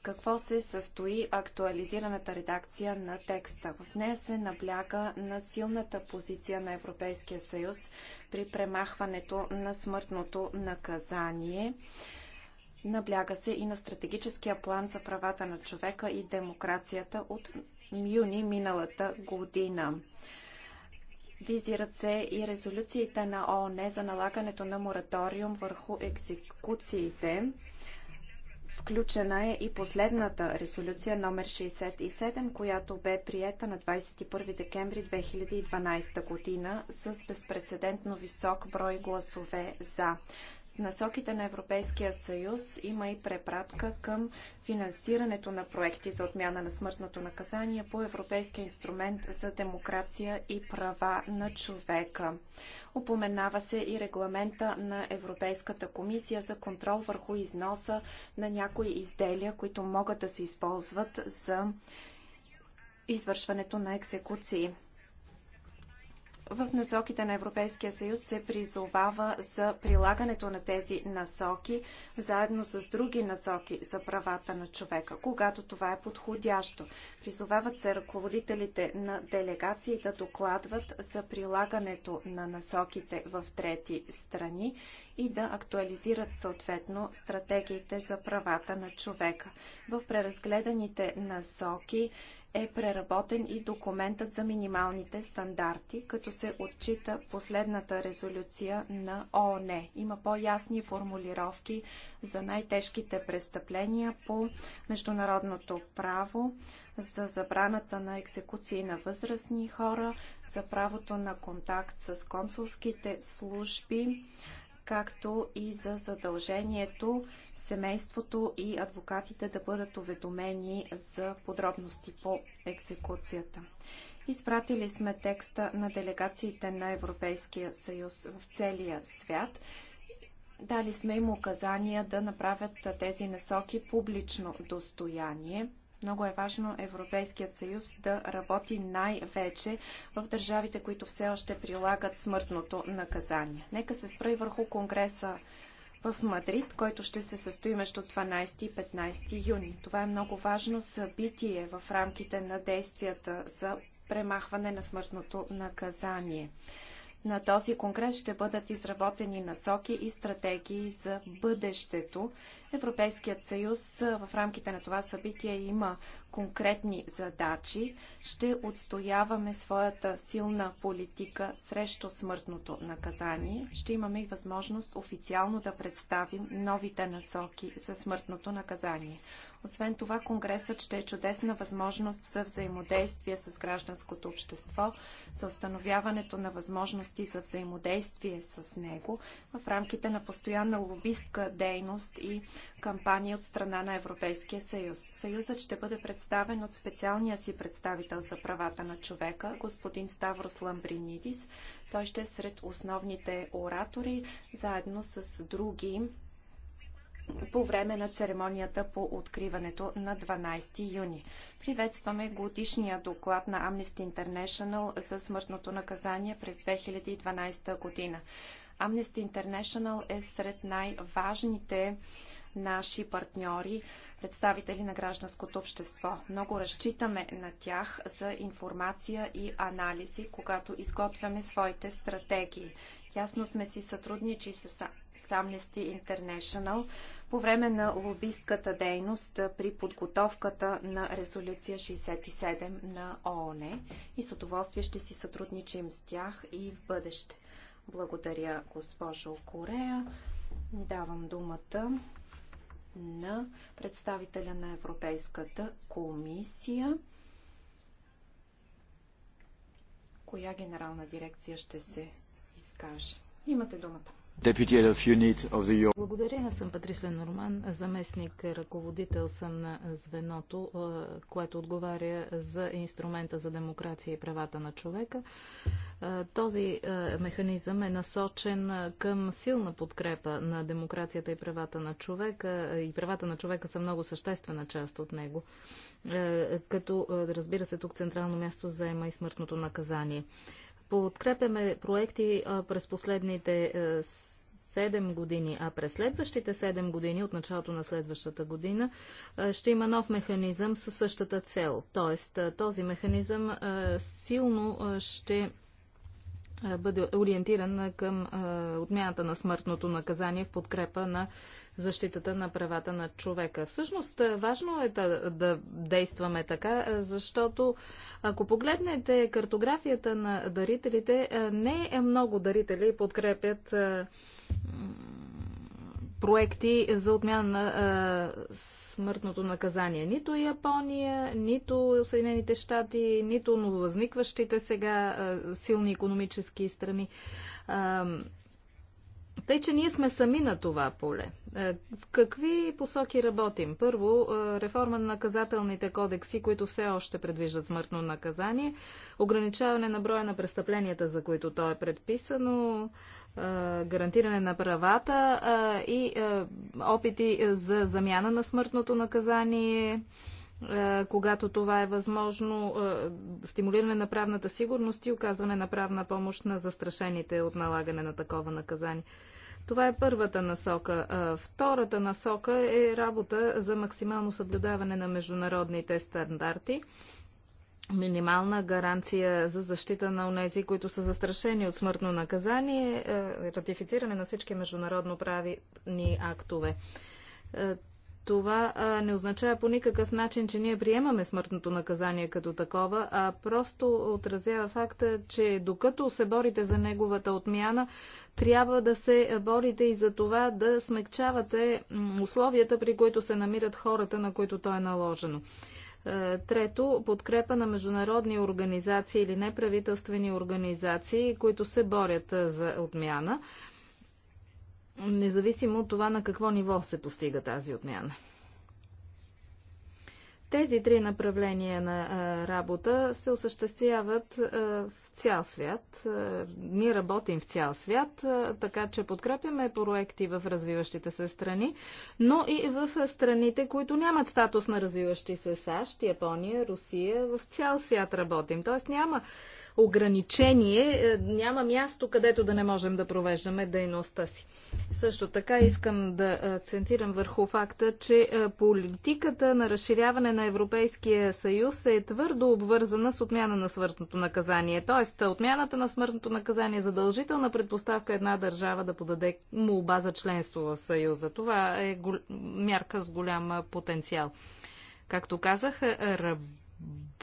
какво се състои актуализираната редакция на текста. В нея се набляга на силната позиция на Европейския съюз при премахването на смъртното наказание. Набляга се и на стратегическия план за правата на човека и демокрацията от юни миналата година. Визират се и резолюциите на ООН за налагането на мораториум върху екзекуциите. Включена е и последната резолюция номер 67, която бе приета на 21 декември 2012 година с безпредседентно висок брой гласове за. В насоките на Европейския съюз има и препратка към финансирането на проекти за отмяна на смъртното наказание по Европейския инструмент за демокрация и права на човека. Упоменава се и регламента на Европейската комисия за контрол върху износа на някои изделия, които могат да се използват за извършването на екзекуции. В насоките на Европейския съюз се призовава за прилагането на тези насоки, заедно с други насоки за правата на човека, когато това е подходящо. Призовават се ръководителите на делегации да докладват за прилагането на насоките в трети страни и да актуализират съответно стратегиите за правата на човека. В преразгледаните насоки е преработен и документът за минималните стандарти, като се отчита последната резолюция на ООН. Има по-ясни формулировки за най-тежките престъпления по международното право, за забраната на екзекуции на възрастни хора, за правото на контакт с консулските служби, както и за задължението семейството и адвокатите да бъдат уведомени за подробности по екзекуцията. Изпратили сме текста на делегациите на Европейския съюз в целия свят. Дали сме им указания да направят тези насоки публично достояние. Много е важно Европейският съюз да работи най-вече в държавите, които все още прилагат смъртното наказание. Нека се спра и върху Конгреса в Мадрид, който ще се състои между 12 и 15 юни. Това е много важно събитие в рамките на действията за премахване на смъртното наказание. На този конгрес ще бъдат изработени насоки и стратегии за бъдещето Европейският съюз в рамките на това събитие има конкретни задачи. Ще отстояваме своята силна политика срещу смъртното наказание. Ще имаме и възможност официално да представим новите насоки за смъртното наказание. Освен това, Конгресът ще е чудесна възможност за взаимодействие с гражданското общество, за установяването на възможности за взаимодействие с него в рамките на постоянна лобистка дейност и кампании от страна на Европейския съюз. Съюзът ще бъде представен от специалния си представител за правата на човека, господин Ставрос Ламбринидис. Той ще е сред основните оратори, заедно с други по време на церемонията по откриването на 12 юни. Приветстваме годишния доклад на Amnesty International за смъртното наказание през 2012 година. Amnesty International е сред най-важните наши партньори, представители на гражданското общество. Много разчитаме на тях за информация и анализи, когато изготвяме своите стратегии. Ясно сме си сътрудничи с Amnesty International по време на лобистката дейност при подготовката на резолюция 67 на ООН и с удоволствие ще си сътрудничим с тях и в бъдеще. Благодаря, госпожо Корея. Давам думата на представителя на Европейската комисия. Коя генерална дирекция ще се изкаже? Имате думата. Благодаря, аз съм Патрис Ленорман, заместник ръководител съм на звеното, което отговаря за инструмента за демокрация и правата на човека. Този механизъм е насочен към силна подкрепа на демокрацията и правата на човека и правата на човека са много съществена част от него, като разбира се тук централно място заема и смъртното наказание подкрепяме проекти през последните 7 е, години, а през следващите 7 години, от началото на следващата година, е, ще има нов механизъм със същата цел. Тоест, е, този механизъм силно ще бъде ориентиран към отмяната на смъртното наказание в подкрепа на защитата на правата на човека. Всъщност, е, важно е да, да действаме така, е, защото ако погледнете картографията на дарителите, е, не е много дарители подкрепят проекти за отмяна на смъртното наказание. Нито Япония, нито Съединените щати, нито нововъзникващите сега силни економически страни. Тъй, че ние сме сами на това поле. Е, в какви посоки работим? Първо, е, реформа на наказателните кодекси, които все още предвиждат смъртно наказание, ограничаване на броя на престъпленията, за които то е предписано, е, гарантиране на правата и опити за замяна на смъртното наказание, е, когато това е възможно, е, стимулиране на правната сигурност и оказване на правна помощ на застрашените от налагане на такова наказание. Това е първата насока. Е, втората насока е работа за максимално съблюдаване на международните стандарти минимална гаранция за защита на унези, които са застрашени от смъртно наказание, ратифициране на всички международно правни актове това а, не означава по никакъв начин, че ние приемаме смъртното наказание като такова, а просто отразява факта, че докато се борите за неговата отмяна, трябва да се борите и за това да смекчавате условията, при които се намират хората, на които то е наложено. Трето, подкрепа на международни организации или неправителствени организации, които се борят за отмяна независимо от това на какво ниво се постига тази отмяна. Тези три направления на а, работа се осъществяват а, в цял свят. А, ние работим в цял свят, а, така че подкрепяме проекти в развиващите се страни, но и в страните, които нямат статус на развиващи се САЩ, Япония, Русия. В цял свят работим. Тоест няма ограничение е, няма място, където да не можем да провеждаме дейността си. Също така искам да акцентирам върху факта, че е, политиката на разширяване на Европейския съюз е твърдо обвързана с отмяна на смъртното наказание. Тоест, отмяната на смъртното наказание е задължителна предпоставка една държава да подаде молба за членство в съюза. Това е мярка с голям потенциал. Както казах,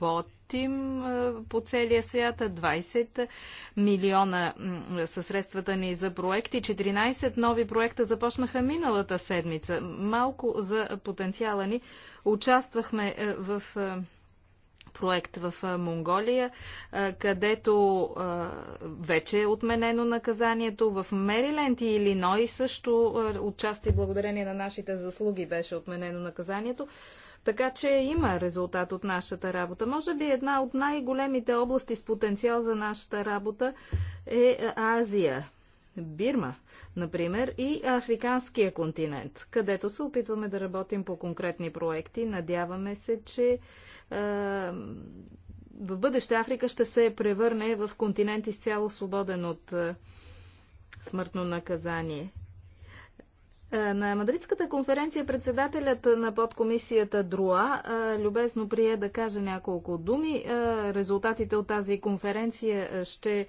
работим по целия свят. 20 милиона са средствата ни за проекти. 14 нови проекта започнаха миналата седмица. Малко за потенциала ни. Участвахме в проект в Монголия, където вече е отменено наказанието. В Мериленд и Илиной също отчасти благодарение на нашите заслуги беше отменено наказанието. Така че има резултат от нашата работа. Може би една от най-големите области с потенциал за нашата работа е, е Азия. Бирма, например, и Африканския континент, където се опитваме да работим по конкретни проекти. Надяваме се, че е, в бъдеще Африка ще се превърне в континент изцяло свободен от е, смъртно наказание. Е, на Мадридската конференция председателят на подкомисията Друа е, любезно прие да каже няколко думи. Е, резултатите от тази конференция ще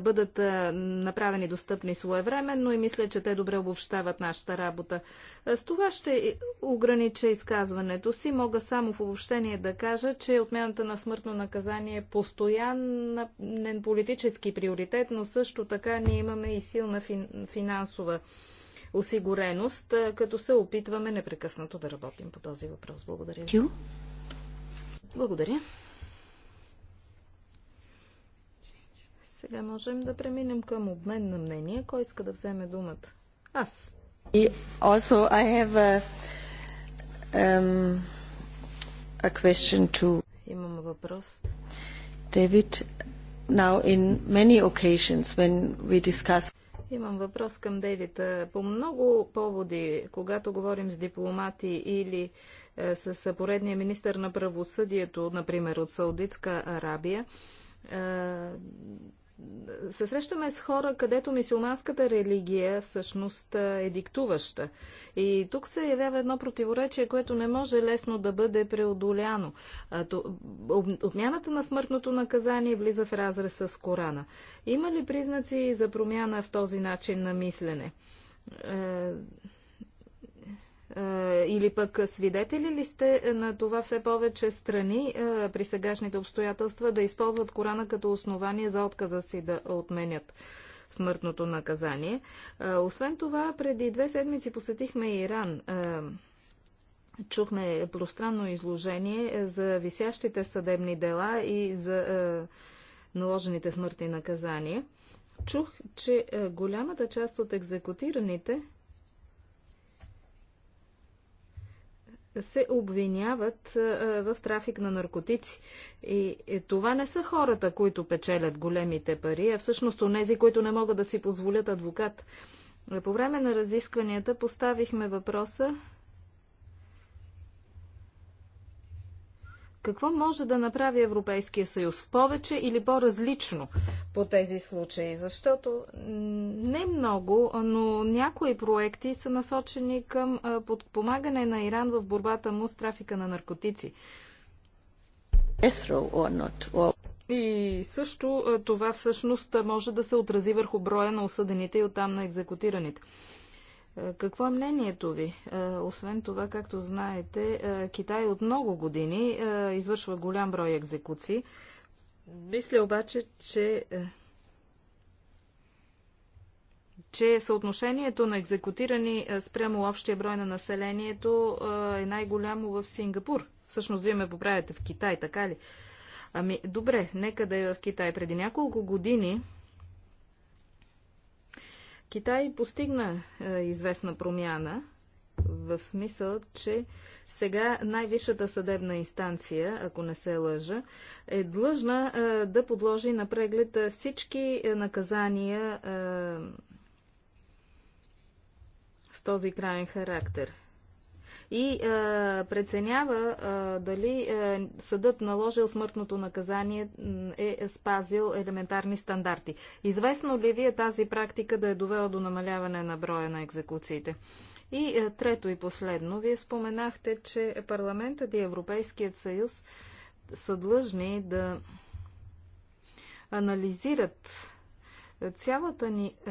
бъдат направени достъпни своевременно и мисля, че те добре обобщават нашата работа. С това ще огранича изказването си. Мога само в обобщение да кажа, че отмяната на смъртно наказание е постоянен политически приоритет, но също така ние имаме и силна финансова осигуреност, като се опитваме непрекъснато да работим по този въпрос. Благодаря ви. Благодаря. Сега можем да преминем към обмен на мнение. Кой иска да вземе думата? Аз. И also I have a, um, a question to... Имам въпрос. David, now in many occasions when we discuss Имам въпрос към Дейвид. По много поводи, когато говорим с дипломати или с поредния министр на правосъдието, например от Саудитска Арабия, се срещаме с хора, където мисиоманската религия всъщност е диктуваща. И тук се явява едно противоречие, което не може лесно да бъде преодоляно. Отмяната на смъртното наказание влиза в разрез с Корана. Има ли признаци за промяна в този начин на мислене? Е, е, или пък свидетели ли сте на това все повече страни е, при сегашните обстоятелства да използват Корана като основание за отказа си да отменят смъртното наказание? Е, освен това, преди две седмици посетихме Иран. Чухме пространно изложение за висящите съдебни дела и за наложените смъртни наказания. Чух, че голямата част от екзекутираните – се обвиняват в трафик на наркотици. И, и това не са хората, които печелят големите пари, а всъщност онези, които не могат да си позволят адвокат. По време на разискванията поставихме въпроса Какво може да направи Европейския съюз повече или по-различно по тези случаи? Защото не много, но някои проекти са насочени към подпомагане на Иран в борбата му с трафика на наркотици. И също това всъщност може да се отрази върху броя на осъдените и оттам на екзекутираните. Е, какво е мнението ви? Е, освен това, както знаете, е, Китай от много години извършва голям брой екзекуции. Мисля обаче, че че съотношението на екзекутирани спрямо общия брой на населението е най-голямо в Сингапур. Всъщност, вие ме поправяте в Китай, така ли? Ами, добре, нека да е в Китай. Преди няколко години Китай постигна е, известна промяна в смисъл, че сега най-висшата съдебна инстанция, ако не се лъжа, е длъжна е, да подложи на преглед е, всички е, наказания е, с този крайен характер – и е, преценява е, дали е, съдът наложил смъртното наказание е спазил елементарни стандарти. Известно ли ви е тази практика да е довела до намаляване на броя на екзекуциите? И трето и последно, вие споменахте, че парламентът и Европейският съюз са длъжни да анализират цялата ни е,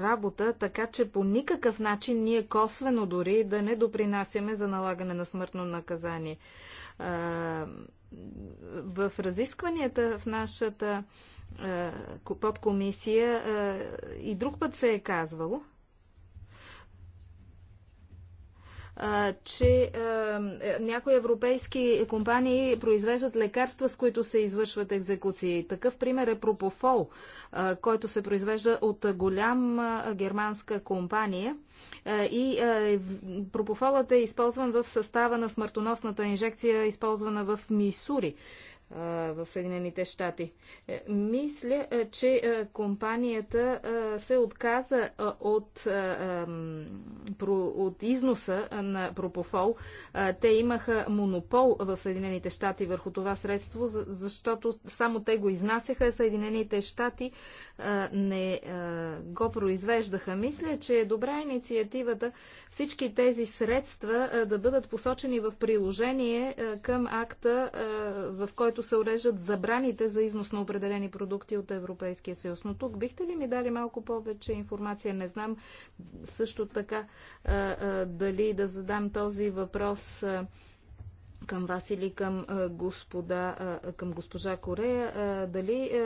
работа, така че по никакъв начин ние косвено дори да не допринасяме за налагане на смъртно наказание. Е, в разискванията в нашата е, подкомисия и друг път се е казвало, че някои европейски компании произвеждат лекарства, с които се извършват екзекуции. Такъв пример е Пропофол, който се произвежда от голям германска компания. И е Пропофолът е използван в състава на смъртоносната инжекция, използвана в Мисури в Съединените щати. Е, мисля, е, че е, компанията се отказа от, от износа на пропофол. Те имаха монопол в Съединените щати върху това средство, защото само те го изнасяха, Съединените щати не го произвеждаха. Мисля, че е добра инициативата всички тези средства да бъдат посочени в приложение към акта, в който се уреждат забраните за износ на определени продукти от Европейския съюз. Но тук бихте ли ми дали малко повече информация? Не знам също така а, а, дали да задам този въпрос. А, към вас или към, господа, към госпожа Корея, дали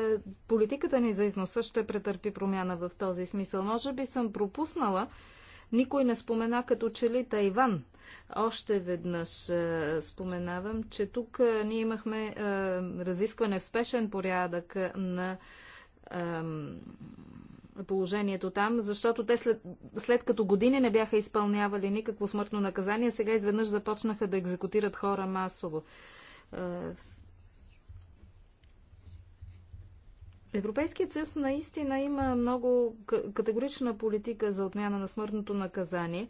политиката ни за износа ще претърпи промяна в този смисъл. Може би съм пропуснала никой не спомена като че ли Тайван. Още веднъж е, споменавам, че тук е, ние имахме е, разискване в спешен порядък на положението там, защото те след, след като години не бяха изпълнявали никакво смъртно наказание, сега изведнъж започнаха да екзекутират хора масово. Е, Европейският съюз наистина има много категорична политика за отмяна на смъртното наказание.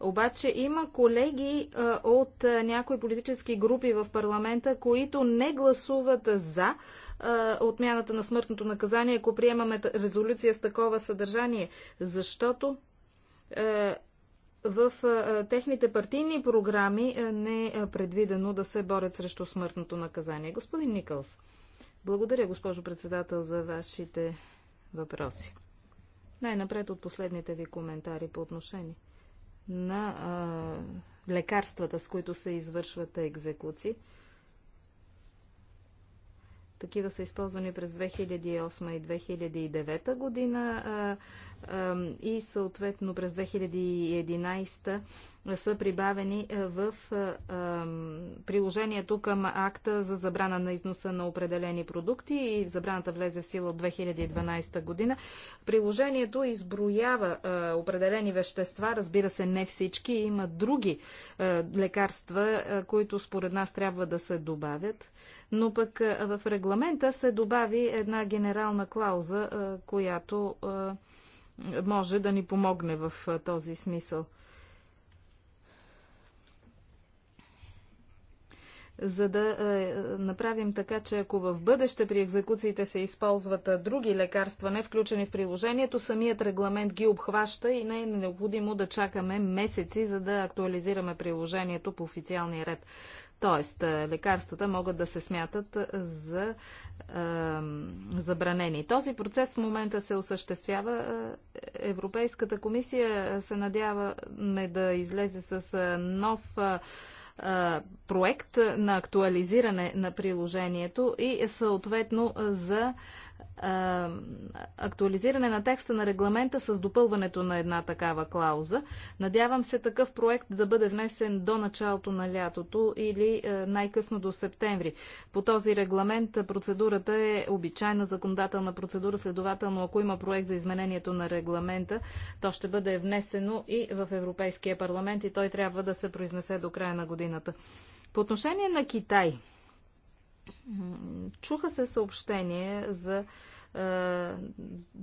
Обаче има колеги а, от а, някои политически групи в парламента, които не гласуват за а, отмяната на смъртното наказание, ако приемаме резолюция с такова съдържание, защото в техните партийни програми не е предвидено да се борят срещу смъртното наказание. Господин Никълс. Благодаря, госпожо председател, за вашите въпроси. Най-напред от последните ви коментари по отношение на а, лекарствата, с които се извършват екзекуции. Такива са използвани през 2008 и 2009 година. А, и съответно през 2011 са прибавени е, в е, приложението към акта за забрана на износа на определени продукти и забраната влезе в сила от 2012 година. Приложението изброява е, определени вещества, разбира се не всички, има други лекарства, които според нас трябва да се добавят, но пък в регламента се добави една генерална клауза, която може да ни помогне в този смисъл. за да е, направим така, че ако в бъдеще при екзекуциите се използват други лекарства, не включени в приложението, самият регламент ги обхваща и не е необходимо да чакаме месеци, за да актуализираме приложението по официалния ред. Тоест, е, лекарствата могат да се смятат е, за е, забранени. Този процес в момента се осъществява. Е, Европейската комисия се надяваме да излезе с нов проект на актуализиране на приложението и съответно за актуализиране на текста на регламента с допълването на една такава клауза. Надявам се такъв проект да бъде внесен до началото на лятото или най-късно до септември. По този регламент процедурата е обичайна законодателна процедура, следователно ако има проект за изменението на регламента, то ще бъде внесено и в Европейския парламент и той трябва да се произнесе до края на годината. По отношение на Китай, Чуха се съобщения за е,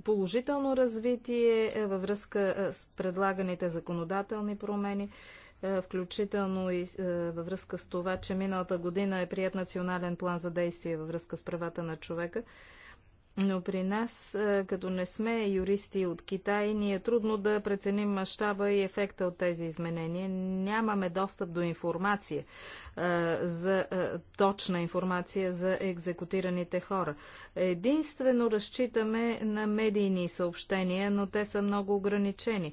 положително развитие е, във връзка е, с предлаганите законодателни промени, включително и във връзка с това, че миналата година е прият национален план за действие във връзка с правата на човека. Но при нас, е, като не сме юристи от Китай, ни е трудно да преценим мащаба и ефекта от тези изменения. Нямаме достъп до информация, е, за, е, точна информация за екзекутираните хора. Единствено разчитаме на медийни съобщения, но те са много ограничени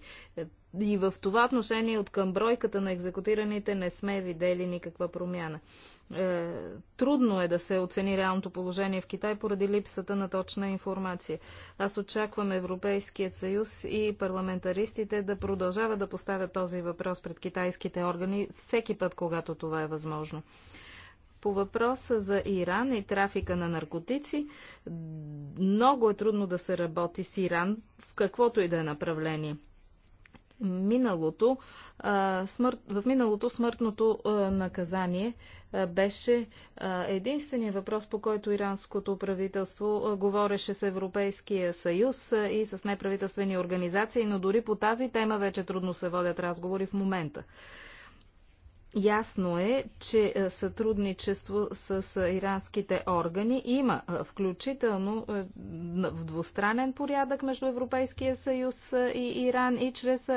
и в това отношение от към бройката на екзекутираните не сме видели никаква промяна. Е, трудно е да се оцени реалното положение в Китай поради липсата на точна информация. Аз очаквам Европейският съюз и парламентаристите да продължават да поставят този въпрос пред китайските органи всеки път, когато това е възможно. По въпроса за Иран и трафика на наркотици, много е трудно да се работи с Иран в каквото и да е направление – миналото, смърт, в миналото смъртното наказание беше единствения въпрос, по който иранското правителство говореше с Европейския съюз и с неправителствени организации, но дори по тази тема вече трудно се водят разговори в момента. Ясно е, че е, сътрудничество с е, иранските органи има, е, включително в двустранен порядък между Европейския съюз и Иран и чрез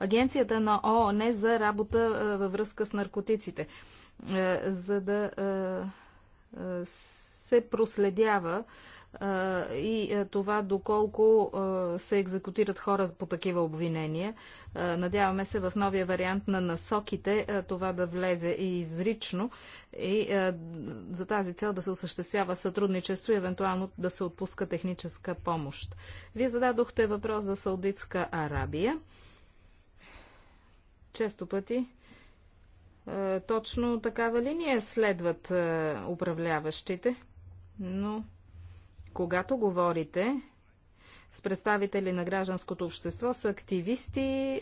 агенцията на ООН за работа във връзка с наркотиците, за да се проследява и това доколко се екзекутират хора по такива обвинения. Надяваме се в новия вариант на насоките това да влезе и изрично и за тази цел да се осъществява сътрудничество и евентуално да се отпуска техническа помощ. Вие зададохте въпрос за Саудитска Арабия. Често пъти точно такава линия следват управляващите, но когато говорите с представители на гражданското общество, с активисти, е,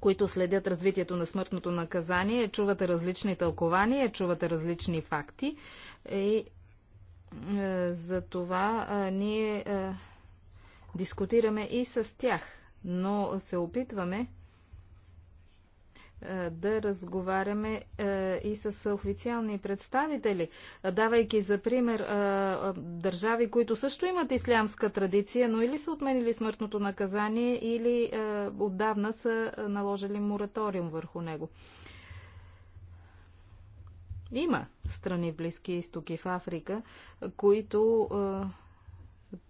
които следят развитието на смъртното наказание, чувате различни тълкования, чувате различни факти. И е, е, за това ние дискутираме и с тях, но се опитваме е, да разговаряме е, и с официални представители, давайки за пример е, държави, които също имат ислямска традиция, но или са отменили смъртното наказание, или отдавна са наложили мораториум върху него. Има страни в Близки изтоки в Африка, които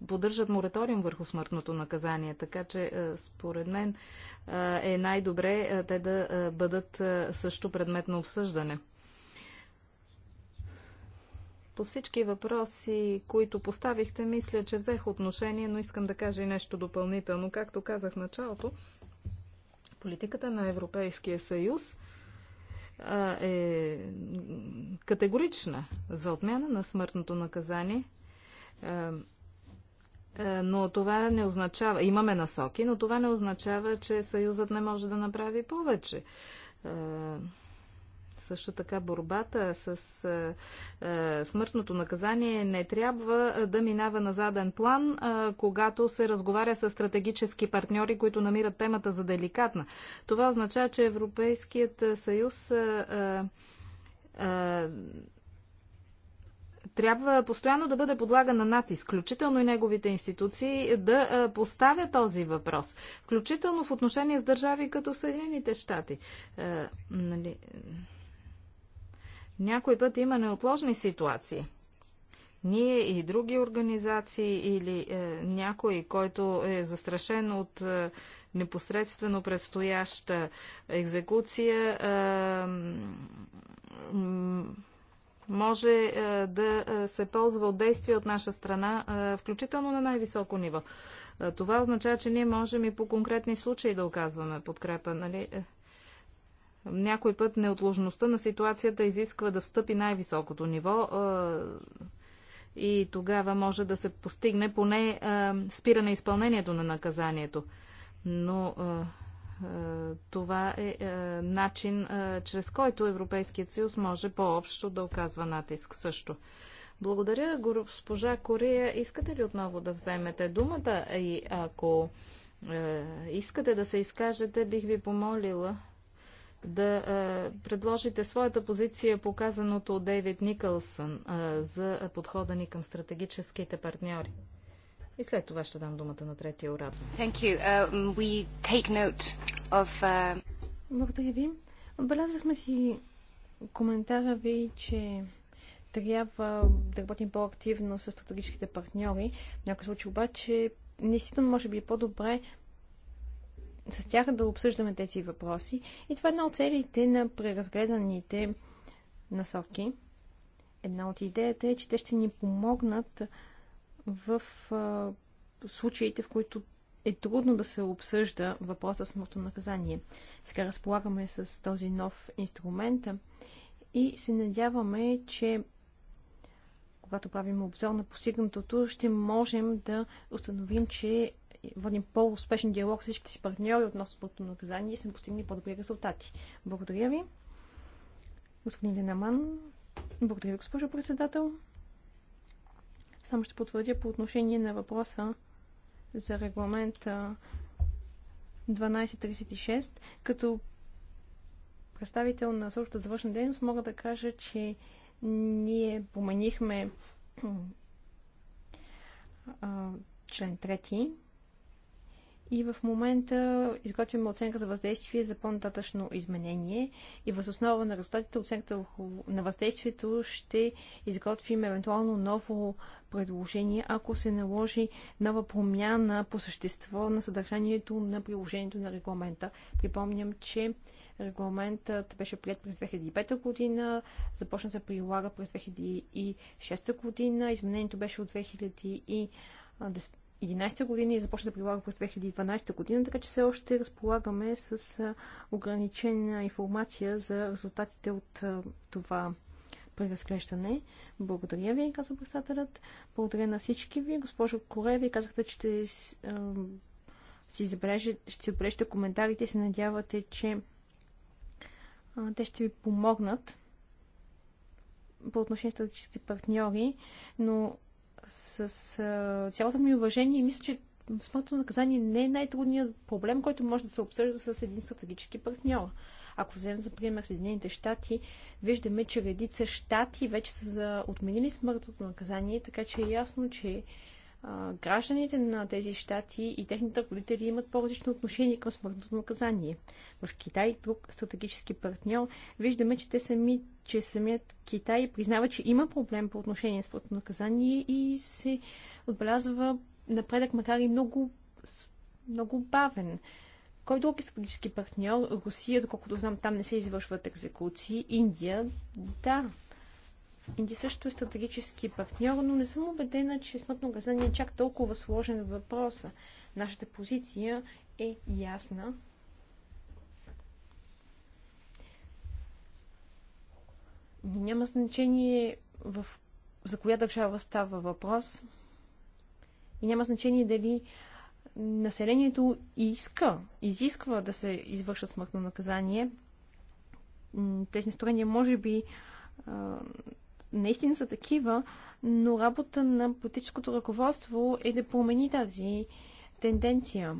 поддържат мораториум върху смъртното наказание. Така че, е, според мен, е, е най-добре е, те да бъдат също предмет на обсъждане. По всички въпроси, които поставихте, мисля, че взех отношение, но искам да кажа и нещо допълнително. Както казах в началото, политиката на Европейския съюз е категорична за отмяна на смъртното наказание. Е, но това не означава, имаме насоки, но това не означава, че Съюзът не може да направи повече. Е, също така борбата с е, смъртното наказание не трябва да минава на заден план, когато се разговаря с стратегически партньори, които намират темата за деликатна. Това означава, че Европейският съюз трябва постоянно да бъде подлаган на натиск, включително и неговите институции, да поставя този въпрос, включително в отношение с държави като Съединените щати. Нали... Някой път има неотложни ситуации ние и други организации или е, някой, който е застрашен от е, непосредствено предстояща екзекуция, е, може е, да е, се ползва от действия от наша страна, е, включително на най-високо ниво. Това означава, че ние можем и по конкретни случаи да оказваме подкрепа. Нали? Някой път неотложността на ситуацията изисква да встъпи най-високото ниво и тогава може да се постигне поне спиране изпълнението на наказанието. Но е, това е, е начин, е, чрез който Европейският съюз може по-общо да оказва натиск също. Благодаря, госпожа Корея, Искате ли отново да вземете думата? И ако искате да се изкажете, бих ви помолила да предложите своята позиция, показаното от Дейвид Никълсън за подхода ни към стратегическите партньори. И след това ще дам думата на третия оратор. Uh, uh... Благодаря ви. Отбелязахме си коментара ви, че трябва да работим по-активно с стратегическите партньори. В някои случай обаче, наистина може би е по-добре с тях да обсъждаме тези въпроси. И това е една от целите на преразгледаните насоки. Една от идеята е, че те ще ни помогнат в а, случаите, в които е трудно да се обсъжда въпроса с смъртно наказание. Сега разполагаме с този нов инструмент и се надяваме, че когато правим обзор на постигнатото, ще можем да установим, че водим по-успешен диалог с всичките си партньори относно смъртно наказание и сме постигнали по-добри резултати. Благодаря ви. Господин Ленаман, благодаря ви, госпожо председател. Само ще потвърдя по отношение на въпроса за регламент 1236, като представител на службата за външна дейност мога да кажа, че ние поменихме член 3 и в момента изготвяме оценка за въздействие за по-нататъчно изменение и въз основа на резултатите оценката на въздействието ще изготвим евентуално ново предложение, ако се наложи нова промяна по същество на съдържанието на приложението на регламента. Припомням, че Регламентът беше прият през 2005 година, започна се прилага през 2006 година, изменението беше от 2010 2011 година и започна да прилага през 2012 година, така че все още разполагаме с ограничена информация за резултатите от това преразглеждане. Благодаря ви, каза председателят. Благодаря на всички ви. Госпожо Коре, ви казахте, че ще си забележите, ще забележите коментарите и се надявате, че те ще ви помогнат по отношение с стратегическите партньори, но с с цялото ми уважение, мисля, че смъртното наказание не е най-трудният проблем, който може да се обсъжда с един стратегически партньор. Ако вземем за пример Съединените щати, виждаме, че редица щати вече са за... отменили смъртното наказание, така че е ясно, че гражданите на тези щати и техните родители имат по-различно отношение към смъртното наказание. В Китай, друг стратегически партньор, виждаме, че те сами, че самият Китай признава, че има проблем по отношение на смъртното наказание и се отбелязва напредък, макар и много, много бавен. Кой друг е стратегически партньор? Русия, доколкото знам, там не се извършват екзекуции. Индия, да, Индия също е стратегически партньор, но не съм убедена, че смъртно наказание е чак толкова сложен въпрос. Нашата позиция е ясна. Няма значение в... за коя държава става въпрос. И няма значение дали населението иска, изисква да се извършва смъртно наказание. Тези настроения може би наистина са такива, но работа на политическото ръководство е да промени тази тенденция.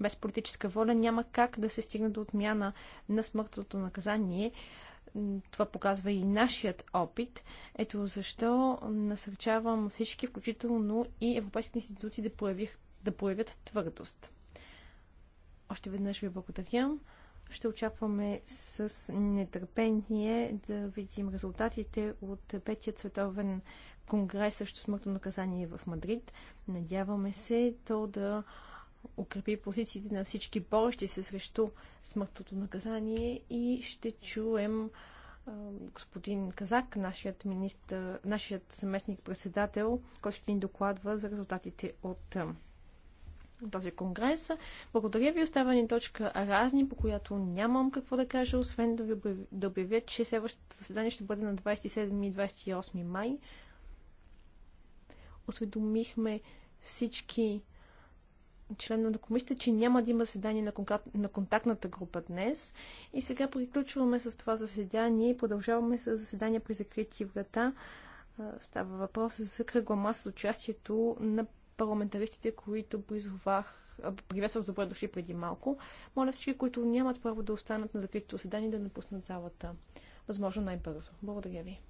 Без политическа воля няма как да се стигне до отмяна на смъртното наказание. Това показва и нашият опит. Ето защо насърчавам всички, включително и европейските институции да, проявих, да проявят твърдост. Още веднъж ви благодаря. Ще очакваме с нетърпение да видим резултатите от Петият световен конгрес срещу смъртно наказание в Мадрид. Надяваме се то да укрепи позициите на всички борещи се срещу смъртното наказание и ще чуем господин Казак, нашият, министр, нашият съместник председател, който ще ни докладва за резултатите от този конгрес. Благодаря ви. Остава ни точка разни, по която нямам какво да кажа, освен да, ви, да обявя, че следващото заседание ще бъде на 27 и 28 май. Осведомихме всички членове на комисията, че няма да има заседание на, на контактната група днес. И сега приключваме с това заседание и продължаваме с заседание при закрити врата. Става въпрос за кръгла маса с участието на парламентаристите, които призовах, приветствах за добре дошли преди малко. Моля всички, които нямат право да останат на закритото заседание, да напуснат залата. Възможно най-бързо. Благодаря ви.